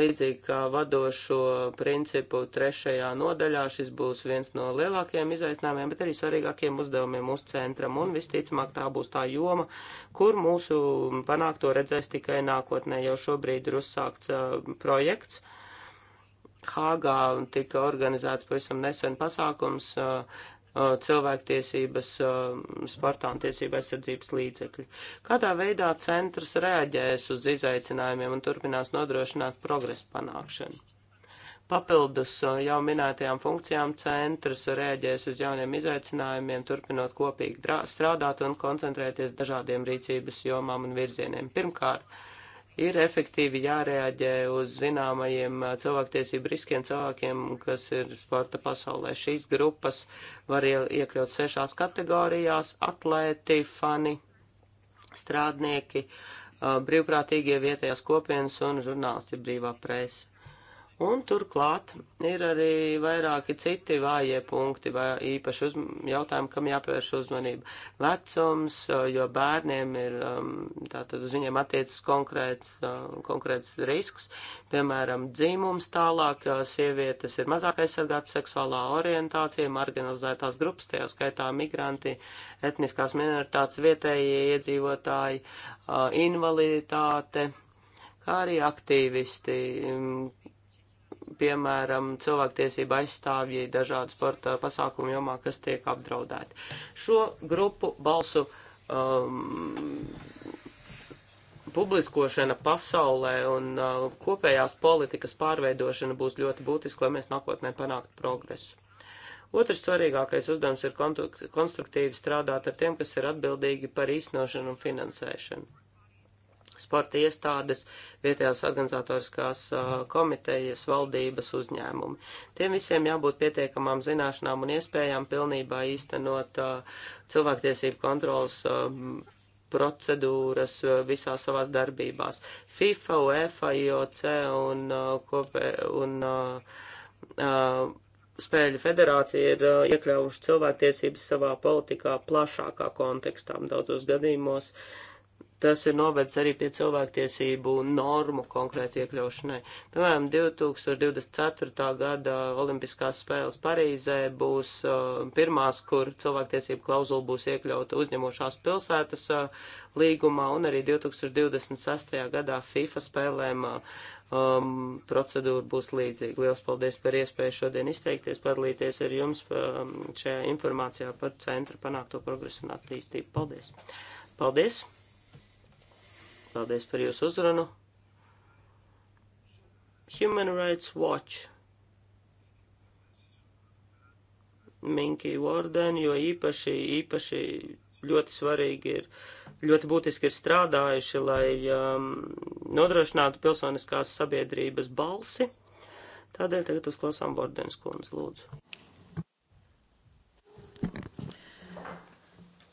Līdzīgi kā vadošo principu trešajā nodaļā, šis būs viens no lielākajiem izaicinājumiem, bet arī svarīgākiem uzdevumiem mūsu centram. Un visticamāk tā būs tā joma, kur mūsu panākto redzēs tikai nākotnē. Jau šobrīd ir uzsākts uh, projekts. Hāgā tika organizēts pavisam nesen pasākums. Uh, cilvēktiesības, sportā un tiesība aizsardzības līdzekļi. Kādā veidā centrs reaģēs uz izaicinājumiem un turpinās nodrošināt progresu panākšanu? Papildus jau minētajām funkcijām centrs rēģēs uz jauniem izaicinājumiem, turpinot kopīgi strādāt un koncentrēties dažādiem rīcības jomām un virzieniem. Pirmkārt, ir efektīvi jārēģē uz zināmajiem cilvēktiesību riskiem cilvēkiem, kas ir sporta pasaulē. Šīs grupas var iekļaut sešās kategorijās - atlēti, fani, strādnieki, brīvprātīgie vietējās kopienas un žurnālisti brīvā presa. Un turklāt ir arī vairāki citi vājie punkti vai īpaši uz, jautājumi, kam jāpievērš uzmanība. Vecums, jo bērniem ir, um, tātad uz viņiem attiecas konkrēts, konkrēts risks, piemēram, dzimums tālāk, sievietes ir mazāk aizsargātas seksuālā orientācija, marginalizētās grupas, tajā skaitā migranti, etniskās minoritātes, vietējie iedzīvotāji, invaliditāte kā arī aktīvisti, piemēram, cilvēktiesība aizstāvji dažādu sporta pasākumu jomā, kas tiek apdraudēti. Šo grupu balsu um, publiskošana pasaulē un uh, kopējās politikas pārveidošana būs ļoti būtiska, lai mēs nākotnē panāktu progresu. Otrs svarīgākais uzdevums ir konstruktīvi strādāt ar tiem, kas ir atbildīgi par īstenošanu un finansēšanu sporta iestādes, vietējās organizatoriskās komitejas, valdības uzņēmumi. Tiem visiem jābūt pietiekamām zināšanām un iespējām pilnībā īstenot cilvēktiesību kontrolas procedūras visā savās darbībās. FIFA, UEFA, IOC un, kopē, un uh, Spēļu federācija ir uh, iekļāvuši cilvēktiesības savā politikā plašākā kontekstā. Daudzos gadījumos uh, tas ir novedis arī pie cilvēktiesību normu konkrēti iekļaušanai. Piemēram, 2024. gada Olimpiskās spēles Parīzē būs uh, pirmās, kur cilvēktiesību klauzula būs iekļauta uzņemošās pilsētas uh, līgumā, un arī 2026. gadā FIFA spēlēm uh, um, procedūra būs līdzīga. Lielas paldies par iespēju šodien izteikties, padalīties ar jums um, šajā informācijā par centra panākto progresu un attīstību. Paldies! Paldies! Paldies par jūsu uzrunu. Human Rights Watch. Minky Warden, jo īpaši, īpaši ļoti svarīgi ir, ļoti būtiski ir strādājuši, lai um, nodrošinātu pilsoniskās sabiedrības balsi. Tādēļ tagad uzklausām Vordens kundzi, lūdzu.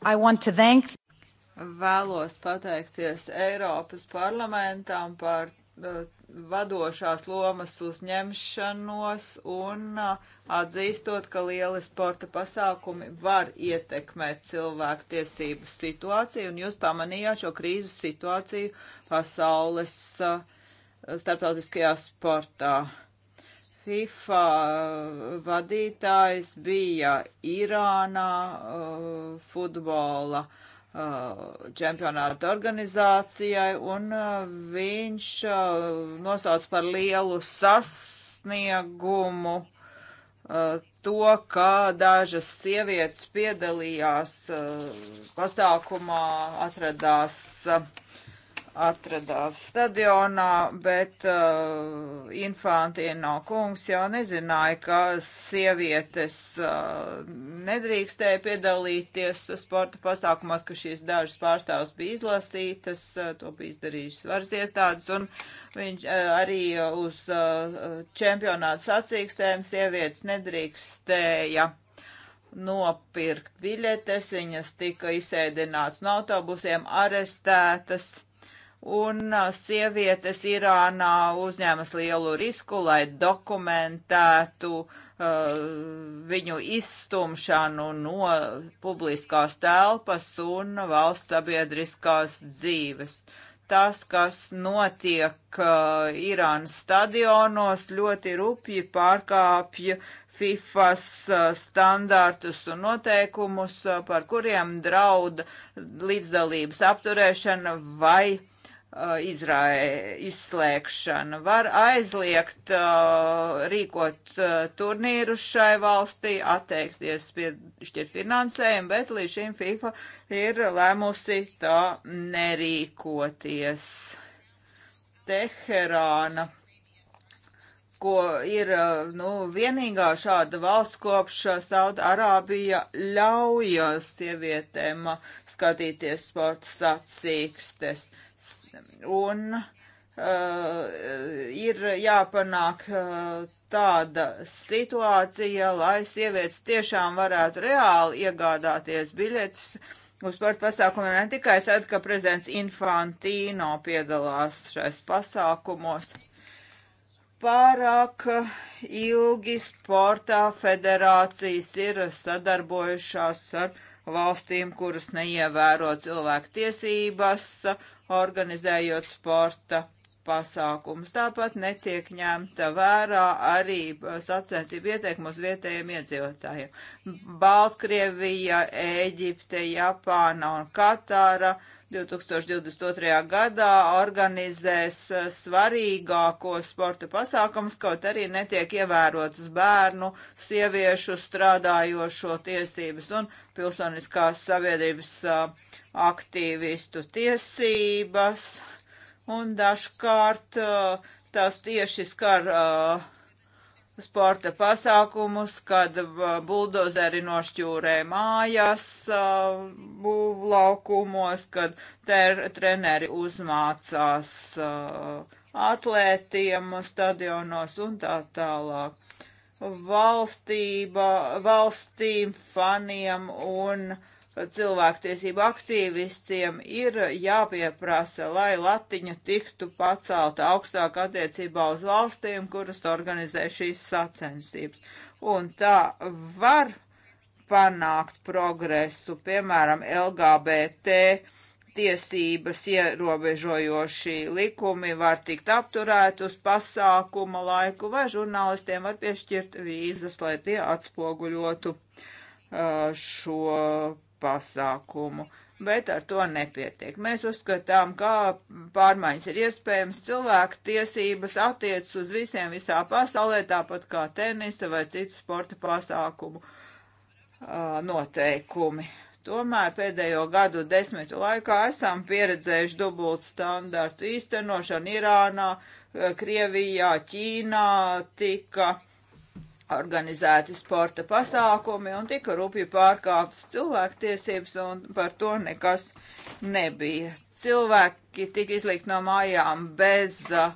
I want to thank vēlos pateikties Eiropas parlamentam par uh, vadošās lomas uzņemšanos un uh, atzīstot, ka lieli sporta pasākumi var ietekmēt cilvēku tiesību situāciju, un jūs pamanījāt šo krīzes situāciju pasaules uh, starptautiskajā sportā. FIFA uh, vadītājs bija Irānā uh, futbola uh, Uh, čempionāta organizācijai, un uh, viņš uh, nosauc par lielu sasniegumu to, kā dažas sievietes piedalījās pasākumā, atradās uh, atradās stadionā, bet uh, Infantino kungs jau nezināja, ka sievietes uh, nedrīkstēja piedalīties sporta pasākumos, ka šīs dažas pārstāvs bija izlasītas, uh, to bija izdarījušas varas iestādes, un viņš uh, arī uz uh, čempionāta sacīkstēm sievietes nedrīkstēja nopirkt biļetes, viņas tika izsēdināts no autobusiem, arestētas Un sievietes Irānā uzņēmas lielu risku, lai dokumentētu uh, viņu izstumšanu no publiskās telpas un valsts sabiedriskās dzīves. Tas, kas notiek uh, Irānas stadionos, ļoti rupji pārkāpja FIFAs standārtus un noteikumus, par kuriem draud līdzdalības apturēšana vai Uh, Izraē, izslēgšanu. Var aizliegt uh, rīkot uh, turnīrus šai valstī, atteikties piešķirt finansējumu, bet līdz šim FIFA ir lēmusi tā nerīkoties. Teherāna, ko ir uh, nu, vienīgā šāda valsts kopš uh, Saudārābija ļauj uh, sievietēm skatīties sporta sacīkstes. Uh, Un uh, ir jāpanāk uh, tāda situācija, lai sievietes tiešām varētu reāli iegādāties biļetes uz sporta pasākumiem, ne tikai tad, ka prezidents Infantīno piedalās šais pasākumos. Pārāk ilgi sportā federācijas ir sadarbojušās ar valstīm, kuras neievēro cilvēku tiesības, organizējot sporta pasākumus. Tāpat netiek ņemta vērā arī sacensību ieteikumu uz vietējiem iedzīvotājiem. Baltkrievija, Ēģipte, Japāna un Katāra uh, 2022. gadā organizēs eh, svarīgāko sporta pasākumus, kaut arī netiek ievērotas bērnu, sieviešu, strādājošo tiesības un pilsoniskās sabiedrības eh, aktīvistu tiesības. Un dažkārt eh, tas tieši skar uh, sporta pasākumus, kad uh, buldozeri nošķūrē mājas, uh, būvlaukumos, kad ter, treneri uzmācās uh, atlētiem stadionos un tā tālāk. Valstība, valstīm, faniem un uh, cilvēktiesību aktīvistiem ir jāpieprasa, lai latiņa tiktu pacelta augstāk attiecībā uz valstīm, kuras organizē šīs sacensības. Un tā var panākt progresu, piemēram, LGBT tiesības ierobežojoši likumi var tikt apturēt uz pasākuma laiku, vai žurnālistiem var piešķirt vīzas, lai tie atspoguļotu uh, šo pasākumu, bet ar to nepietiek. Mēs uzskatām, kā pārmaiņas ir iespējams. Cilvēku tiesības attiec uz visiem visā pasaulē, tāpat kā tenisa vai citu sporta pasākumu uh, noteikumi. Tomēr pēdējo gadu desmitu laikā esam pieredzējuši dubultu standartu īstenošanu Irānā, Krievijā, Ķīnā tika uh, organizēti sporta pasākumi un tika rūpīgi pārkāptas cilvēktiesības, un par to nekas nebija. Cilvēki tika izlikt no mājām bez uh,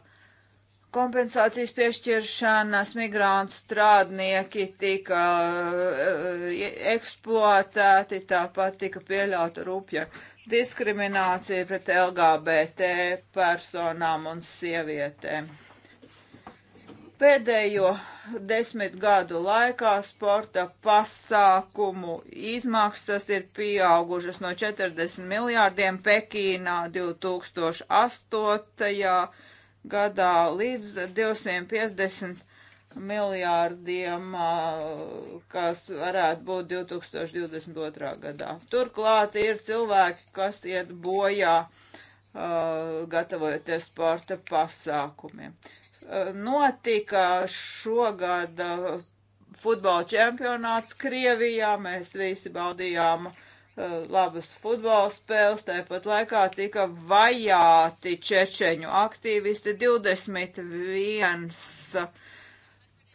kompensācijas piešķiršanas, migrantu strādnieki tika uh, e, eksploatēti, tāpat tika pieļauta rūpja diskriminācija pret LGBT personām un sievietēm. Pēdējo desmit gadu laikā sporta pasākumu izmaksas ir pieaugušas no 40 miljārdiem Pekīnā 2008. gadā līdz 250 miljārdiem, kas varētu būt 2022. gadā. Turklāt ir cilvēki, kas iet bojā, uh, gatavojoties sporta pasākumiem notika šogad uh, futbola čempionāts Krievijā. Mēs visi baudījām uh, labas futbola spēles, tāpat laikā tika vajāti čečeņu aktīvisti 21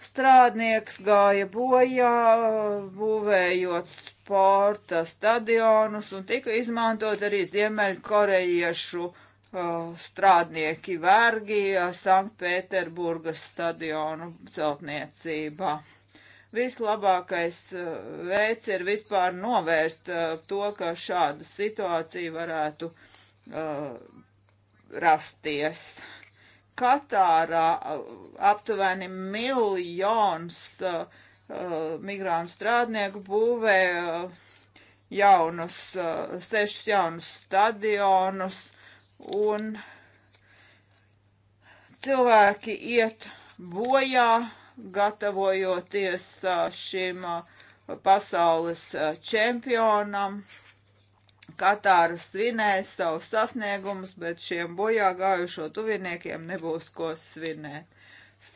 strādnieks gāja bojā, būvējot sporta stadionus un tika izmantot arī ziemeļkorejiešu uh, Oh, strādnieki vergi Sanktpēterburgas stadionu celtniecībā. Vislabākais eh, veids ir vispār novērst eh, to, ka šāda situācija varētu uh, rasties. Katārā aptuveni miljons uh, migrantu strādnieku būvē uh, jaunus, sešus jaunus stadionus, un cilvēki iet bojā, gatavojoties šim pasaules čempionam. Katāra svinēs savus sasniegumus, bet šiem bojā gājušo tuviniekiem nebūs ko svinēt.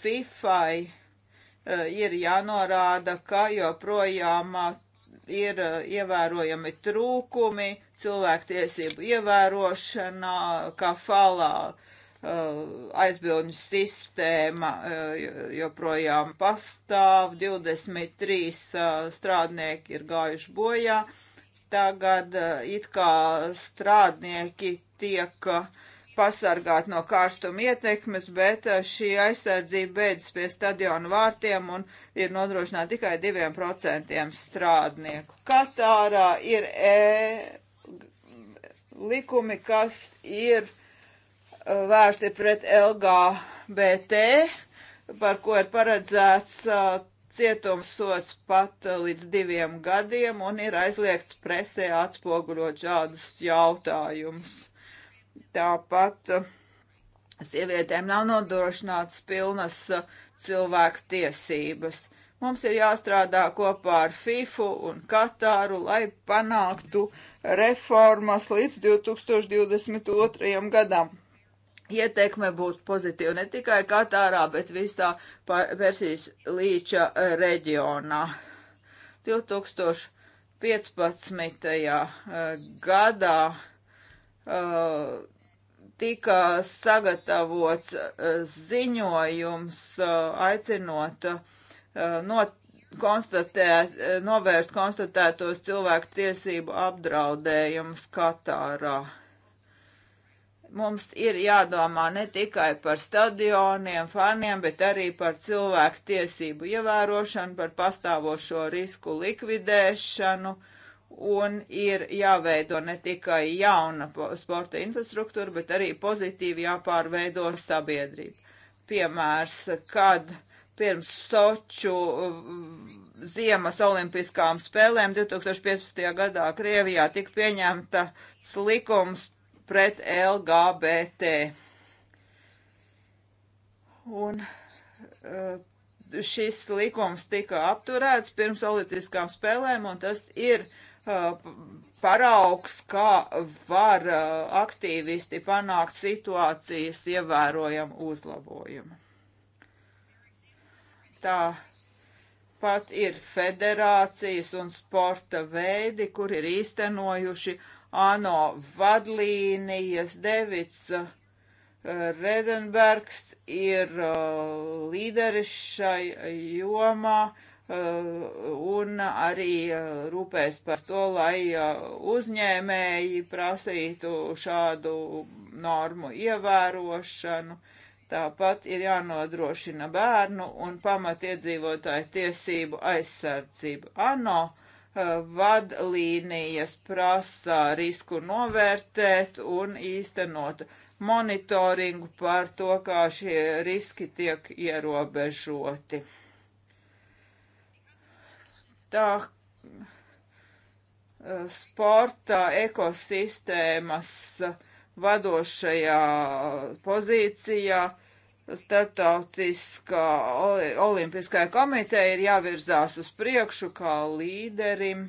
FIFAI ir jānorāda, ka joprojām ir eh, ievērojami trūkumi cilvēktiesību ievērošanā, kā falā eh, aizbildņu sistēma eh, joprojām pastāv, 23 strādnieki ir gājuši bojā. Tagad it kā strādnieki tiek uh, pasargāt no kārstuma ietekmes, bet eh, šī aizsardzība beidzas pie stadionu vārtiem un ir nodrošināta tikai 2% strādnieku. Katārā ir e likumi, kas ir eh, vērsti pret LGBT, par ko ir paredzēts cietumsots pat līdz diviem gadiem un ir aizliegts presē atspoguļot šādus jautājumus. Tāpat uh, sievietēm nav nodrošināts pilnas uh, cilvēku tiesības. Mums ir jāstrādā kopā ar FIFU un Katāru, lai panāktu reformas līdz 2022. gadam. Ietekme būtu pozitīva ne tikai Katārā, bet visā Persijas līča reģionā. 2015. Uh, gadā tika sagatavots eh, ziņojums eh, aicinot eh, not konstatēt, novērst konstatētos cilvēku tiesību apdraudējumus Katārā. Mums ir jādomā ne tikai par stadioniem, faniem, bet arī par cilvēku tiesību ievērošanu, par pastāvošo risku likvidēšanu. Uh, un ir jāveido ne tikai jauna sporta infrastruktūra, bet arī pozitīvi jāpārveido sabiedrība. Piemērs, kad pirms Soču ziemas olimpiskām spēlēm 2015. gadā Krievijā tika pieņemta likums pret LGBT. Un eh, šis likums tika apturēts pirms olimpiskām spēlēm, un tas ir uh, paraugs, kā var uh, aktīvisti panākt situācijas ievērojamu uzlabojumu. Tā pat ir federācijas un sporta veidi, kur ir īstenojuši ANO vadlīnijas. Devits uh, Redenbergs ir uh, līderis šai jomā. Uh, Eh, un arī eh, rūpēs par to, lai eh, uzņēmēji prasītu šādu normu ievērošanu. Tāpat ir jānodrošina bērnu un pamatiedzīvotāju tiesību aizsardzību. ANO vadlīnijas prasa risku novērtēt un īstenot monitoringu par to, kā šie riski tiek ierobežoti tā eh, sporta ekosistēmas vadošajā pozīcijā starptautiskā olimpiskā komiteja ir jāvirzās uz priekšu kā līderim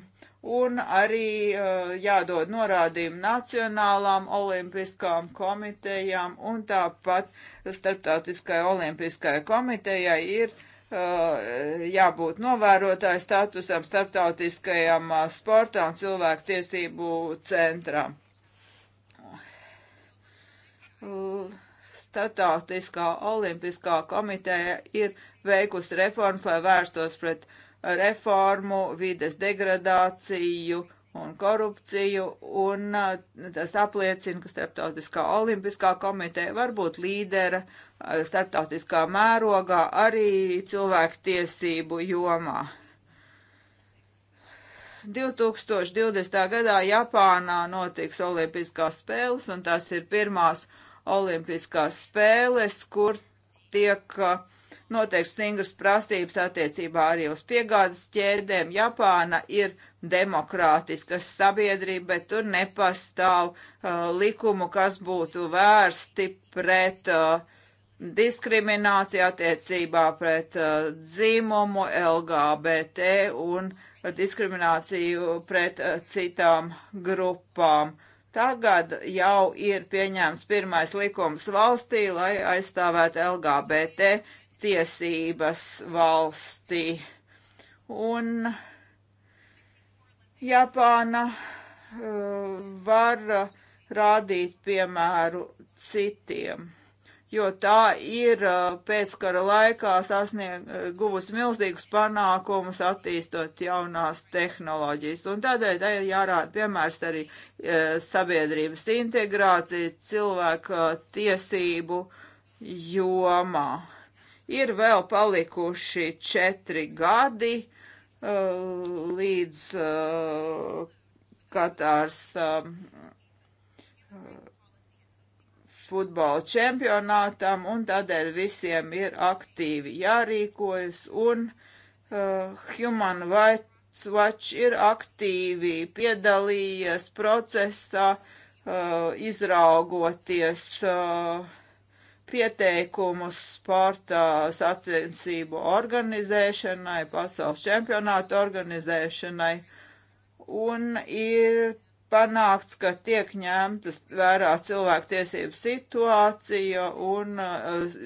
un arī uh, jādod norādījumi nacionālām olimpiskām komitejām un tāpat starptautiskai olimpiskajai komitejai ir uh, Uh, jābūt novērotāju statusam, starptautiskajam uh, sportam, cilvēku tiesību centram. Startautiskā olimpiskā komiteja ir veikusi reformas, lai vērstos pret reformu, vides degradāciju, uh, un korupciju, un uh, tas apliecina, ka Starptautiskā olimpiskā komiteja var būt līdera uh, starptautiskā mērogā arī cilvēktiesību jomā. 2020. gadā Japānā notiks Olimpiskās spēles, un tās ir pirmās Olimpiskās spēles, kur tiek uh, noteikti stingras prasības attiecībā arī uz piegādes ķēdēm. Japāna ir demokrātiska sabiedrība, bet tur nepastāv uh, likumu, kas būtu vērsti pret uh, diskrimināciju attiecībā pret uh, dzimumu, LGBT un diskrimināciju pret uh, citām grupām. Tagad jau ir pieņēmts pirmais likums valstī, lai aizstāvētu LGBT tiesības valstī. Un Japāna uh, var rādīt piemēru citiem, jo tā ir uh, pēckara laikā sasniegt uh, guvusi milzīgus panākumus attīstot jaunās tehnoloģijas. Un tādēļ tā ir jārāda piemērs arī uh, sabiedrības integrācija cilvēka tiesību jomā. Ir vēl palikuši četri gadi uh, līdz uh, Katārs um, uh, futbola čempionātam, un tādēļ visiem ir aktīvi jārīkojas, un uh, Human Rights Watch ir aktīvi piedalījies procesā, uh, izraugoties uh, pieteikumus sporta sacensību organizēšanai, pasaules čempionātu organizēšanai, un ir panākts, ka tiek ņemtas vērā cilvēktiesību situācija un uh,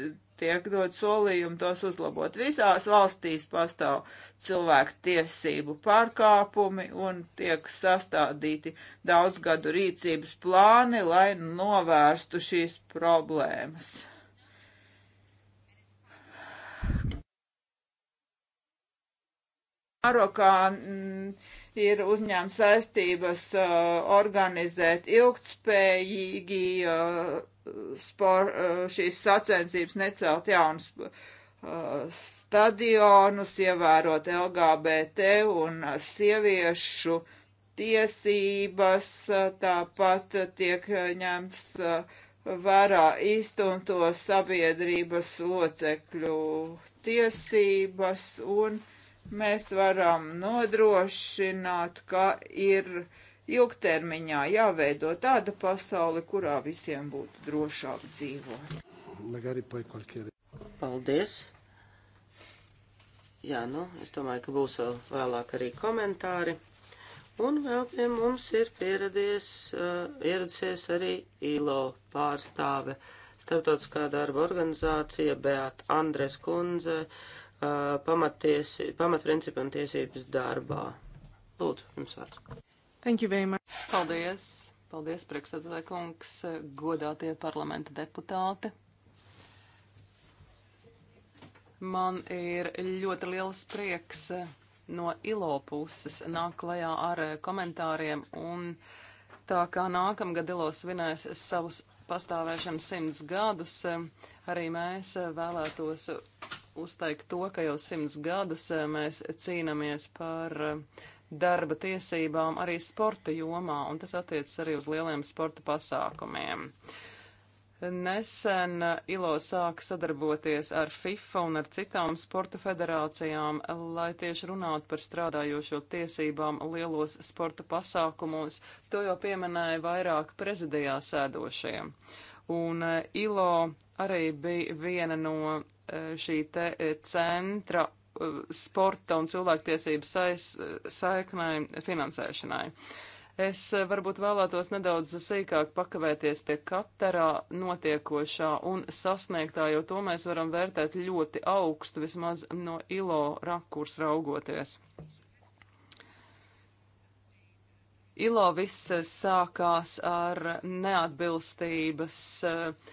tiek dot solījumi tos uzlabot. Visās valstīs pastāv cilvēktiesību pārkāpumi un tiek sastādīti daudzgadu rīcības plāni, lai novērstu šīs problēmas. Marokā mm, ir uzņēmts saistības uh, organizēt ilgtspējīgi uh, spor, uh, šīs sacensības, necelt jaunus uh, stadionus, ievērot LGBT un sieviešu tiesības, uh, tāpat tiek ņemts uh, vērā īstumto sabiedrības locekļu tiesības un uh, mēs varam nodrošināt, ka ir ilgtermiņā jāveido tāda pasaule, kurā visiem būtu drošāk dzīvot. Paldies! Jā, nu, es domāju, ka būs vēl vēlāk arī komentāri. Un vēl pie mums ir pieradies, uh, ieradusies arī ILO pārstāve, starptautiskā darba organizācija Beata Andres Kunze. Uh, pamatiesi, pamatprincipi un tiesības darbā. Lūdzu, jums vārds. Thank you very much. Paldies. Paldies, priekšstādātāja kungs, godātie parlamenta deputāti. Man ir ļoti liels prieks no ILO puses nāk klajā ar komentāriem un tā kā nākamgad ILO svinēs savus pastāvēšanas simts gadus, arī mēs vēlētos uzteikt to, ka jau simts gadus eh, mēs cīnāmies par eh, darba tiesībām arī sporta jomā, un tas attiecas arī uz lieliem sporta pasākumiem. Nesen eh, ILO sāka sadarboties ar FIFA un ar citām sporta federācijām, lai tieši runātu par strādājošo tiesībām lielos sporta pasākumos. To jau pieminēja vairāk prezidijā sēdošie. Uh, Un eh, ILO arī bija viena no eh, šī te eh, centra sporta un cilvēktiesības sais, saiknēm finansēšanai. Es varbūt vēlētos nedaudz sīkāk pakavēties pie katrā notiekošā un sasniegtā, jo to mēs varam vērtēt ļoti augstu, vismaz no ILO rakurs raugoties. ILO viss eh, sākās ar neatbilstības, eh,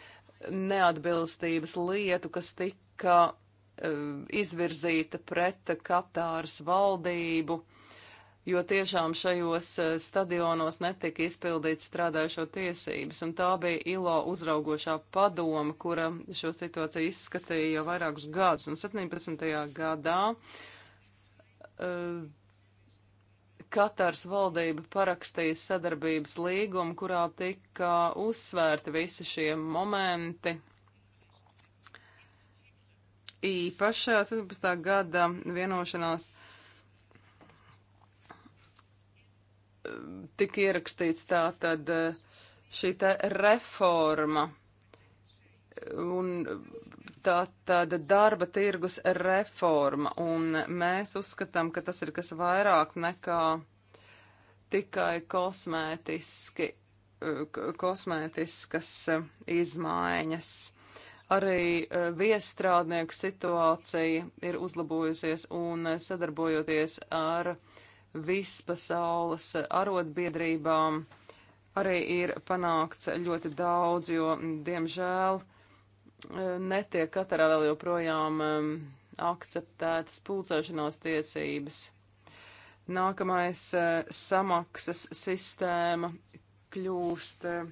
neatbilstības lietu, kas tika eh, izvirzīta pret Katāras valdību, jo tiešām šajos stadionos netika izpildīts strādājušo tiesības, un tā bija ILO uzraugošā padoma, kura šo situāciju izskatīja jau vairākus gadus, un 17. gadā uh, Katars valdība parakstīja sadarbības līgumu, kurā tika uzsvērti visi šie momenti. Īpašā 17. gada vienošanās eh, tika ierakstīts tā tad eh, šī te reforma un Tā tad darba tirgus reforma, un mēs uzskatām, ka tas ir kas vairāk nekā tikai kosmētiski, kosmētiskas izmaiņas. Arī e, viestrādnieku situācija ir uzlabojusies un e, sadarbojoties ar vispasaules arotbiedrībām arī ir panākts ļoti daudz, jo, diemžēl, Eh, netiek Katarā vēl joprojām akceptētas pulcēšanās tiesības. Nākamais eh, samaksas sistēma kļūst eh,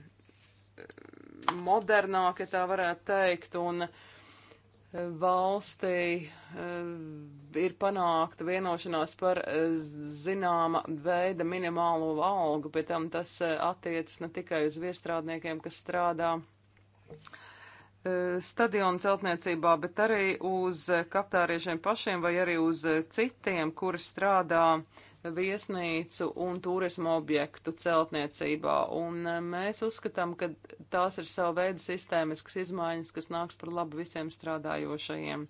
modernāk, ja tā varētu teikt, un valstī ir panākta vienošanās par zināma veida minimālo algu, bet tam tas attiecas ne tikai uz viestrādniekiem, kas strādā uh, E, stadionu celtniecībā, bet arī uz katāriešiem pašiem vai arī uz citiem, kuri strādā viesnīcu un turismu objektu celtniecībā. Un e, mēs uzskatām, ka tās ir sava veida sistēmiskas izmaiņas, kas nāks par labu visiem strādājošajiem.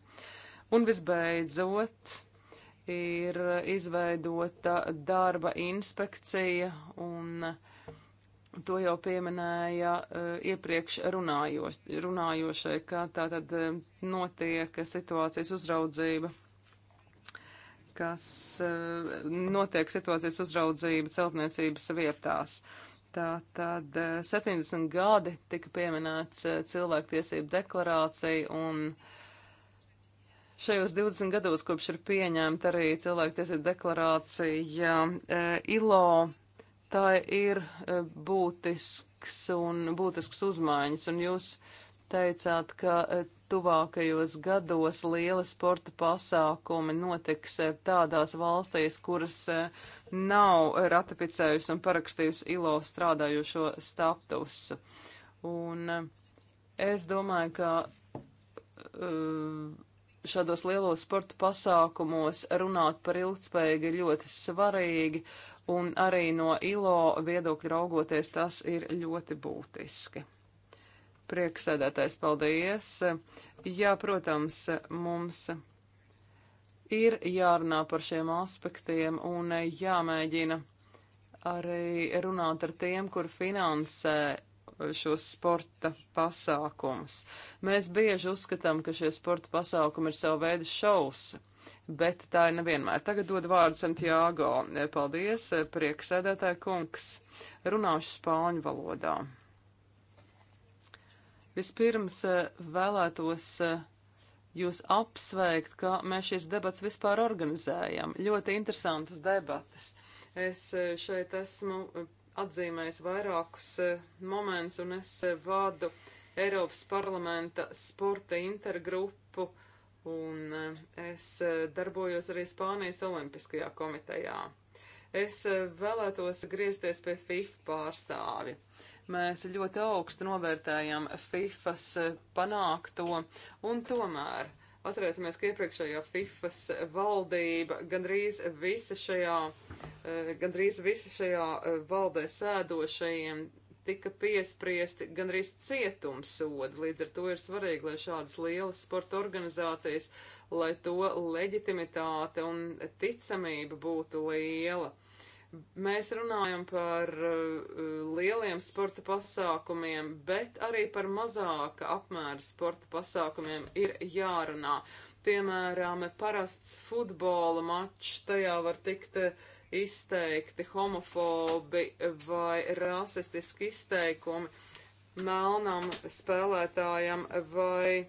Un visbeidzot, ir izveidota darba inspekcija un uh, To jau pieminēja uh, iepriekš runājos, runājošai, ka tā tad uh, notiek situācijas uzraudzība, kas uh, notiek situācijas uzraudzība celtniecības vietās. Tā tad 70 gadi tika pieminēts cilvēktiesību deklarācija un šajos 20 gados, kopš ir pieņemta arī cilvēktiesību deklarācija ILO tā ir e, būtisks un būtisks uzmaiņas, un jūs teicāt, ka e, tuvākajos gados liela sporta pasākumi notiks e, tādās valstīs, kuras nav ratificējusi un parakstījusi ILO strādājošo statusu. Un es domāju, ka šādos lielos sporta pasākumos runāt par ilgspējīgi ir ļoti svarīgi, un arī no ILO viedokļa raugoties tas ir ļoti būtiski. Prieksēdētais, paldies! Jā, protams, mums ir jārunā par šiem aspektiem un jāmēģina arī runāt ar tiem, kur finansē šos sporta pasākumus. Mēs bieži uzskatām, ka šie sporta pasākumi ir savu veidu šausi bet tā ir nevienmēr. Tagad dod vārdu Santiago. Paldies, prieksēdētāja kungs. Runāšu spāņu valodā. Vispirms eh, vēlētos eh, jūs apsveikt, ka mēs šīs debatas vispār organizējam. Ļoti interesantas debatas. Es eh, šeit esmu atzīmējis vairākus momentus un es vadu Eiropas parlamenta sporta intergrupu uh, un eh, es eh, darbojos arī Spānijas Olimpiskajā komitejā. Es eh, vēlētos griezties pie FIFA pārstāvi. Mēs ļoti augstu novērtējam FIFAs panākto, un tomēr Atcerēsimies, ka iepriekšējā FIFAS valdība gandrīz visa šajā, gandrīz visa šajā valdē sēdošajiem tika piespriesti gandrīz cietumsodi, līdz ar to ir svarīgi, lai šādas lielas sporta organizācijas, lai to leģitimitāte un ticamība būtu liela. Mēs runājam par uh, lieliem sporta pasākumiem, bet arī par mazāka apmēra sporta pasākumiem ir jārunā. Piemēram, parasts futbola mačs, tajā var tikt uh, izteikti homofobi vai rasistiski izteikumi melnam spēlētājam vai,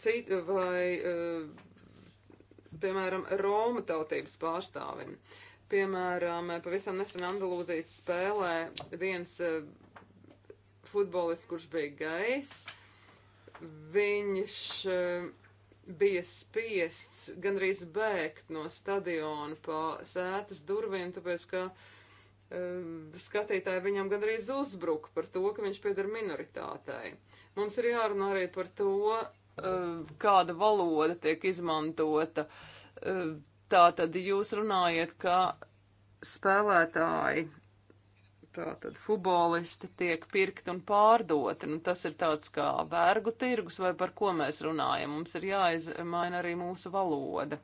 cit, vai eh, piemēram, Roma tautības pārstāvim. Piemēram, pavisam nesen Andalūzijas spēlē viens eh, futbolists, kurš bija gais, viņš eh, bija spiests gandrīz bēgt no stadiona pa sētas durvīm, tāpēc, ka um, skatītāji viņam gandrīz uzbruka par to, ka viņš pieder minoritātei. Mums ir jārunā arī par to, um, kāda valoda tiek izmantota. Um, tā tad jūs runājat, ka spēlētāji Tātad futbolisti tiek pirkti un pārdoti. Nu, tas ir tāds kā vergu tirgus, vai par ko mēs runājam. Mums ir jāizmaina arī mūsu valoda.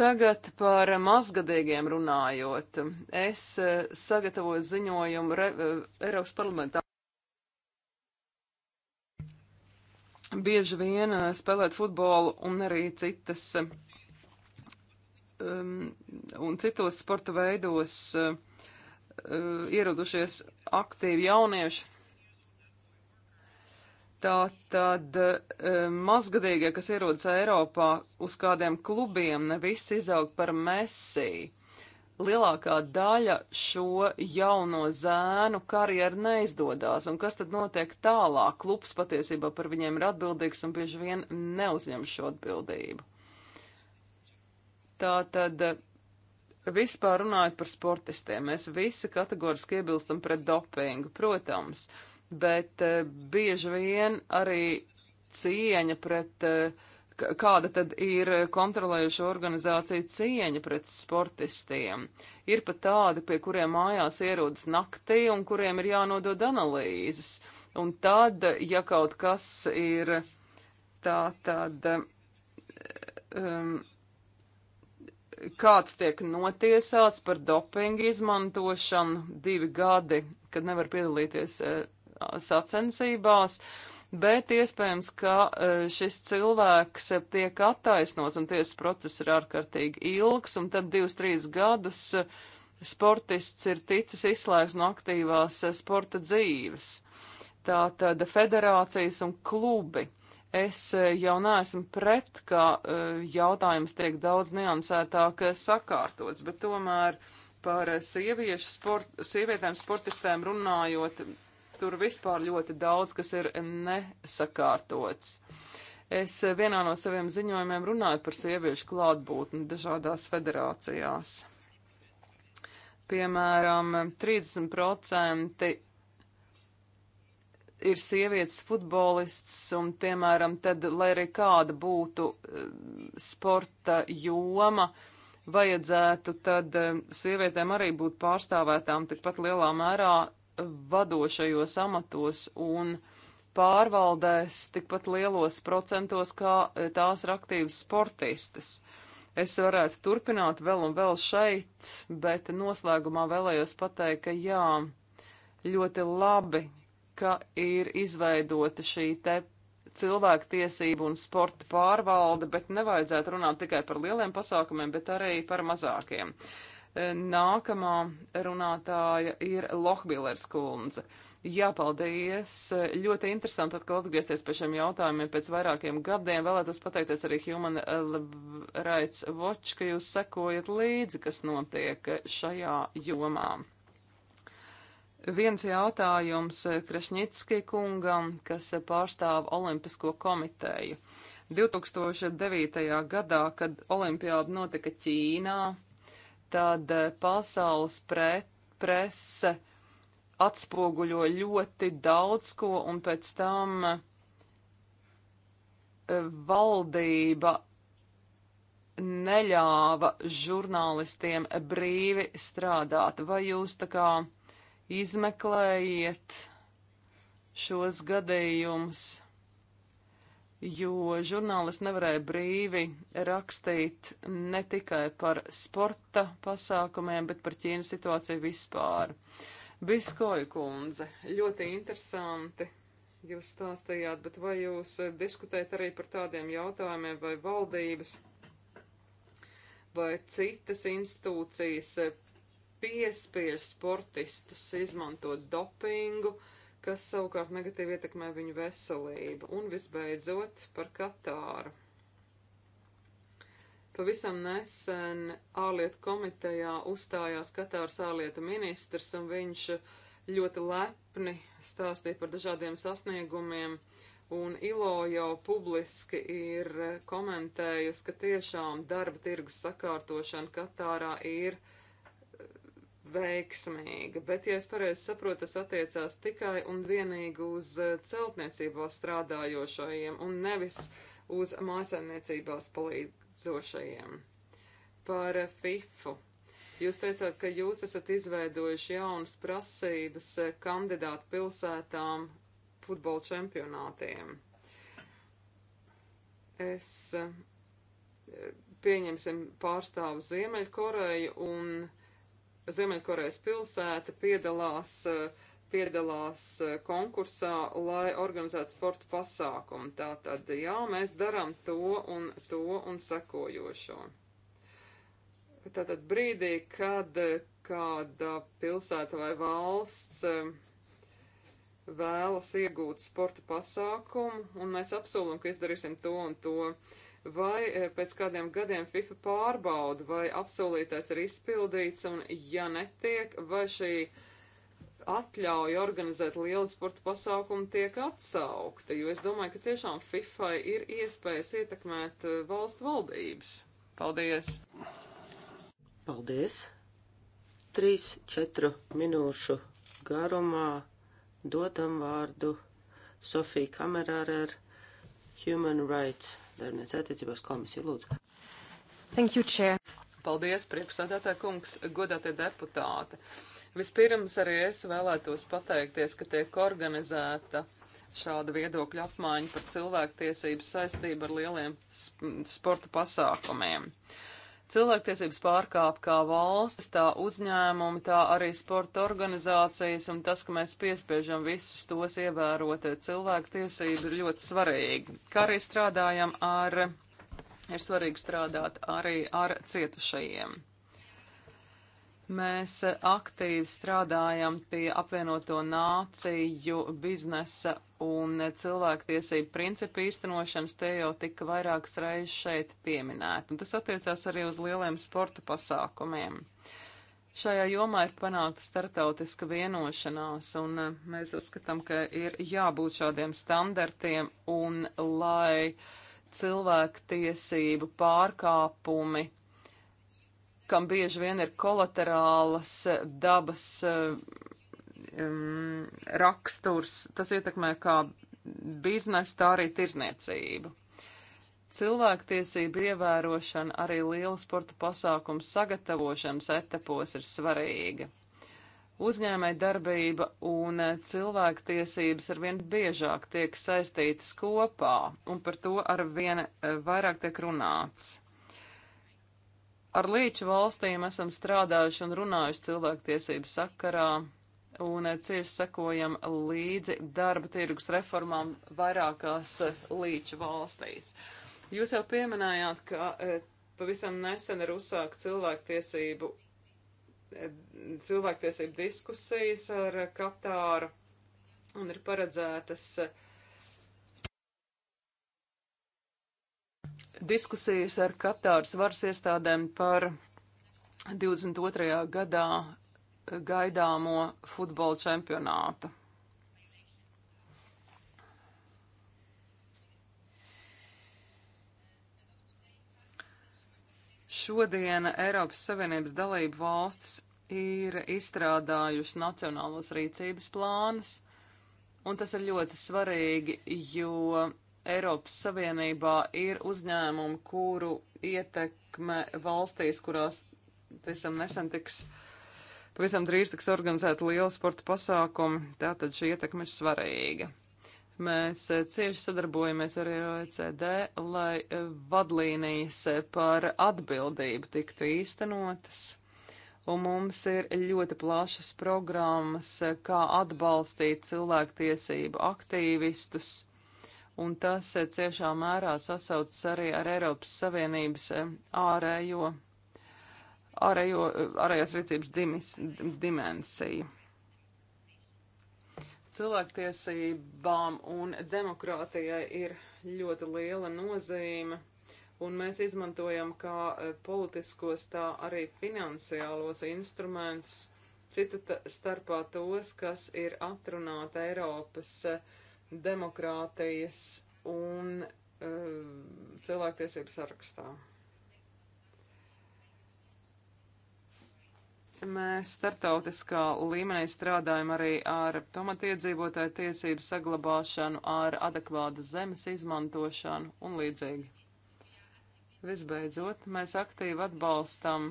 Tagad par mazgadīgiem runājot. Es eh, sagatavoju ziņojumu Re eh, Eiropas parlamentā. Bieži vien eh, spēlēt futbolu un arī citas um, un citos sporta veidos. Uh, Eh, ieradušies aktīvi jaunieši. Tā tad eh, mazgadīgie, kas ierodas Eiropā uz kādiem klubiem, ne visi izaug par mesiju. Lielākā daļa šo jauno zēnu karjeru neizdodās, un kas tad notiek tālāk? Klubs patiesībā par viņiem ir atbildīgs un bieži vien neuzņem šo atbildību. Tā tad Vispār runājot par sportistiem, mēs visi kategoriski iebilstam pret dopingu, protams, bet uh, bieži vien arī cieņa pret, uh, kāda tad ir kontrolējuša organizācija cieņa pret sportistiem. Ir pat tādi, pie kuriem mājās ierodas naktī un kuriem ir jānodod analīzes. Un tad, ja kaut kas ir tā tad. Eh, um, kāds tiek notiesāts par dopingu izmantošanu, divi gadi, kad nevar piedalīties e, sacensībās, bet iespējams, ka e, šis cilvēks tiek attaisnots un tiesas process ir ārkārtīgi ilgs, un tad divus, trīs gadus e, sportists ir ticis izslēgts no aktīvās e, sporta dzīves. Tātad federācijas un klubi Es eh, jau neesmu pret, ka eh, jautājums tiek daudz niansētāk eh, sakārtots, bet tomēr par sieviešu sport, sievietēm sportistēm runājot, tur vispār ļoti daudz, kas ir nesakārtots. Es vienā no saviem ziņojumiem runāju par sieviešu klātbūtni dažādās federācijās. Piemēram, 30% ir sievietes futbolists, un, piemēram, tad, lai arī kāda būtu eh, sporta joma, vajadzētu tad eh, sievietēm arī būt pārstāvētām tikpat lielā mērā vadošajos amatos un pārvaldēs tikpat lielos procentos, kā eh, tās ir aktīvas sportistes. Es varētu turpināt vēl un vēl šeit, bet noslēgumā vēlējos pateikt, ka jā, ļoti labi, ka ir izveidota šī te cilvēktiesību un sporta pārvalde, bet nevajadzētu runāt tikai par lieliem pasākumiem, bet arī par mazākiem. E, nākamā runātāja ir Lohbīlers kundze. Jā, paldies. E, ļoti interesanti atkal atgriezties pie šiem jautājumiem pēc vairākiem gadiem. Vēlētos pateikties arī Human Rights Watch, ka jūs sekojat līdzi, kas notiek šajā jomā. Viens jautājums Krašņitski kungam, kas pārstāv Olimpisko komiteju. 2009. gadā, kad olimpiāda notika Ķīnā, tad pasaules pre, prese atspoguļo ļoti daudz ko, un pēc tam e, valdība neļāva žurnālistiem brīvi strādāt. Vai jūs tā kā izmeklējiet šos gadījumus, jo žurnālisti nevarēja brīvi rakstīt ne tikai par sporta pasākumiem, bet par Ķīnas situāciju vispār. Biskoja kundze, ļoti interesanti jūs stāstījāt, bet vai jūs diskutējat arī par tādiem jautājumiem vai valdības vai citas institūcijas piespiež sportistus izmantot dopingu, kas savukārt negatīvi ietekmē viņu veselību. Un visbeidzot par Katāru. Pavisam nesen ārlietu komitejā uzstājās Katāras ārlietu ministrs, un viņš ļoti lepni stāstīja par dažādiem sasniegumiem, un ILO jau publiski ir komentējusi, ka tiešām darba tirgus sakārtošana Katārā ir uh, veiksmīga, bet, ja es pareizi saprotu, tas attiecās tikai un vienīgi uz eh, celtniecībā strādājošajiem un nevis uz mājasaimniecībās palīdzošajiem. Par eh, FIFU. Jūs teicāt, ka jūs esat izveidojuši jaunas prasības eh, kandidātu pilsētām futbola čempionātiem. Es pieņemsim pārstāvu Ziemeļkoreju un Ziemeļkorejas pilsēta piedalās, piedalās eh, konkursā, lai organizētu sporta pasākumu. Tātad, jā, mēs darām to un to un sekojošo. Tātad brīdī, kad eh, kāda pilsēta vai valsts eh, vēlas iegūt sporta pasākumu, un mēs apsolam, ka izdarīsim to un to. Uh, vai eh, pēc kādiem gadiem FIFA pārbauda, vai apsolītais ir izpildīts, un ja netiek, vai šī atļauja organizēt lielu sporta pasākumu tiek atsaukta, jo es domāju, ka tiešām FIFA ir iespējas ietekmēt eh, valstu valdības. Paldies! Paldies! 3-4 minūšu garumā dotam vārdu Sofija Kamerārer, Human Rights starpniecības attiecībās komisiju. Lūdzu. Thank you, Chair. Paldies, priekšsādātā kungs, godātie deputāti. Vispirms arī es vēlētos pateikties, ka tiek organizēta šāda viedokļa apmaiņa par cilvēktiesības saistību ar lieliem sporta pasākumiem. Uh, Cilvēktiesības pārkāp kā valstis, tā uzņēmumi, tā arī sporta organizācijas, un tas, ka mēs piespiežam visus tos ievērot eh, cilvēktiesību, ir ļoti svarīgi. Kā arī strādājam ar, ir svarīgi strādāt arī ar cietušajiem. Mēs aktīvi strādājam pie apvienoto nāciju biznesa un cilvēktiesību principu īstenošanas. Tie jau tika vairākas reizes šeit pieminēti. Un tas attiecās arī uz lieliem sporta pasākumiem. Šajā jomā ir panākta startautiska vienošanās, un eh, mēs uzskatām, ka ir jābūt šādiem standartiem, un lai cilvēktiesību pārkāpumi kam bieži vien ir kolaterālas eh, dabas um, raksturs, tas ietekmē kā biznesu, tā arī tirzniecību. Cilvēktiesību ievērošana arī liela sporta pasākumu sagatavošanas etapos ir svarīga. Uzņēmēja darbība un eh, cilvēktiesības arvien biežāk tiek saistītas kopā, un par to arvien vairāk tiek runāts ar līču valstīm esam strādājuši un runājuši cilvēktiesību sakarā un eh, cieši sekojam līdzi darba tirgus reformām vairākās eh, līču valstīs. Jūs jau pieminējāt, ka eh, pavisam nesen ir uzsākt cilvēktiesību, cilvēktiesību diskusijas ar Katāru un ir paredzētas uh, diskusijas ar Katāras varas iestādēm par 22. gadā eh, gaidāmo futbola čempionātu. Šodien Eiropas Savienības dalību valstis ir izstrādājuši nacionālos rīcības plānus, un tas ir ļoti svarīgi, jo Eiropas Savienībā ir uzņēmumi, kuru ietekme valstīs, kurās, teiksim, nesen tiks, pavisam drīz tiks organizēta liela sporta pasākuma, tātad šī ietekme ir svarīga. Mēs eh, cieši sadarbojamies arī ar OECD, lai eh, vadlīnijas eh, par atbildību tiktu īstenotas un mums ir ļoti plašas programmas, kā atbalstīt cilvēktiesību aktīvistus un tas eh, ciešā mērā sasaucas arī ar Eiropas Savienības eh, ārējo, ārējo, eh, ārējās rīcības dimis, dimensiju. Cilvēktiesībām un demokrātijai ir ļoti liela nozīme, un mēs izmantojam kā politiskos, tā arī finansiālos instrumentus, citu starpā tos, kas ir atrunāti Eiropas uh, demokrātijas un uh, cilvēktiesību sarakstā. Mēs starptautiskā līmenī strādājam arī ar pamatiedzīvotāju tiesību saglabāšanu, ar adekvātu zemes izmantošanu un līdzīgi. Visbeidzot, mēs aktīvi atbalstam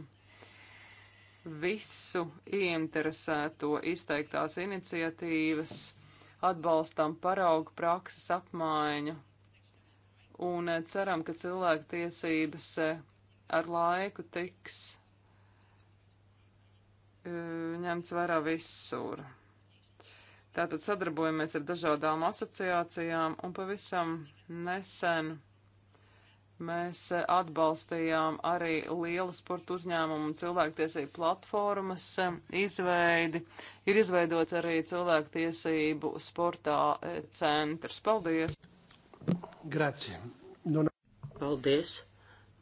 visu ieinteresēto izteiktās iniciatīvas atbalstam paraugu prakses apmaiņu un eh, ceram, ka cilvēku tiesības eh, ar laiku tiks eh, ņemts vērā visur. Tātad sadarbojamies ar dažādām asociācijām un pavisam nesen Mēs atbalstījām arī lielu sporta uzņēmumu un cilvēktiesību platformas izveidi. Ir izveidots arī cilvēktiesību sportā e, centrs. Paldies! Grazie! Nu, nu Paldies!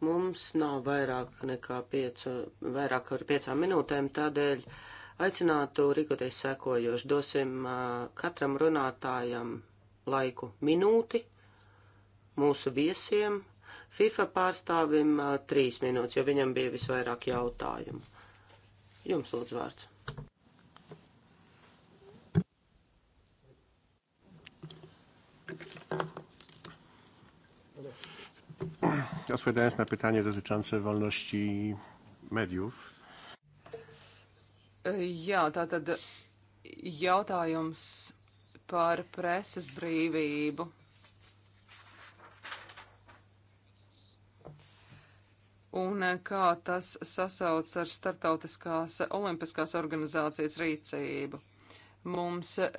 Mums nav vairāk nekā piecu, vairāk ar piecām minūtēm, tādēļ aicinātu rīkoties sekojoši. Dosim uh, katram runātājam laiku minūti, mūsu viesiem FIFA pārstāvim uh, trīs minūtes, jo viņam bija visvairāk jautājumu. Jums lūdzu vārds. Odpowiadając na pytanie dotyczące wolności mediów. Jā, tātad jautājums par preses brīvību un eh, kā tas sasauc ar Startautiskās olimpiskās organizācijas rīcību. Mums eh,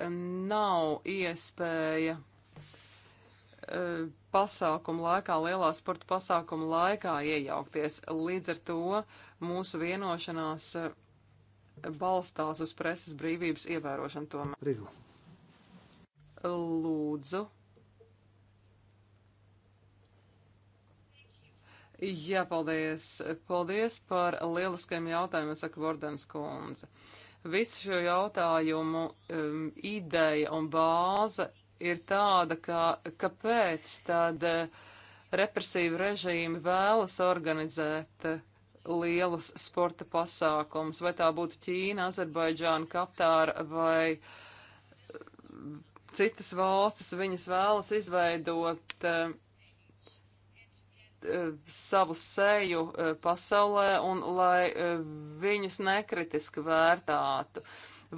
nav iespēja eh, pasākumu laikā, lielā sporta pasākumu laikā iejaukties. Līdz ar to mūsu vienošanās balstās uz preses brīvības ievērošanu tomēr. Lūdzu. Jā, paldies. Paldies par lieliskiem jautājumiem, saka Vordens kundze. Visu šo jautājumu um, ideja un bāze ir tāda, ka kāpēc tad eh, represīvi režīmi vēlas organizēt eh, lielus sporta pasākumus, vai tā būtu Ķīna, Azerbaidžāna, Katāra vai eh, citas valstis, viņas vēlas izveidot uh, Eh, savu seju eh, pasaulē un lai eh, viņus nekritiski vērtātu.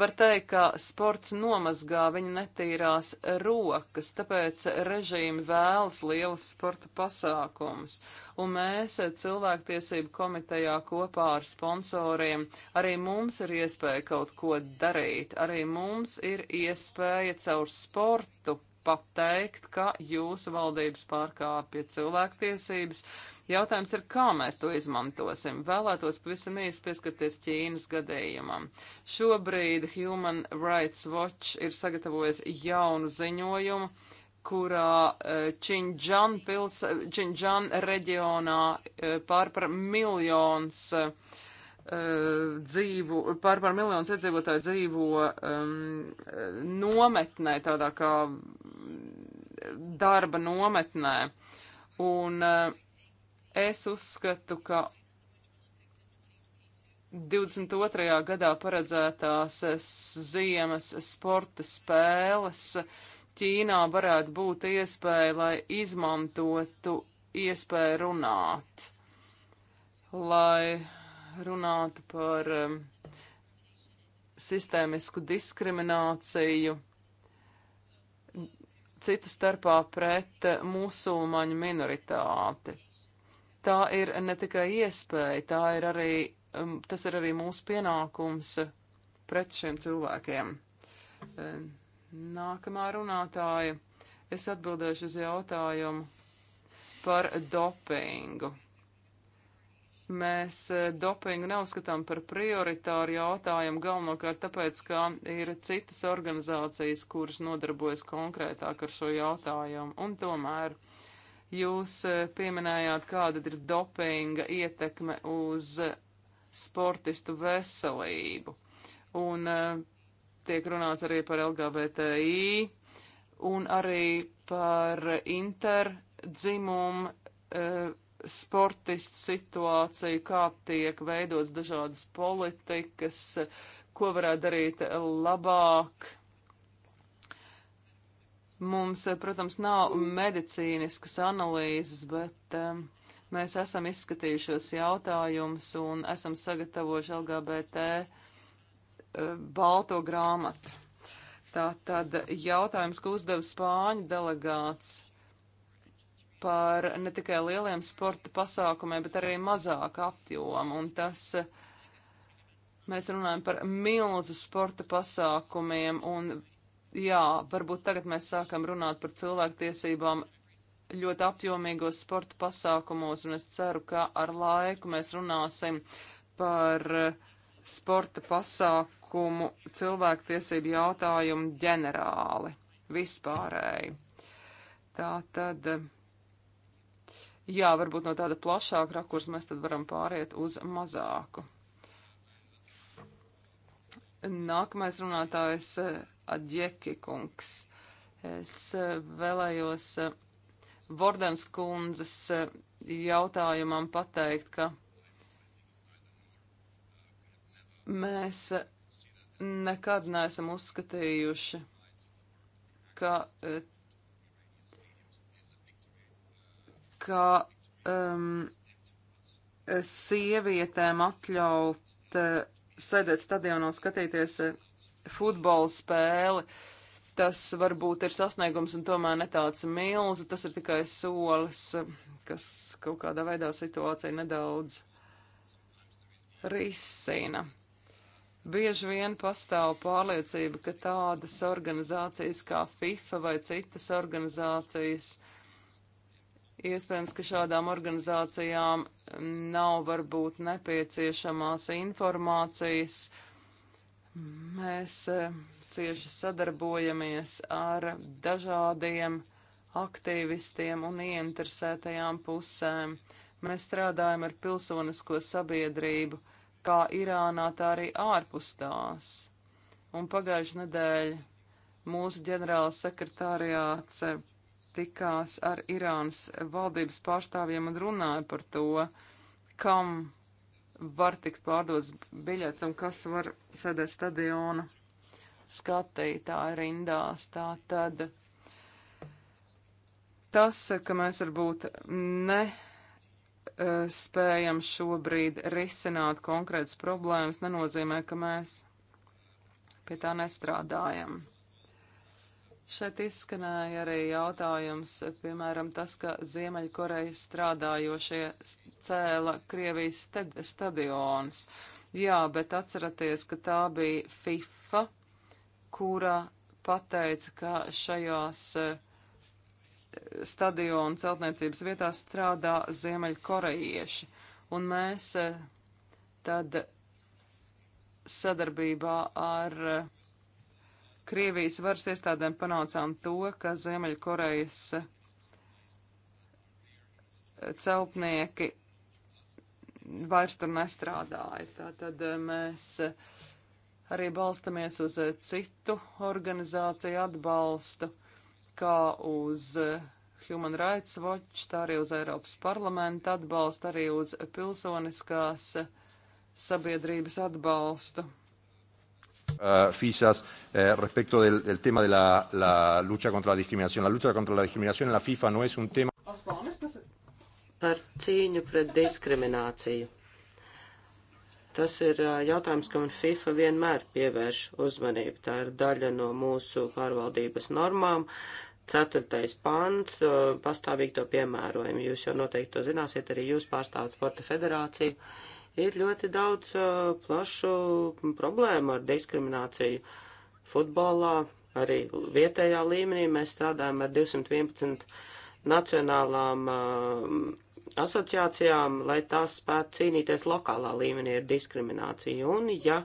Var teikt, ka sports nomazgā viņa netīrās rokas, tāpēc režīmi vēlas lielas sporta pasākumus. Un mēs cilvēktiesību komitejā kopā ar sponsoriem, arī mums ir iespēja kaut ko darīt, arī mums ir iespēja caur sportu pateikt, ka jūsu valdības pārkāpja cilvēktiesības. Jautājums ir, kā mēs to izmantosim. Vēlētos pavisam īsi pieskarties Ķīnas gadījumam. Šobrīd Human Rights Watch ir sagatavojis jaunu ziņojumu, kurā e, Činģan uh, pils, Činģan reģionā uh, e, pār par miljons uh, Eh, dzīvo, pār par miljonus iedzīvotāju dzīvo um, nometnē, tādā kā darba nometnē. Un uh, es uzskatu, ka 22. gadā paredzētās ziemas sporta spēles Ķīnā varētu būt iespēja, lai izmantotu iespēju runāt, lai runātu par um, sistēmisku diskrimināciju, citu starpā pret musulmaņu minoritāti. Tā ir ne tikai iespēja, tā ir arī, um, tas ir arī mūsu pienākums pret šiem cilvēkiem. Um, nākamā runātāja. Es atbildēšu uz jautājumu par dopingu. Mēs e, dopingu neuzskatām par prioritāru jautājumu galvenokārt tāpēc, ka ir citas organizācijas, kuras nodarbojas konkrētāk ar šo jautājumu. Un tomēr jūs e, pieminējāt, kāda ir dopinga ietekme uz sportistu veselību. Un e, tiek runāts arī par LGBTI un arī par interdzimumu uh, sportistu situāciju, kā tiek veidots dažādas politikas, ko varētu darīt labāk. Mums, protams, nav medicīniskas analīzes, bet um, mēs esam izskatījušos jautājumus un esam sagatavojuši LGBT uh, balto grāmatu. Tā tad jautājums, ko uzdeva Spāņu delegāts par ne tikai lieliem sporta pasākumiem, bet arī mazāku apjomu. Un tas mēs runājam par milzu sporta pasākumiem. Un jā, varbūt tagad mēs sākam runāt par cilvēktiesībām ļoti apjomīgos sporta pasākumos, un es ceru, ka ar laiku mēs runāsim par sporta pasākumu cilvēktiesību jautājumu ģenerāli, vispārēji. Tā tad jā, varbūt no tāda plašāka rakursa mēs tad varam pāriet uz mazāku. Nākamais runātājs eh, Adjeki kungs. Es eh, vēlējos eh, Vordens kundzes jautājumam pateikt, ka mēs nekad neesam uzskatījuši, ka ka um, sievietēm atļaut uh, sēdēt stadionā un skatīties uh, futbola spēli. Tas varbūt ir sasniegums un tomēr ne tāds milzu, tas ir tikai solis, uh, kas kaut kādā veidā situāciju nedaudz risina. Bieži vien pastāv pārliecība, ka tādas organizācijas kā FIFA vai citas organizācijas Iespējams, ka šādām organizācijām nav varbūt nepieciešamās informācijas. Mēs e, cieši sadarbojamies ar dažādiem aktīvistiem un ieinteresētajām pusēm. Mēs strādājam ar pilsonisko sabiedrību, kā Irānā, tā arī ārpus tās. Un pagājušajā nedēļā mūsu ģenerāla sekretāriāts tikās ar Irānas valdības pārstāvjiem un runāja par to, kam var tikt pārdots biļets un kas var sēdēt stadiona skatītāju rindās. Tā tad tas, ka mēs varbūt ne e, spējam šobrīd risināt konkrētas problēmas, nenozīmē, ka mēs pie tā nestrādājam. Šeit izskanēja arī jautājums, piemēram, tas, ka Ziemeļkorejas strādājošie cēla Krievijas stadions. Jā, bet atceraties, ka tā bija FIFA, kura pateica, ka šajās eh, stadionu celtniecības vietās strādā Ziemeļkorejieši. Un mēs eh, tad sadarbībā ar uh, Krievijas varas iestādēm panācām to, ka Ziemeļkorejas eh, celtnieki vairs tur nestrādāja. Tātad eh, mēs eh, arī balstamies uz citu organizāciju atbalstu, kā uz Human Rights Watch, tā arī uz Eiropas parlamenta atbalstu, arī uz pilsoniskās sabiedrības atbalstu uh, FISAS eh, respecto del, del tema de la, la lucha contra la discriminación. La lucha contra la discriminación en la FIFA no es un tema. Par cīņu pret diskrimināciju. Tas ir eh, jautājums, kam FIFA vienmēr pievērš uzmanību. Tā ir daļa no mūsu pārvaldības normām. Ceturtais pants eh, - pastāvīgi to piemērojumu. Jūs jau noteikti to zināsiet, arī jūs pārstāvat Sporta federāciju. Uh, ir ļoti daudz uh, plašu problēmu ar diskrimināciju futbolā, arī vietējā līmenī. Mēs strādājam ar 211 nacionālām uh, asociācijām, lai tās spētu cīnīties lokālā līmenī ar diskrimināciju. Un, ja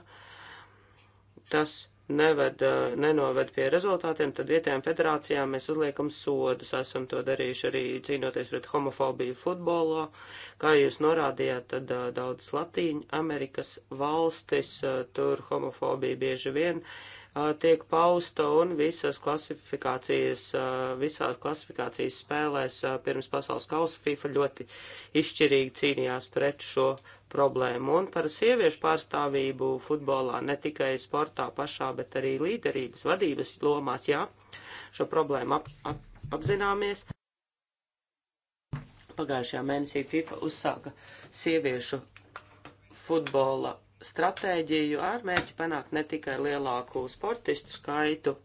tas neved, eh, nenoved pie rezultātiem, tad vietējām federācijām mēs uzliekam sodus. Esam to darījuši arī cīnoties pret homofobiju futbolā. Kā jūs norādījāt, tad eh, daudz Latīņu Amerikas valstis, eh, tur homofobija bieži vien tiek pausta un visas klasifikācijas, visās klasifikācijas spēlēs pirms pasaules kausa FIFA ļoti izšķirīgi cīnījās pret šo problēmu un par sieviešu pārstāvību futbolā, ne tikai sportā pašā, bet arī līderības, vadības lomās, jā, šo problēmu ap, ap, apzināmies. Pagājušajā mēnesī FIFA uzsāka sieviešu futbola stratēģiju ar mērķi panākt ne tikai lielāku sportistu skaitu,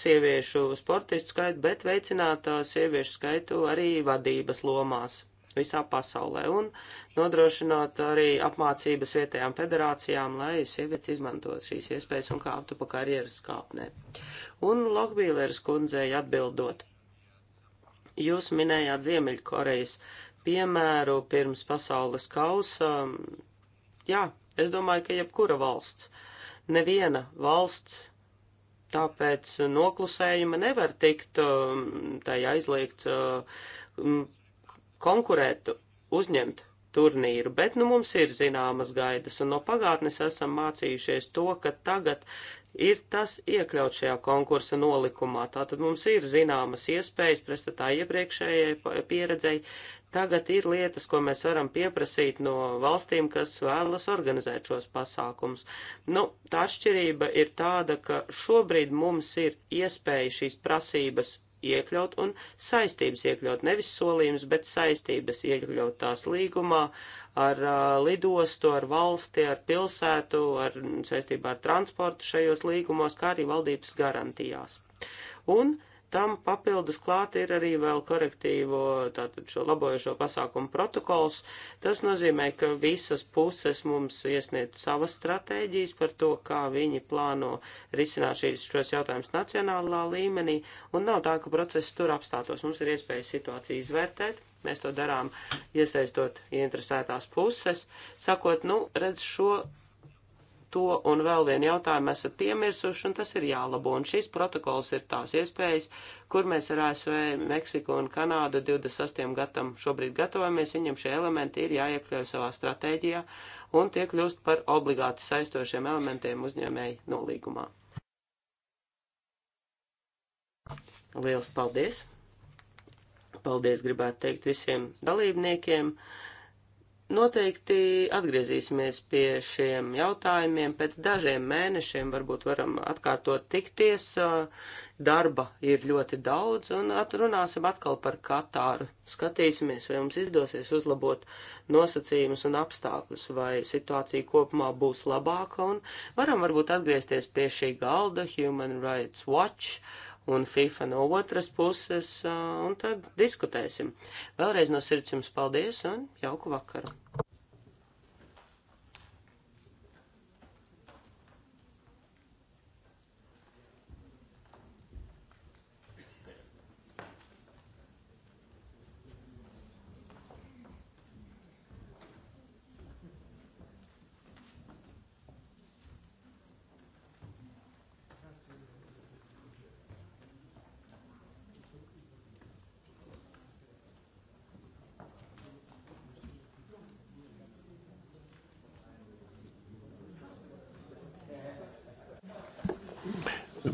sieviešu sportistu skaitu, bet veicināt sieviešu skaitu arī vadības lomās visā pasaulē un nodrošināt arī apmācības vietējām federācijām, lai sievietes izmantot šīs iespējas un kāptu pa karjeras kāpnē. Un Lokbīleres kundzei atbildot, jūs minējāt Ziemeļkorejas piemēru pirms pasaules kausa. Jā, es domāju, ka jebkura valsts, neviena valsts tāpēc noklusējuma nevar tikt um, tai aizliegts uh, konkurēt, uzņemt turnīru, bet nu mums ir zināmas gaidas, un no pagātnes esam mācījušies to, ka tagad ir tas iekļaut šajā konkursa nolikumā. Tātad mums ir zināmas iespējas pretstatā iepriekšējai pieredzei. Tagad ir lietas, ko mēs varam pieprasīt no valstīm, kas vēlas organizēt šos pasākumus. Nu, tā atšķirība ir tāda, ka šobrīd mums ir iespēja šīs prasības iekļaut un saistības iekļaut, nevis solījums, bet saistības iekļaut tās līgumā ar uh, lidostu, ar valsti, ar pilsētu, ar saistībā ar transportu šajos līgumos, kā arī valdības garantijās. Un uh, Tam papildus klāt ir arī vēl korektīvo, tātad šo labojošo pasākumu protokols. Tas nozīmē, ka visas puses mums iesniedz savas stratēģijas par to, kā viņi plāno risināt šīs, šos jautājumus nacionālā līmenī, un nav tā, ka process tur apstātos. Mums ir iespēja situāciju izvērtēt. Mēs to darām, iesaistot interesētās puses, sakot, nu, redz šo to un vēl vienu jautājumu esat piemirsuši, un tas ir jālabo. Un šis protokols ir tās iespējas, kur mēs ar ASV, Meksiku un Kanādu 28. gadam šobrīd gatavojamies, viņam šie elementi ir jāiekļauj savā stratēģijā, un tie kļūst par obligāti saistošiem elementiem uzņēmēju nolīgumā. Liels paldies! Paldies gribētu teikt visiem dalībniekiem! Noteikti atgriezīsimies pie šiem jautājumiem. Pēc dažiem mēnešiem varbūt varam atkārtot tikties. Darba ir ļoti daudz un runāsim atkal par Katāru. Skatīsimies, vai mums izdosies uzlabot nosacījumus un apstākļus, vai situācija kopumā būs labāka un varam varbūt atgriezties pie šī galda Human Rights Watch un FIFA no otras puses, un tad diskutēsim. Vēlreiz no sirds jums paldies un jauku vakaru!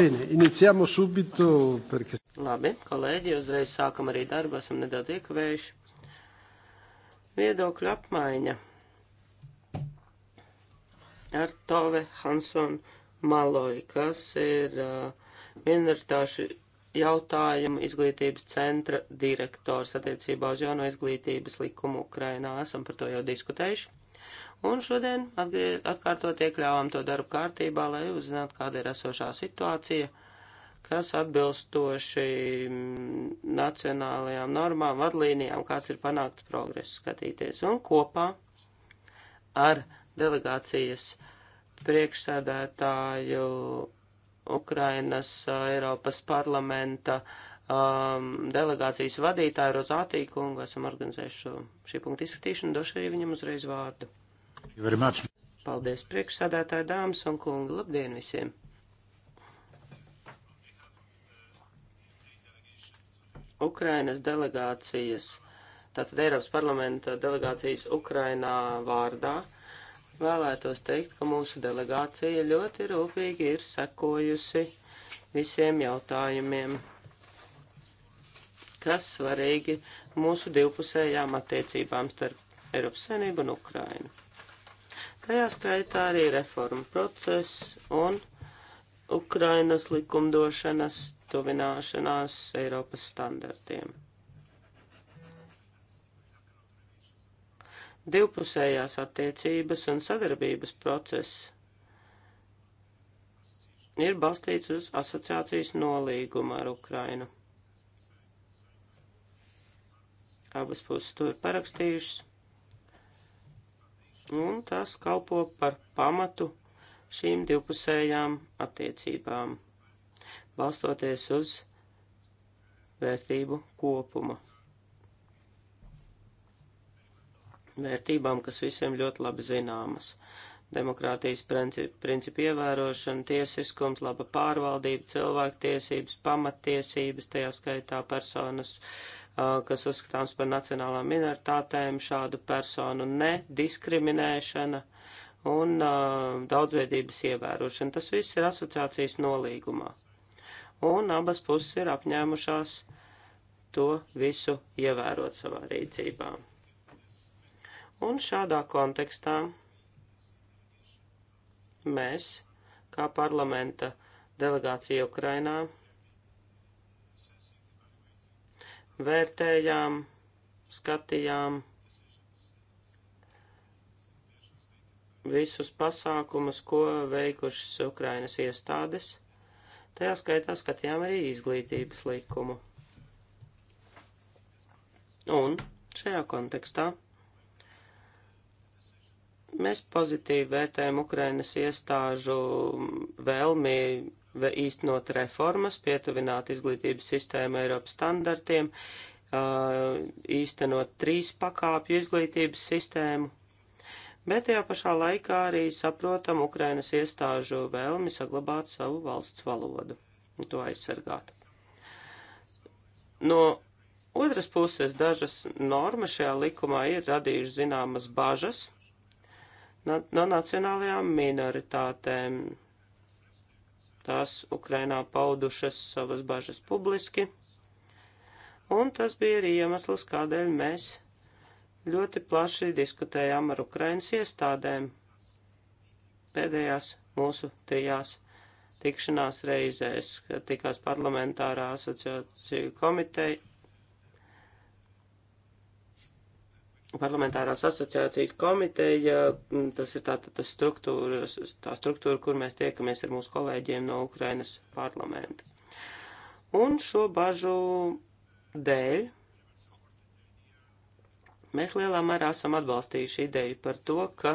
Bene, iniciamo subito perché. Labi, kolēģi, uzreiz sākam arī darbu, esam nedaudz iekavējuši. Viedokļu apmaiņa ar Tove Hansonu Maloju, kas ir uh, minoritāšu jautājumu izglītības centra direktors attiecībā uz jauno izglītības likumu Ukrainā. Esam par to jau diskutējuši. Un šodien atkārtot iekļāvām to darbu kārtībā, lai uzzinātu, kāda ir esošā situācija, kas atbilstoši mm, nacionālajām normām, vadlīnijām, kāds ir panākts progress skatīties. Un kopā ar delegācijas priekšsēdētāju Ukrainas Eiropas parlamenta um, delegācijas vadītāju Rozātīkungu esam organizējuši šo šī punktu izskatīšanu, došu arī viņam uzreiz vārdu. Paldies, priekšsādātāji, dāmas un kungi. Labdien visiem! Ukrainas delegācijas, tātad Eiropas parlamenta delegācijas Ukrainā vārdā vēlētos teikt, ka mūsu delegācija ļoti rūpīgi ir sekojusi visiem jautājumiem, kas svarīgi mūsu divpusējām attiecībām starp Eiropas Savienību un Ukrainu. Tajā skaitā arī reforma process un Ukrainas likumdošanas tuvināšanās Eiropas standartiem. Divpusējās attiecības un sadarbības process ir balstīts uz asociācijas nolīgumu ar Ukrainu. Abas puses to ir parakstījušas un tas kalpo par pamatu šīm divpusējām attiecībām, balstoties uz vērtību kopuma. Vērtībām, kas visiem ļoti labi zināmas - demokrātijas principu, principu ievērošana, tiesiskums, laba pārvaldība, cilvēktiesības, pamattiesības, tajā skaitā personas uh, kas uzskatāms par nacionālām minoritātēm, šādu personu nediskriminēšana un uh, daudzveidības ievērošana. Tas viss ir asociācijas nolīgumā. Un abas puses ir apņēmušās to visu ievērot savā rīcībā. Un šādā kontekstā mēs, kā parlamenta delegācija Ukrainā, vērtējām, skatījām visus pasākumus, ko veikušas Ukrainas iestādes. Tajā skaitā skatījām arī izglītības likumu. Un šajā kontekstā mēs pozitīvi vērtējam Ukrainas iestāžu vēlmi īstenot reformas, pietuvināt izglītības sistēmu Eiropas standartiem, īstenot trīs pakāpju izglītības sistēmu, bet tajā pašā laikā arī saprotam Ukrainas iestāžu vēlmi saglabāt savu valsts valodu un to aizsargāt. No otras puses, dažas normas šajā likumā ir radījušas zināmas bažas no nacionālajām minoritātēm, tās Ukrainā paudušas savas bažas publiski, un tas bija arī iemesls, kādēļ mēs ļoti plaši diskutējām ar Ukrainas iestādēm pēdējās mūsu trijās tikšanās reizēs, kad tikās parlamentārā asociācija komiteja parlamentārās asociācijas komiteja, mm, tas ir tātad tā, tā, tā struktūra, kur mēs tiekamies ar mūsu kolēģiem no Ukrainas parlamenta. Un šo bažu dēļ mēs lielā mērā esam atbalstījuši ideju par to, ka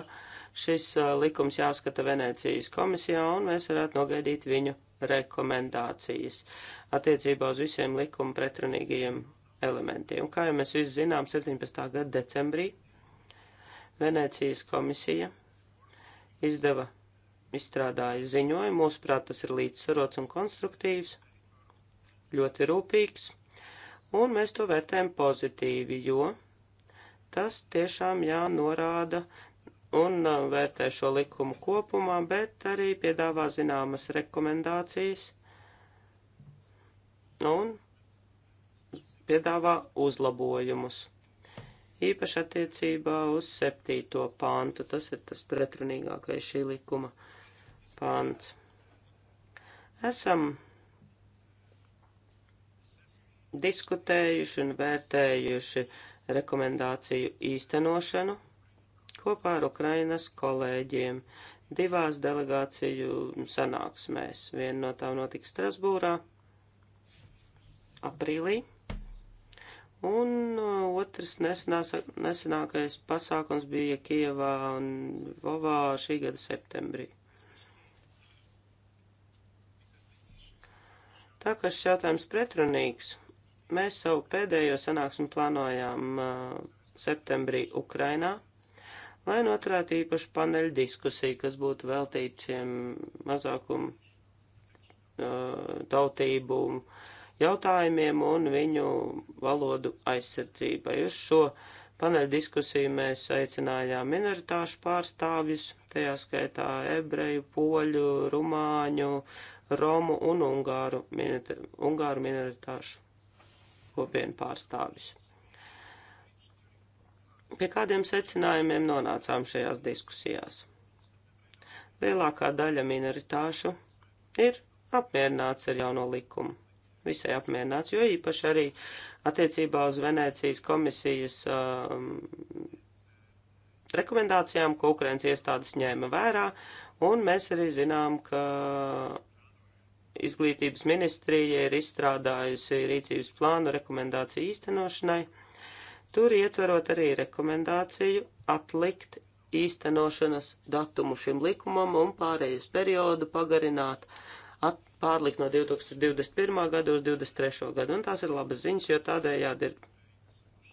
šis likums jāskata Venēcijas komisijā un mēs varētu nogaidīt viņu rekomendācijas attiecībā uz visiem likuma pretrunīgajiem elementi. Un kā jau mēs visi zinām, 17. gada decembrī Venecijas komisija izdeva, izstrādāja ziņojumu. Mūsuprāt, tas ir līdzsvarots un konstruktīvs, ļoti rūpīgs, un mēs to vērtējam pozitīvi, jo tas tiešām jānorāda un uh, vērtē šo likumu kopumā, bet arī piedāvā zināmas rekomendācijas un piedāvā uzlabojumus. Īpaši attiecībā uz septīto pāntu, tas ir tas pretrunīgākais šī likuma pāns. Esam diskutējuši un vērtējuši rekomendāciju īstenošanu kopā ar Ukrainas kolēģiem divās delegāciju sanāksmēs. Viena no tām notika Strasbūrā aprīlī Un uh, otrs nesenās, nesenākais pasākums bija Kievā un Vovā šī gada septembrī. Tā kā šis jautājums pretrunīgs, mēs savu pēdējo sanāksmi plānojām uh, septembrī Ukrainā, lai noturētu īpašu paneļu diskusiju, kas būtu veltīta šiem mazākumu uh, tautību. Uh, jautājumiem un viņu valodu aizsardzībai. Uz šo paneļu diskusiju mēs aicinājām minoritāšu pārstāvjus, tajā skaitā ebreju, poļu, rumāņu, romu un ungāru, minori, ungāru minoritāšu kopienu pārstāvjus. Pie kādiem secinājumiem nonācām šajās diskusijās? Lielākā daļa minoritāšu ir apmierināts ar jauno likumu visai apmierināts, jo īpaši arī attiecībā uz Venēcijas komisijas um, rekomendācijām, ko Ukrainas iestādes ņēma vērā, un mēs arī zinām, ka izglītības ministrija ir izstrādājusi rīcības plānu rekomendāciju īstenošanai. Tur ietverot arī rekomendāciju atlikt īstenošanas datumu šim likumam un pārējais periodu pagarināt at, pārlikt no 2021. gada uz 2023. gadu, un tās ir labas ziņas, jo tādējādi ir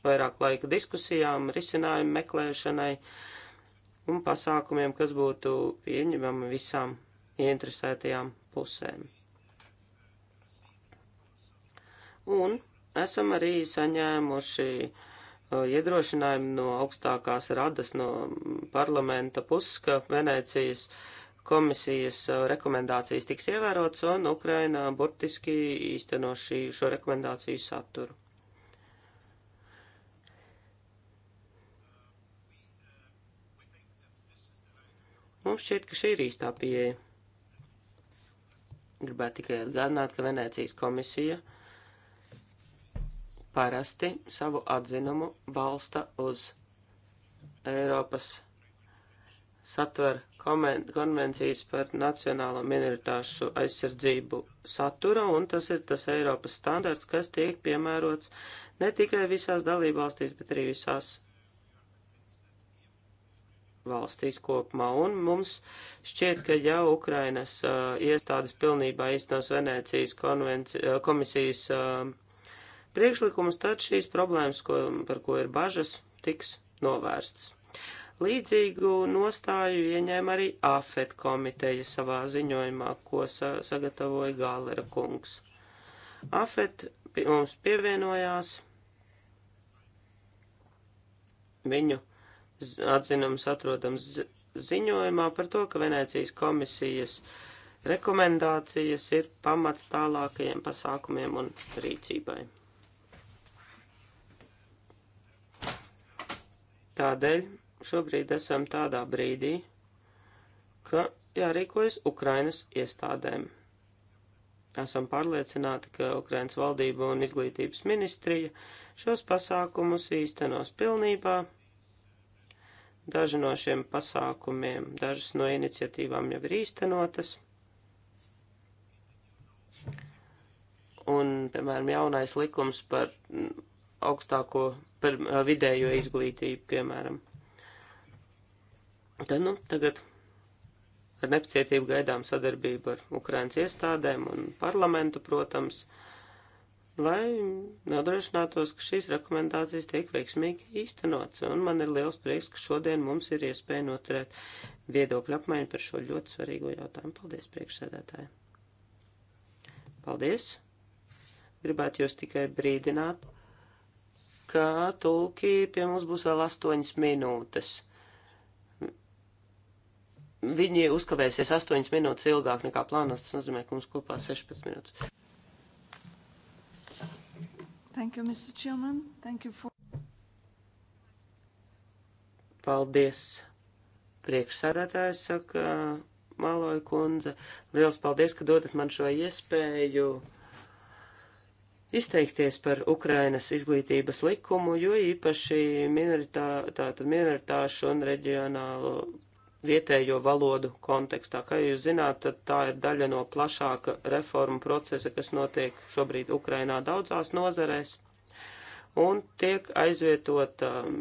vairāk laika diskusijām, risinājumu meklēšanai un pasākumiem, kas būtu pieņemami visām ieinteresētajām pusēm. Un esam arī saņēmuši uh, iedrošinājumu no augstākās radas, no parlamenta puses, ka Venēcijas uh, komisijas uh, rekomendācijas tiks ievērotas un Ukraina burtiski īsteno šī, šo rekomendāciju saturu. Mums šķiet, ka šī ir īstā pieeja. Gribētu tikai atgādināt, ka Venecijas komisija parasti savu atzinumu balsta uz Eiropas satver konvencijas par nacionālo minoritāšu aizsardzību satura, un tas ir tas Eiropas standarts, kas tiek piemērots ne tikai visās dalībvalstīs, bet arī visās valstīs kopumā. Un mums šķiet, ka jau Ukrainas uh, iestādes pilnībā īstenos Venēcijas uh, komisijas uh, priekšlikumus, tad šīs problēmas, ko, par ko ir bažas, tiks novērstas. Līdzīgu nostāju ieņēma arī AFET komiteja savā ziņojumā, ko sa sagatavoja Gālera kungs. AFET mums pievienojās viņu atzinums atrodams ziņojumā par to, ka Venēcijas komisijas rekomendācijas ir pamats tālākajiem pasākumiem un rīcībai. Tādēļ šobrīd esam tādā brīdī, ka jārīkojas Ukrainas iestādēm. Esam pārliecināti, ka Ukrainas valdība un izglītības ministrija šos pasākumus īstenos pilnībā. Daži no šiem pasākumiem, dažas no iniciatīvām jau ir īstenotas. Un, piemēram, jaunais likums par mm, augstāko, par vidējo izglītību, piemēram. Tad, nu, tagad ar nepacietību gaidām sadarbību ar Ukrainas iestādēm un parlamentu, protams, lai nodrošinātos, ka šīs rekomendācijas tiek veiksmīgi īstenots. Un man ir liels prieks, ka šodien mums ir iespēja noturēt viedokļu apmaiņu par šo ļoti svarīgo jautājumu. Paldies, priekšsēdētāji! Paldies! Gribētu jūs tikai brīdināt, ka tulki pie mums būs vēl astoņas minūtes. Viņi uzkavēsies 8 minūtes ilgāk nekā plānots. Tas nozīmē, ka mums kopā 16 minūtes. Thank you, Mr. Chairman. Thank you for... Paldies, priekšsēdētājs, saka Maloja kundze. Liels paldies, ka dodat man šo iespēju izteikties par Ukrainas izglītības likumu, jo īpaši minoritā, minoritāšu un reģionālo vietējo valodu kontekstā. Kā jūs zināt, tad tā ir daļa no plašāka reformu procesa, kas notiek šobrīd Ukrainā daudzās nozarēs, un tiek aizvietota um,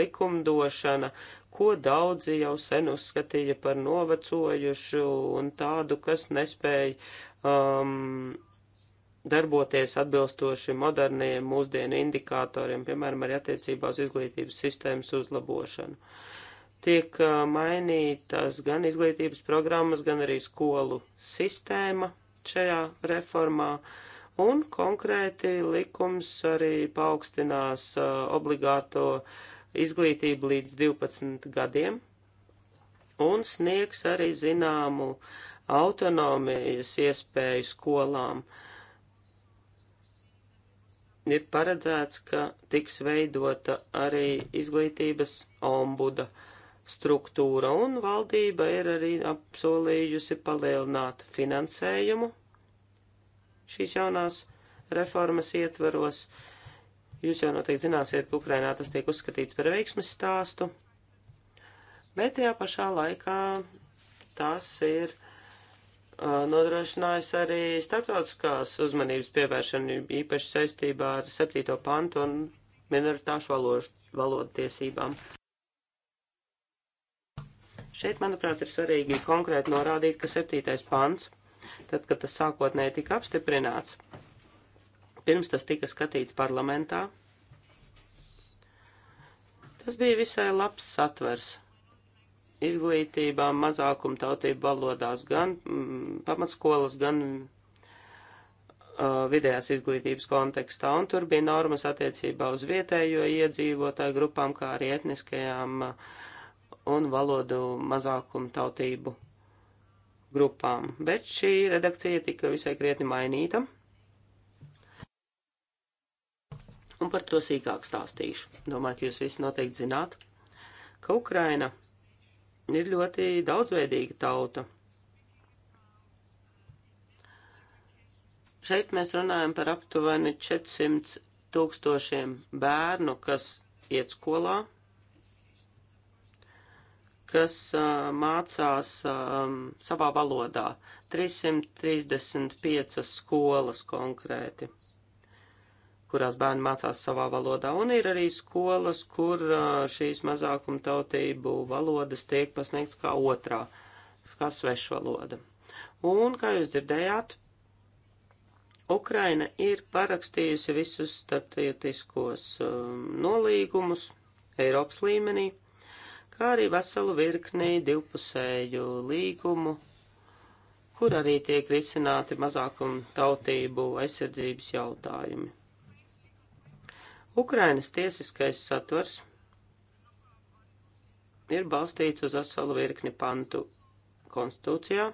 likumdošana, ko daudzi jau sen uzskatīja par novecojušu un tādu, kas nespēja um, darboties atbilstoši moderniem mūsdienu indikatoriem, piemēram, arī attiecībā uz izglītības sistēmas uzlabošanu. Uh, tiek mainītas gan izglītības programmas, gan arī skolu sistēma šajā reformā, un konkrēti likums arī paaugstinās obligāto izglītību līdz 12 gadiem un sniegs arī zināmu autonomijas iespēju skolām. Ir paredzēts, ka tiks veidota arī izglītības ombuda uh, struktūra, un valdība ir arī apsolījusi palielināt finansējumu šīs jaunās reformas ietvaros. Jūs jau noteikti zināsiet, ka Ukrainā tas tiek uzskatīts par veiksmes stāstu, bet tajā pašā laikā tas ir nodrošinājis arī starptautiskās uzmanības pievēršanu, īpaši saistībā ar 7. pantu un minoritāšu valodu tiesībām. Šeit, manuprāt, ir svarīgi konkrēti norādīt, ka septītais pants, tad, kad tas sākotnēji tika apstiprināts, pirms tas tika skatīts parlamentā, tas bija visai labs satvers izglītībām mazākumtautību valodās gan mm, pamatskolas, gan uh, vidējās izglītības kontekstā, un tur bija normas attiecībā uz vietējo iedzīvotāju grupām, kā arī etniskajām uh, un valodu mazākumu tautību grupām, bet šī redakcija tika visai krietni mainīta, un par to sīkāk stāstīšu. Domāju, ka jūs visi noteikti zināt, ka Ukraina ir ļoti daudzveidīga tauta. Šeit mēs runājam par aptuveni 400 tūkstošiem bērnu, kas iet skolā, kas uh, mācās um, savā valodā. 335 skolas konkrēti, kurās bērni mācās savā valodā. Un ir arī skolas, kur uh, šīs mazākuma tautību valodas tiek pasniegts kā otrā, kā svešvaloda. Un, kā jūs dzirdējāt, Ukraina ir parakstījusi visus starptautiskos um, nolīgumus Eiropas līmenī kā arī veselu virknī divpusēju līgumu, kur arī tiek risināti mazākumu tautību aizsardzības jautājumi. Ukrainas tiesiskais satvers ir balstīts uz veselu virkni pantu konstitūcijā,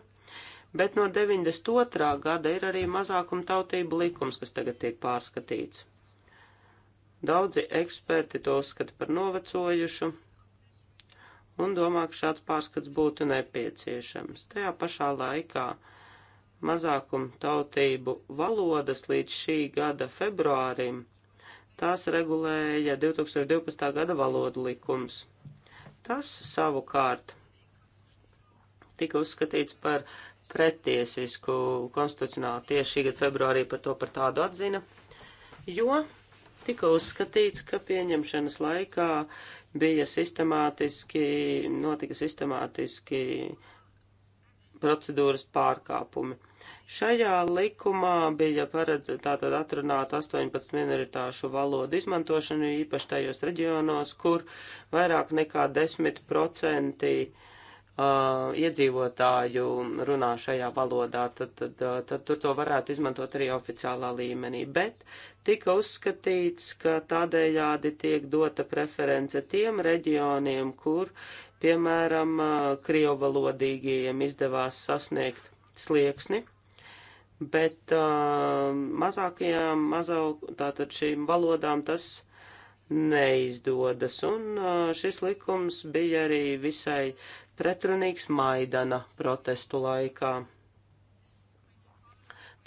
bet no 92. gada ir arī mazākuma tautību likums, kas tagad tiek pārskatīts. Daudzi eksperti to uzskata par novecojušu, un domā, ka šāds pārskats būtu nepieciešams. Tajā pašā laikā mazākumu tautību valodas līdz šī gada februārim tās regulēja 2012. gada valodu likums. Tas savukārt tika uzskatīts par pretiesisku konstitucionāli tieši šī gada februārī par to par tādu atzina, jo tika uzskatīts, ka pieņemšanas laikā bija sistemātiski, notika sistemātiski procedūras pārkāpumi. Šajā likumā bija paredzēta tātad atrunāta 18 minoritāšu valodu izmantošanu, īpaši tajos reģionos, kur vairāk nekā 10% uh, iedzīvotāju runā šajā valodā, tad, tad, tad, tad tur to varētu izmantot arī oficiālā līmenī. Bet tika uzskatīts, ka tādējādi tiek dota preference tiem reģioniem, kur, piemēram, krievalodīgajiem izdevās sasniegt slieksni. Bet uh, mazākajām, mazāk, tātad šīm valodām tas neizdodas, un uh, šis likums bija arī visai pretrunīgs Maidana protestu laikā.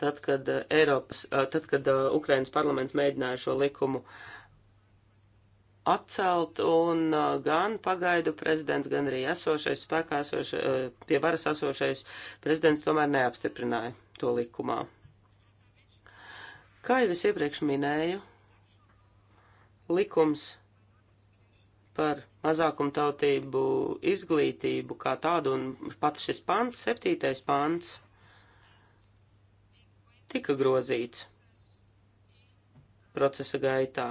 Tad, kad, eh, Eiropas, eh, tad, kad eh, Ukrainas parlaments mēģināja šo likumu atcelt, un gan pagaidu prezidents, gan arī esošais spēkā esošais, pie varas esošais prezidents tomēr neapstiprināja to likumā. Kā jau es iepriekš minēju, likums par mazākumtautību izglītību kā tādu, un pats šis pants, septītais pants, tika grozīts procesa gaitā.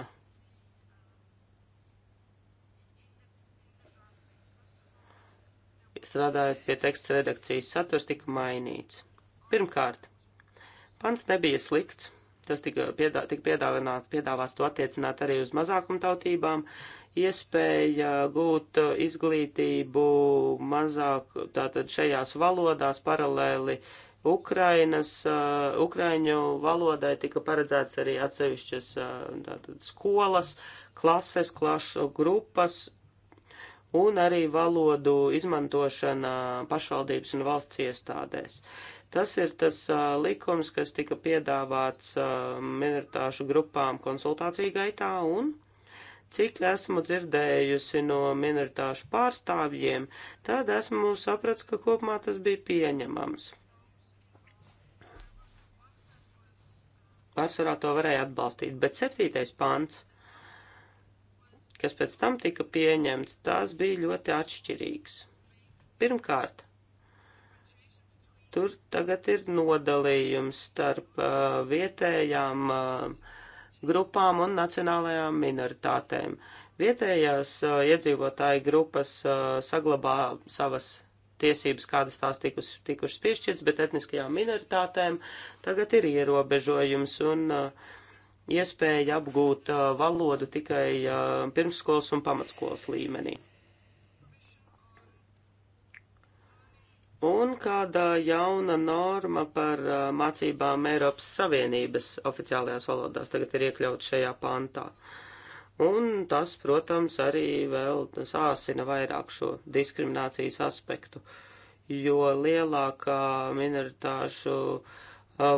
Strādājot pie teksta redakcijas, saturs tika mainīts. Pirmkārt, pants nebija slikts, tas tika, piedā, tika piedāvāts to attiecināt arī uz mazākumtautībām, tautībām, iespēja gūt izglītību mazāk tātad šajās valodās paralēli Ukrainas, uh, Ukraiņu valodai tika paredzēts arī atsevišķas uh, tātad skolas, klases, klašu grupas un arī valodu izmantošana pašvaldības un valsts iestādēs. Tas ir tas uh, likums, kas tika piedāvāts uh, minoritāšu grupām konsultāciju gaitā un uh, Cik esmu dzirdējusi no minoritāšu pārstāvjiem, tad esmu saprats, ka kopumā tas bija pieņemams. Pārsvarā to varēja atbalstīt, bet septītais pants, kas pēc tam tika pieņemts, tas bija ļoti atšķirīgs. Pirmkārt, tur tagad ir nodalījums starp uh, vietējām uh, grupām un nacionālajām minoritātēm. Vietējās uh, iedzīvotāju grupas uh, saglabā savas tiesības, kādas tās tikus, tikušas piešķirts, bet etniskajām minoritātēm tagad ir ierobežojums un uh, iespēja apgūt uh, valodu tikai uh, pirmsskolas un pamatskolas līmenī. un kāda jauna norma par uh, mācībām Eiropas Savienības oficiālajās valodās tagad ir iekļauts šajā pantā. Un tas, protams, arī vēl sāsina vairāk šo diskriminācijas aspektu, jo lielākā minoritāšu uh,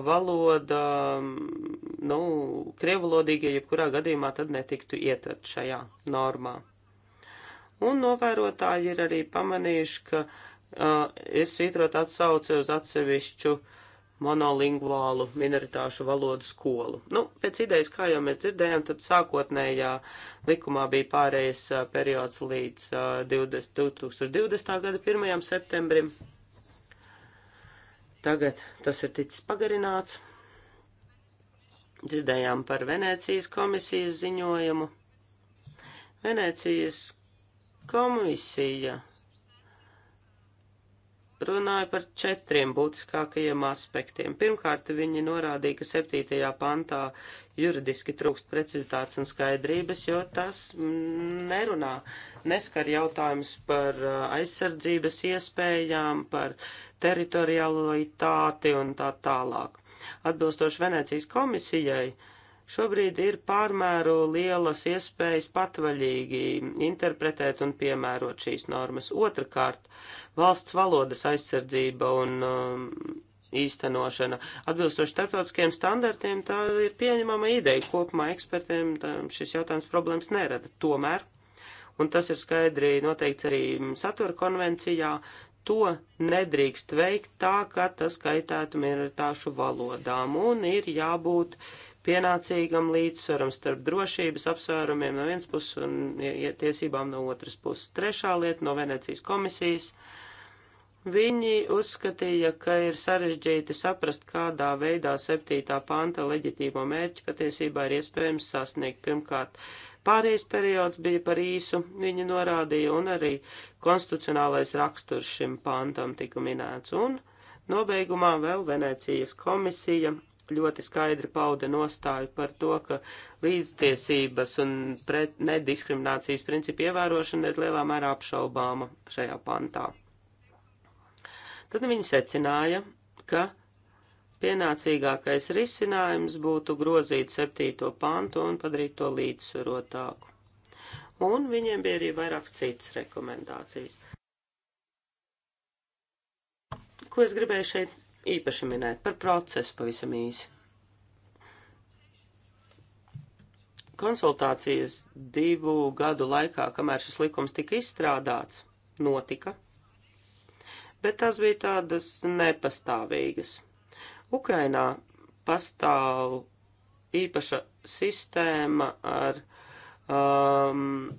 valoda, mm, nu, krievulodīgie jebkurā gadījumā tad netiktu ietvert šajā normā. Un novērotāji ir arī pamanījuši, ka uh, ir svītrot atsauce uz atsevišķu monolingvālu minoritāšu valodu skolu. Nu, pēc idejas, kā jau mēs dzirdējām, tad sākotnējā likumā bija pārējais periods līdz 20, 2020. gada 1. septembrim. Tagad tas ir ticis pagarināts. Dzirdējām par Venēcijas komisijas ziņojumu. Venēcijas komisija runāja par četriem būtiskākajiem aspektiem. Pirmkārt, viņi norādīja, ka 7. pantā juridiski trūkst precizitātes un skaidrības, jo tas nerunā, neskar jautājumus par uh, aizsardzības iespējām, par teritorialitāti un tā tālāk. Atbilstoši Venecijas komisijai, uh, Šobrīd ir pārmēru lielas iespējas patvaļīgi interpretēt un piemērot šīs normas. Otrakārt, valsts valodas aizsardzība un um, īstenošana. Atbilstoši starptautiskiem standartiem tā ir pieņemama ideja. Kopumā ekspertiem šis jautājums problēmas nerada. Tomēr, un tas ir skaidri noteikts arī satura konvencijā, to nedrīkst veikt tā, ka tas skaitētu minoritāšu valodām un ir jābūt uh, pienācīgam līdzsvaram starp drošības apsvērumiem no vienas puses un tiesībām no otras puses. Trešā lieta no Venecijas komisijas. Viņi uzskatīja, ka ir sarežģīti saprast, kādā veidā 7. panta leģitīvo mērķi patiesībā ir iespējams sasniegt. Pirmkārt, pārējais periods bija par īsu, viņi norādīja, un arī konstitucionālais raksturs šim pantam tika minēts. Un nobeigumā vēl Venecijas komisija ļoti skaidri pauda nostāju par to, ka līdztiesības un pret nediskriminācijas principu ievērošana ir lielā mērā apšaubāma šajā pantā. Tad viņi secināja, ka pienācīgākais risinājums būtu grozīt septīto pantu un padarīt to līdzsvarotāku. Un viņiem bija arī vairākas citas rekomendācijas. Ko es gribēju šeit īpaši minēt par procesu pavisam īsi. Konsultācijas divu gadu laikā, kamēr šis likums tika izstrādāts, notika, bet tās bija tādas nepastāvīgas. Ukrainā pastāv īpaša sistēma ar um,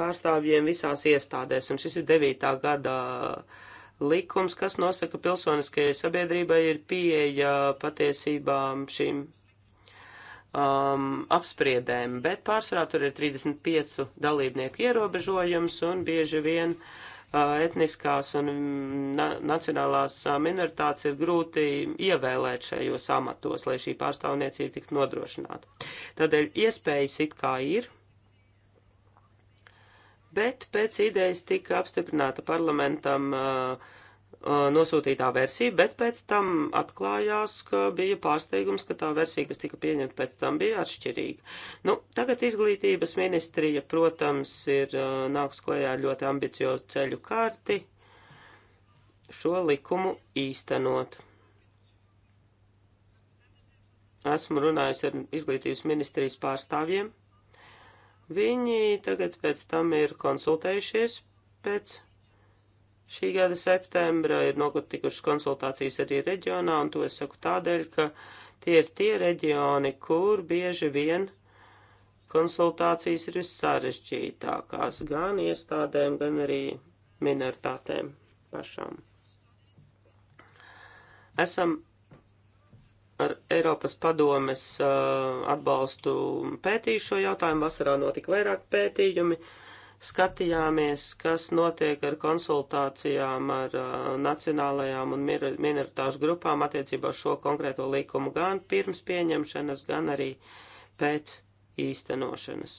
pārstāvjiem visās iestādēs, un šis ir 9. gada uh, likums, kas nosaka pilsoniskajai sabiedrībai ir pieeja patiesībām šīm um, apspriedēm, bet pārsvarā tur ir 35 dalībnieku ierobežojums un bieži vien uh, etniskās un mm, na nacionālās uh, minoritātes ir grūti ievēlēt šajos amatos, lai šī pārstāvniecība tiktu nodrošināta. Tādēļ iespējas it kā ir, bet pēc idejas tika apstiprināta parlamentam uh, uh, nosūtītā versija, bet pēc tam atklājās, ka bija pārsteigums, ka tā versija, kas tika pieņemta pēc tam, bija atšķirīga. Nu, tagad izglītības ministrija, protams, ir uh, nāks klajā ar ļoti ambiciozu ceļu karti šo likumu īstenot. Esmu runājusi ar izglītības ministrijas pārstāvjiem Viņi tagad pēc tam ir konsultējušies pēc šī gada septembra, ir notikušas konsultācijas arī reģionā, un to es saku tādēļ, ka tie ir tie reģioni, kur bieži vien konsultācijas ir vissarežģītākās gan iestādēm, gan arī minoritātēm pašām. Esam ar Eiropas padomes uh, atbalstu pētīju šo jautājumu. Vasarā notika vairāk pētījumi. Skatījāmies, kas notiek ar konsultācijām ar uh, nacionālajām un minoritāšu grupām attiecībā uz šo konkrēto likumu gan pirms pieņemšanas, gan arī pēc īstenošanas.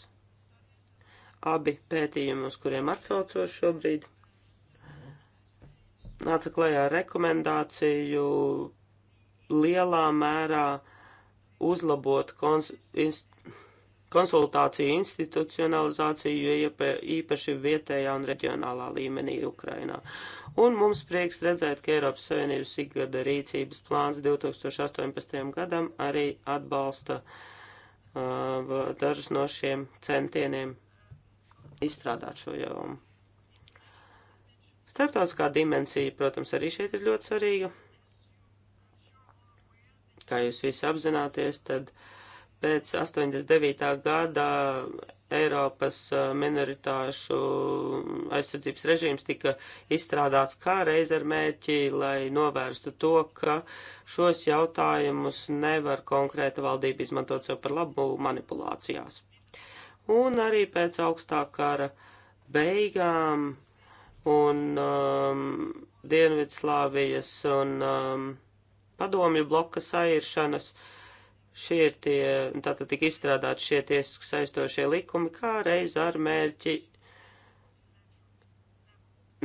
Abi pētījumi, uz kuriem atsaucos šobrīd, nāca klajā rekomendāciju lielā mērā uzlabot kons inst konsultāciju institucionalizāciju, jo iepē, īpaši vietējā un reģionālā līmenī Ukrainā. Un mums prieks redzēt, ka Eiropas Savienības ikgada rīcības plāns 2018. gadam arī atbalsta uh, dažus no šiem centieniem izstrādāt šo jomu. Starptautiskā dimensija, protams, arī šeit ir ļoti svarīga kā jūs visi apzināties, tad pēc 89. gada Eiropas uh, minoritāšu aizsardzības režīms tika izstrādāts kā reiz ar mērķi, lai novērstu to, ka šos jautājumus nevar konkrēta valdība izmantot sev par labu manipulācijās. Un arī pēc augstā kara beigām un um, Dienvidslāvijas un um, padomju bloka sairšanas. Šie ir tie, tātad tika izstrādāti šie tiesiski saistošie likumi, kā reiz ar mērķi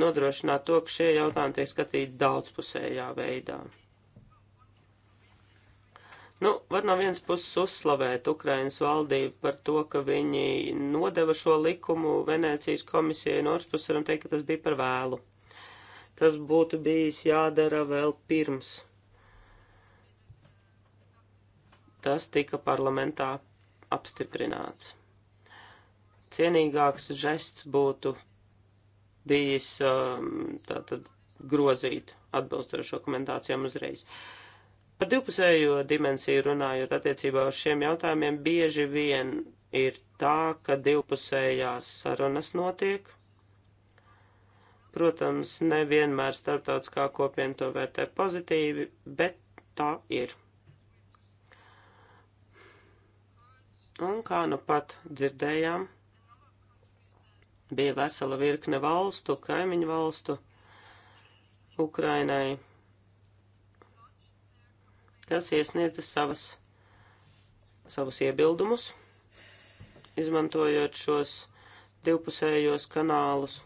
nodrošināt to, ka šie jautājumi tiek skatīti daudzpusējā veidā. Nu, var no vienas puses uzslavēt Ukrainas valdību par to, ka viņi nodeva šo likumu Venēcijas komisijai, no otras puses varam teikt, ka tas bija par vēlu. Tas būtu bijis jādara vēl pirms tas tika parlamentā apstiprināts. Cienīgāks žests būtu bijis um, tātad grozīt atbilstošo komentācijām uzreiz. Par divpusējo dimensiju runājot attiecībā uz šiem jautājumiem, bieži vien ir tā, ka divpusējās sarunas notiek. Protams, nevienmēr starptautiskā kopiena to vērtē pozitīvi, bet tā ir. Un kā nu pat dzirdējām, bija vesela virkne valstu, kaimiņu valstu Ukrainai, kas iesniedza savas, savus iebildumus, izmantojot šos divpusējos kanālus.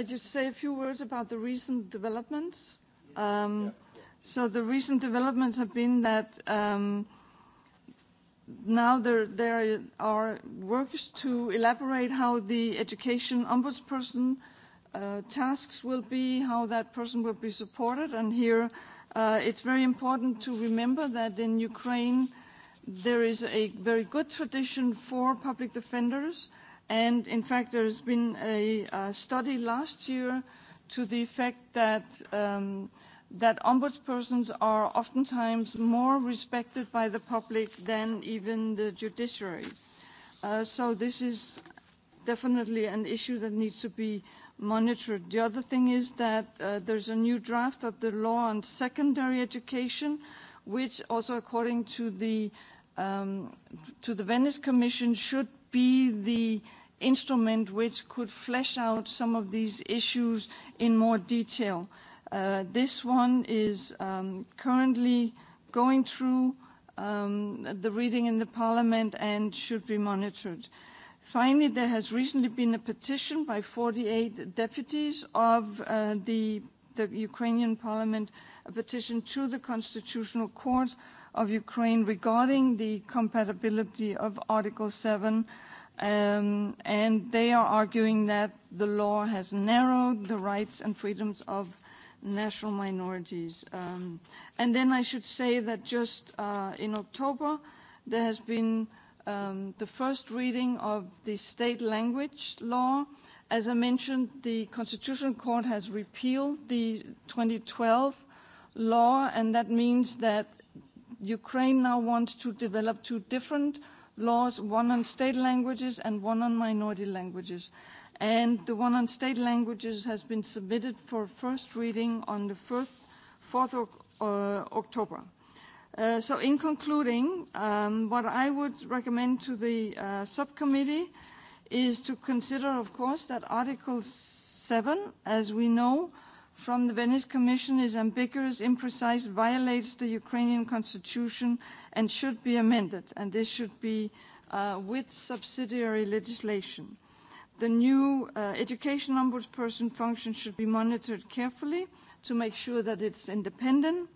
I just say a few words about the recent developments. Um, so the recent developments have been that um, now there, there are works to elaborate how the education ombudsperson uh, tasks will be, how that person will be supported. And here uh, it's very important to remember that in Ukraine there is a very good tradition for public defenders uh, And in fact, there's been a, a study last year to the effect that, um, that ombudspersons are oftentimes more respected by the public than even the judiciary. Uh, so this is definitely an issue that needs to be monitored. The other thing is that uh, there's a new draft of the law on secondary education, which also according to the, um, to the Venice Commission should be the uh, instrument which could flesh out some of these issues in more detail. Uh, this one is um, currently going through um, the reading in the parliament and should be monitored. Finally, there has recently been a petition by 48 deputies of uh, the, the Ukrainian parliament, a petition to the Constitutional Court of Ukraine regarding the compatibility of Article 7 Um, and they are arguing that the law has narrowed the rights and freedoms of national minorities. Um, and then I should say that just uh, in October, there has been um, the first reading of the state language law. As I mentioned, the Constitutional Court has repealed the 2012 law, and that means that Ukraine now wants to develop two different uh, laws, one on state languages and one on minority languages. And the one on state languages has been submitted for first reading on the 1st, 4th uh, October. Uh, so in concluding, um, what I would recommend to the uh, subcommittee is to consider, of course, that Article 7, as we know, uh, from the Venice Commission is ambiguous, imprecise, violates the Ukrainian constitution, and should be amended. And this should be uh, with subsidiary legislation. The new uh, education ombudsperson function should be monitored carefully to make sure that it's independent.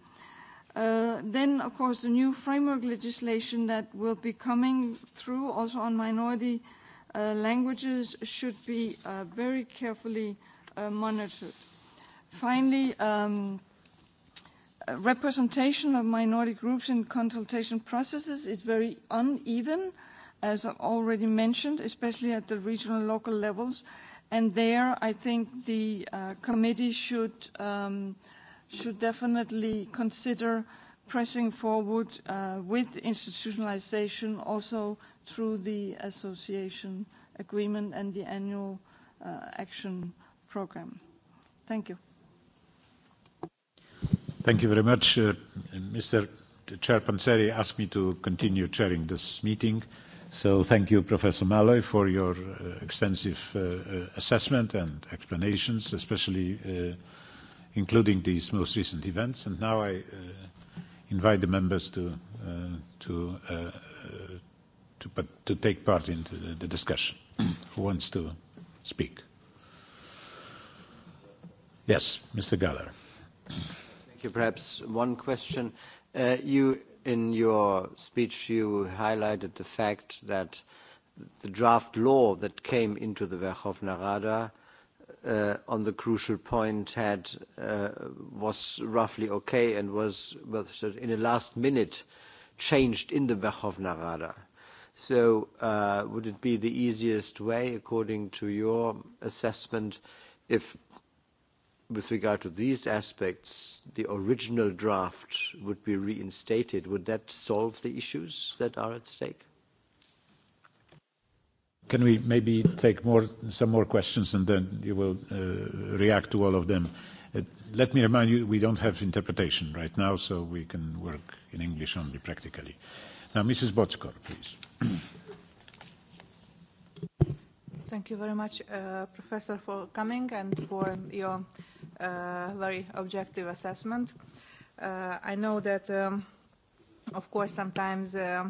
Uh, then, of course, the new framework legislation that will be coming through also on minority uh, languages should be uh, very carefully uh, monitored. Uh, Finally, um, uh, representation of minority groups in consultation processes is very uneven, as I've already mentioned, especially at the regional and local levels. And there, I think the uh, committee should, um, should definitely consider pressing forward uh, with institutionalization also through the association agreement and the annual uh, action program. Thank you. Thank you very much. Uh, Mr. Chair Panseri asked me to continue chairing this meeting. So thank you, Professor Malloy, for your uh, extensive uh, uh, assessment and explanations, especially uh, including these most recent events. And now I uh, invite the members to, uh, to, uh, uh to, but to take part in the, the discussion. (clears throat) Who wants to speak? Yes, Mr. Galler. (clears throat) you. Perhaps one question. Uh, you, in your speech, you highlighted the fact that the draft law that came into the Verkhovna Rada uh, on the crucial point had uh, was roughly okay and was, was in the last minute changed in the Verkhovna Rada. So uh, would it be the easiest way, according to your assessment, if with regard to these aspects, the original draft would be reinstated. Would that solve the issues that are at stake? Can we maybe take more, some more questions, and then you will uh, react to all of them? Uh, let me remind you, we don't have interpretation right now, so we can work in English only practically. Now, Mrs. Botskor, please. Thank you very much, uh, Professor, for coming and for your uh, very objective assessment. Uh, I know that, um, of course, sometimes uh,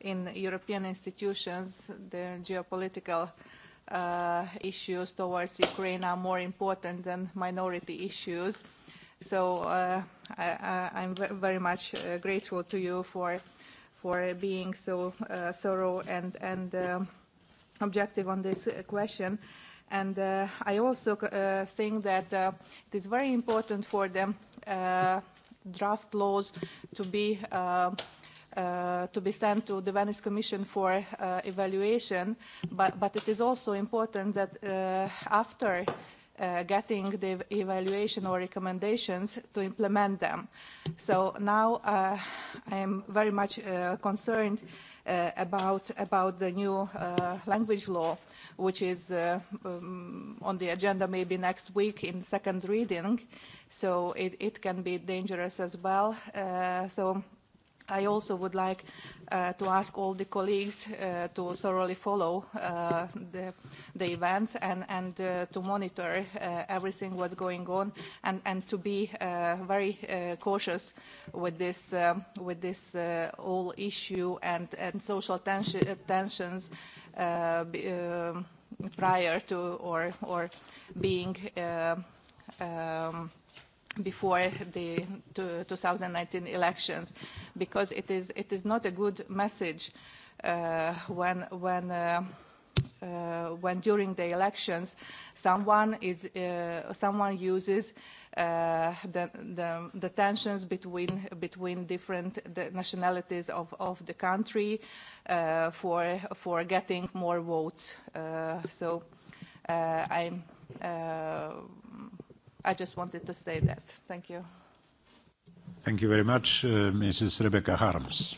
in European institutions, the geopolitical uh, issues towards Ukraine are more important than minority issues. So uh, I, I, I'm very much uh, grateful to you for, for being so uh, thorough and, and um, objective on this question. Uh, And uh, I also uh, think that uh, it is very important for the uh, draft laws to be uh, uh, to be sent to the Venice Commission for uh, evaluation, but, but it is also important that uh, after uh, getting the evaluation or recommendations to implement them. So now uh, I am very much uh, concerned uh, about, about the new uh, language law. Uh, which is uh, um, on the agenda maybe next week in second reading. So it, it can be dangerous as well. Uh, so I also would like uh, to ask all the colleagues uh, to thoroughly follow uh, the, the events and, and uh, to monitor uh, everything what's going on and, and to be uh, very uh, cautious with this, um, with this uh, whole issue and, and social tension, tensions uh, uh, uh, prior to or, or being uh, um, before the 2019 elections because it is, it is not a good message uh, when, when, uh, uh, when during the elections someone, is, uh, someone uses uh, uh, the, the, the tensions between, between different the nationalities of, of the country uh, for, for getting more votes. Uh, so uh, I'm, uh, I just wanted to say that. Thank you. Thank you very much, uh, Mrs. Rebecca Harms.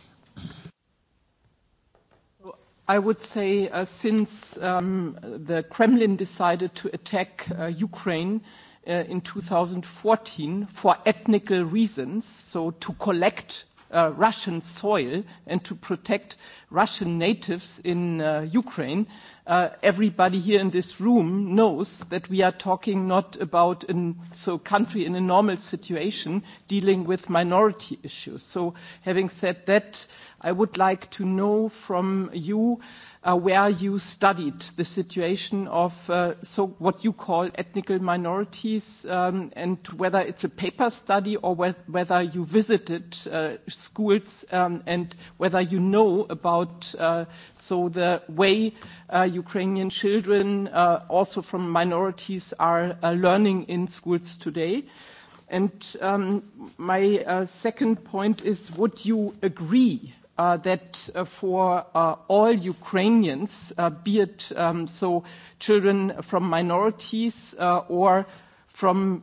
I would say uh, since um, the Kremlin decided to attack uh, Ukraine, uh, uh, in 2014 for ethnical reasons, so to collect uh, Russian soil and to protect Russian natives in uh, Ukraine. Uh, everybody here in this room knows that we are talking not about a so country in a normal situation dealing with minority issues. So having said that, I would like to know from you uh, where you studied the situation of uh, so what you call ethnic minorities um, and whether it's a paper study or whe whether you visited uh, schools um, and whether you know about uh, so the way uh, Ukrainian children uh, also from minorities are uh, learning in schools today. And um, my uh, second point is, would you agree uh, that uh, for uh, all Ukrainians, uh, be it um, so children from minorities uh, or from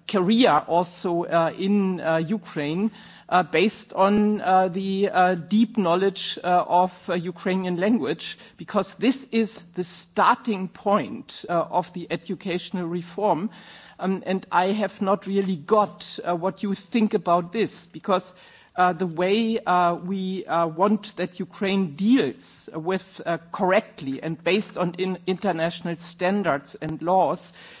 Korea also uh, in uh, Ukraine uh, based on uh, the uh, deep knowledge uh, of uh, Ukrainian language, because this is the starting point uh, of the educational reform. Um, and I have not really got uh, what you think about this, because uh, the way uh, we uh, want that Ukraine deals with uh, correctly and based on in international standards and laws uh,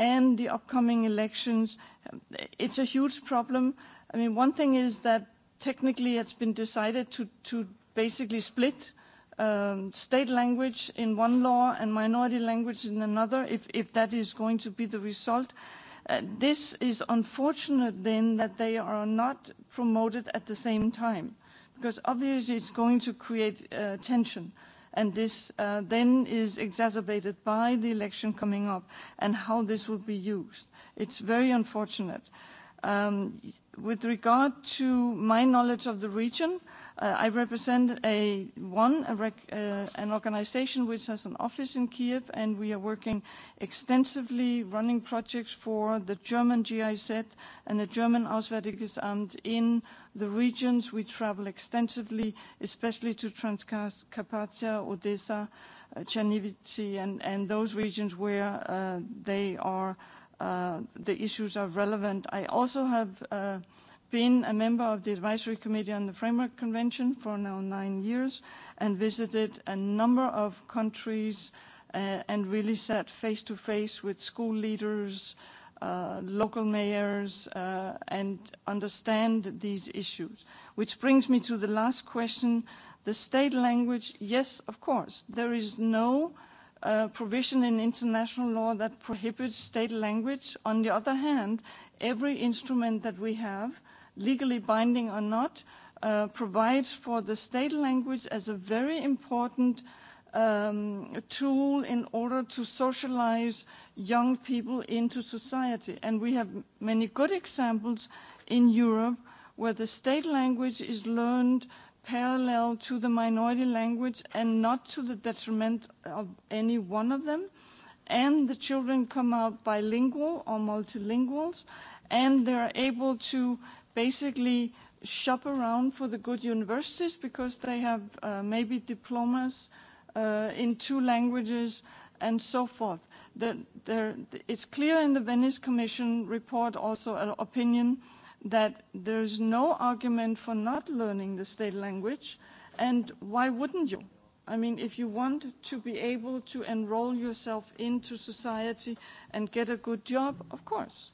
and the upcoming elections. It's a huge problem. I mean, one thing is that technically it's been decided to, to basically split um, state language in one law and minority language in another, if, if that is going to be the result. Uh, this is unfortunate then that they are not promoted at the same time, because obviously it's going to create uh, tension. Uh, and this uh, then is exacerbated by the election coming up and how this will be used. It's very unfortunate. Um, with regard to my knowledge of the region, uh, Uh, I represent a one a rec, uh, an organization which has an office in Kiev, and we are working extensively running projects for the German GIZ and the German Auswärtiges Amt in the regions. We travel extensively, especially to Transcarpathia, Odessa, uh, Chernivtsi, and, and those regions where uh, they are uh, the issues are relevant. I also have. Uh, been a member of the Advisory Committee on the Framework Convention for now nine years and visited a number of countries uh, and really sat face to face with school leaders, uh, local mayors, uh, and understand these issues. Which brings me to the last question. The state language, yes, of course. There is no uh, provision in international law that prohibits state language. On the other hand, every instrument that we have – legally binding or not, uh, provides for the state language as a very important um, tool in order to socialize young people into society. And we have many good examples in Europe where the state language is learned parallel to the minority language and not to the detriment of any one of them. And the children come out bilingual or multilinguals, and they're able to uh, basically shop around for the good universities because they have uh, maybe diplomas uh, in two languages and so forth. There, there, it's clear in the Venice Commission report also an opinion that there is no argument for not learning the state language and why wouldn't you? I mean, if you want to be able to enroll yourself into society and get a good job, of course.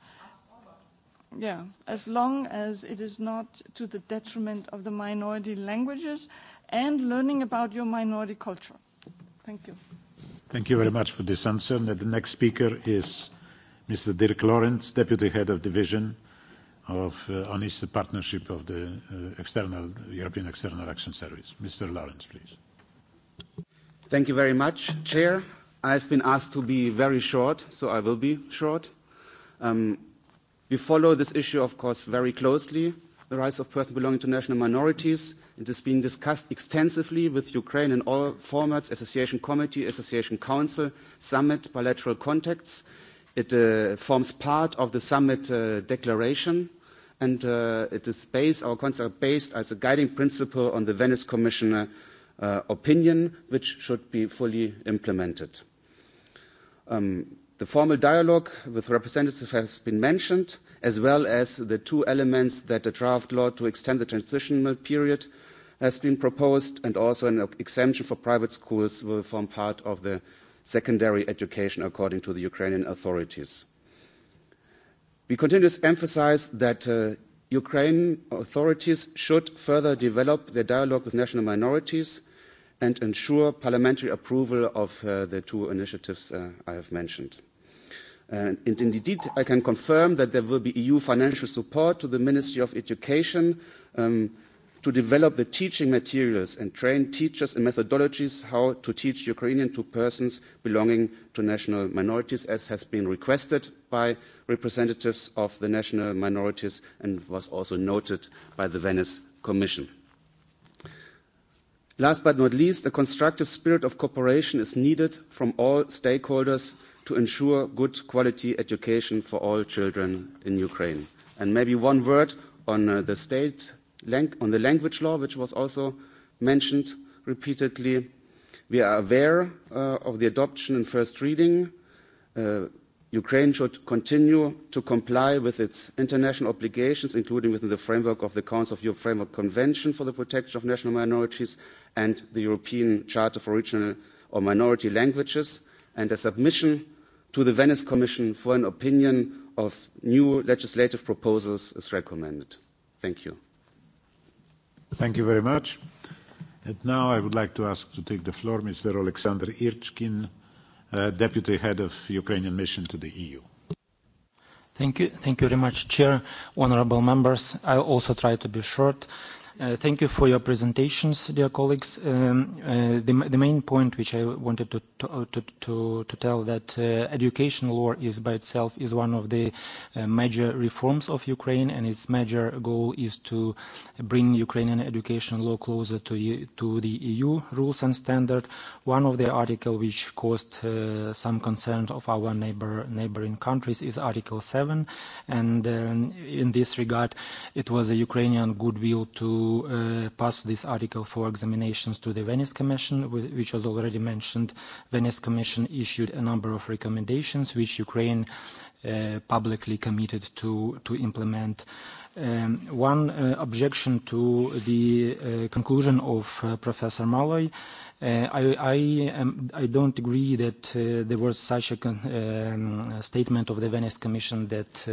Yeah, as long as it is not to the detriment of the minority languages and learning about your minority culture. Thank you. Thank you very much for this answer. And the next speaker is Mr. Dirk Lawrence, Deputy Head of Division of uh, on Eastern Partnership of the uh, external, European External Action Service. Mr. Lawrence, please. Thank you very much, Chair. I've been asked to be very short, so I will be short. Um, We follow this issue, of course, very closely. The rights of persons belonging to national minorities. It is being discussed extensively with Ukraine in all formats, association committee, association council, summit, bilateral contacts. It uh, forms part of the summit uh, declaration, and uh, it is based, our concept based as a guiding principle on the Venice Commission uh, opinion, which should be fully implemented. Um, The formal dialogue with representatives has been mentioned, as well as the two elements that the draft law to extend the transitional period has been proposed, and also an e-, exemption for private schools will form part of the secondary education according to the Ukrainian authorities. We continue to emphasize that uh, Ukrainian authorities should further develop their dialogue with national minorities and ensure parliamentary approval of uh, the two initiatives uh, I have mentioned. Uh, and indeed, I can confirm that there will be EU financial support to the Ministry of Education um, to develop the teaching materials and train teachers in methodologies how to teach Ukrainian to persons belonging to national minorities, as has been requested by representatives of the national minorities and was also noted by the Venice Commission. Last but not least, a constructive spirit of cooperation is needed from all stakeholders – to ensure good quality education for all children in Ukraine. And maybe one word on uh, the state, on the language law, which was also mentioned repeatedly. We are aware uh, of the adoption in first reading. Uh, Ukraine should continue to comply with its international obligations, including within the framework of the Council of Europe Framework Convention for the Protection of National Minorities and the European Charter for Regional or Minority Languages. And a submission to the Venice Commission for an opinion of new legislative proposals is recommended. Thank you. Thank you very much. And now I would like to ask to take the floor Mr. Oleksandr Irchkin, uh, Deputy Head of Ukrainian Mission to the EU. Thank you. Thank you very much, Chair, honorable members. I'll also try to be short. Uh, Uh, thank you for your presentations, dear colleagues. Um, uh, the, the main point which I wanted to, uh, to, to, to tell that uh, education law is by itself is one of the uh, major reforms of Ukraine, and its major goal is to bring Ukrainian education law closer to e, the EU rules and standard. One of the article which caused uh, some concern of our neighbor, neighboring countries is Article 7. And, um, in this regard, it was a Ukrainian goodwill to to uh, pass this article for examinations to the Venice Commission, which was already mentioned. Venice Commission issued a number of recommendations, which Ukraine uh, publicly committed to, to implement. Um, one uh, objection to the uh, conclusion of uh, Professor Malloy Uh, I, I, um, I don't agree that uh, there was such a con um, a statement of the Venice Commission that uh,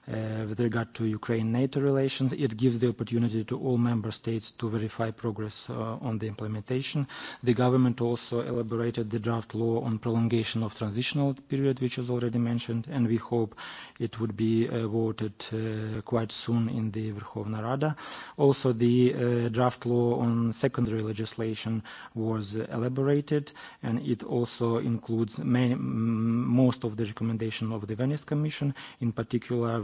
Uh, with regard to Ukraine-NATO relations. It gives the opportunity to all member states to verify progress uh, on the implementation. The government also elaborated the draft law on prolongation of transitional period, which is already mentioned, and we hope it would be uh, voted uh, quite soon in the Verkhovna Rada. Also, the uh, draft law on secondary legislation was elaborated, and it also includes many, most of the recommendation of the Venice Commission, in particular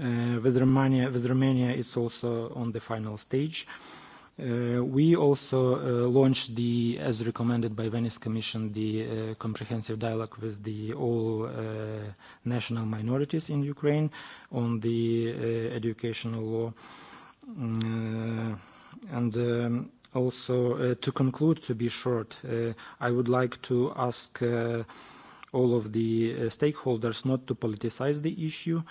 Uh, with Romania, with Romania, it's also on the final stage. Uh, we also uh, launched the, as recommended by Venice Commission, the uh, comprehensive dialogue with the all uh, national minorities in Ukraine on the uh, educational law. Uh, and um, also, uh, to conclude, to be short, uh, I would like to ask uh, all of the uh, stakeholders not to politicize the issue. Uh,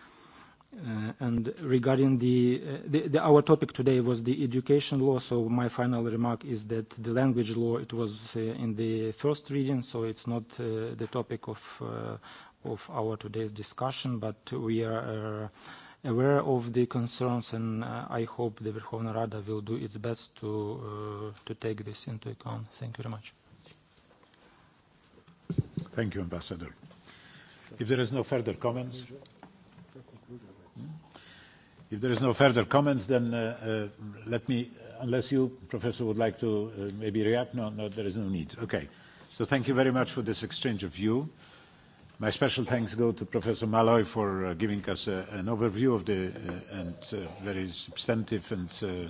Uh, and regarding the, uh, the, the, our topic today was the education law, so my final remark is that the language law, it was uh, in the first reading, so it's not uh, the topic of, uh, of our today's discussion, but we are uh, aware of the concerns and uh, I hope the Verkhovna Rada will do its best to, uh, to take this into account. Thank you very much. Thank you, Ambassador. If there is no further comments, If there is no further comments, then uh, uh, let me, unless you, Professor, would like to uh, maybe react. No, no, there is no need. Okay. So thank you very much for this exchange of view. My special thanks go to Professor Malloy for uh, giving us uh, an overview of the uh, and uh, very substantive and uh,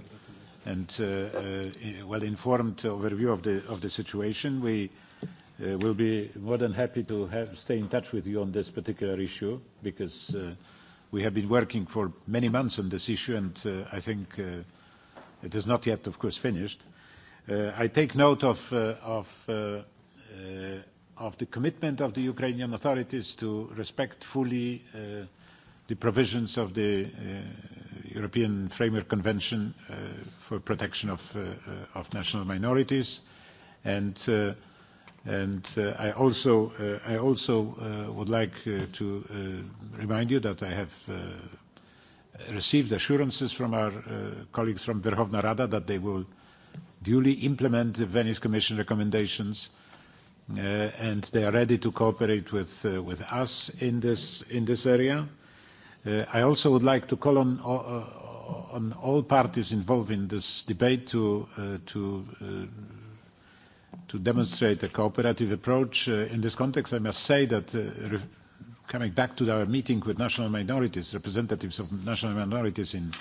and uh, uh, well-informed overview of the of the situation. We uh, will be more than happy to have, stay in touch with you on this particular issue because uh, We have been working for many months on this issue, and uh, I think uh, it is not yet, of course, finished. Uh, I take note of, uh, of, uh, uh, of the commitment of the Ukrainian authorities to respect fully the provisions of the European Framework Convention for Protection of, of National Minorities. And, And uh, I also, uh, I also uh, would like uh, to uh, remind you that I have uh, received assurances from our uh, colleagues from Verkhovna Rada that they will duly implement the Venice Commission recommendations, uh, and they are ready to cooperate with, uh, with us in this, in this area. Uh, I also would like to call on, uh, on all parties involved in this debate to, uh, to uh, to demonstrate a cooperative approach. Uh, in this context, I must say that uh, coming back to our meeting with national minorities, representatives of national minorities in,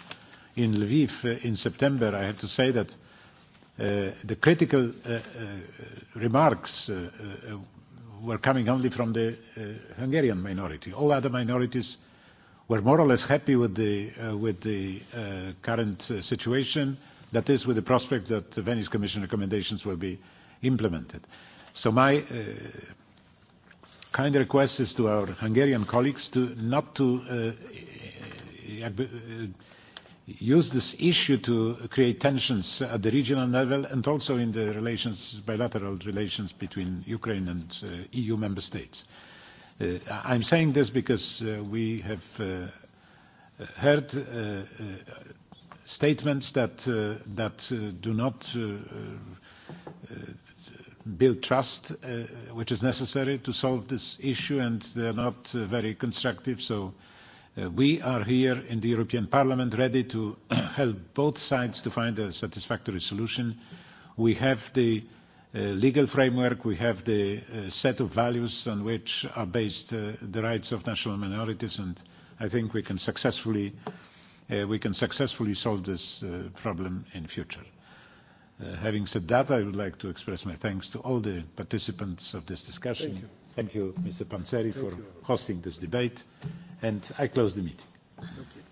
in Lviv uh, in September, I have to say that uh, the critical uh, uh, remarks uh, uh, were coming only from the uh, Hungarian minority. All other minorities were more or less happy with the, uh, with the uh, current uh, situation, that is, with the prospect that the Venice Commission recommendations will be uh, implemented. So my uh, kind request is to our Hungarian colleagues to not to uh, uh, use this issue to create tensions at the regional level and also in the relations, bilateral relations between Ukraine and uh, EU member states. Uh, I'm saying this because uh, we have uh, heard uh, uh, statements that, uh, that uh, do not uh, uh, build trust, uh, which is necessary to solve this issue, and they are not uh, very constructive. So uh, we are here in the European Parliament ready to (clears throat) help both sides to find a satisfactory solution. We have the uh, legal framework, we have the uh, set of values on which are based uh, the rights of national minorities, and I think we can successfully, uh, we can successfully solve this uh, problem in future. Uh, having said that, I would like to express my thanks to all the participants of this discussion. Thank you, Thank you Mr. Panzeri, Thank for you. hosting this debate. And I close the meeting. Thank you.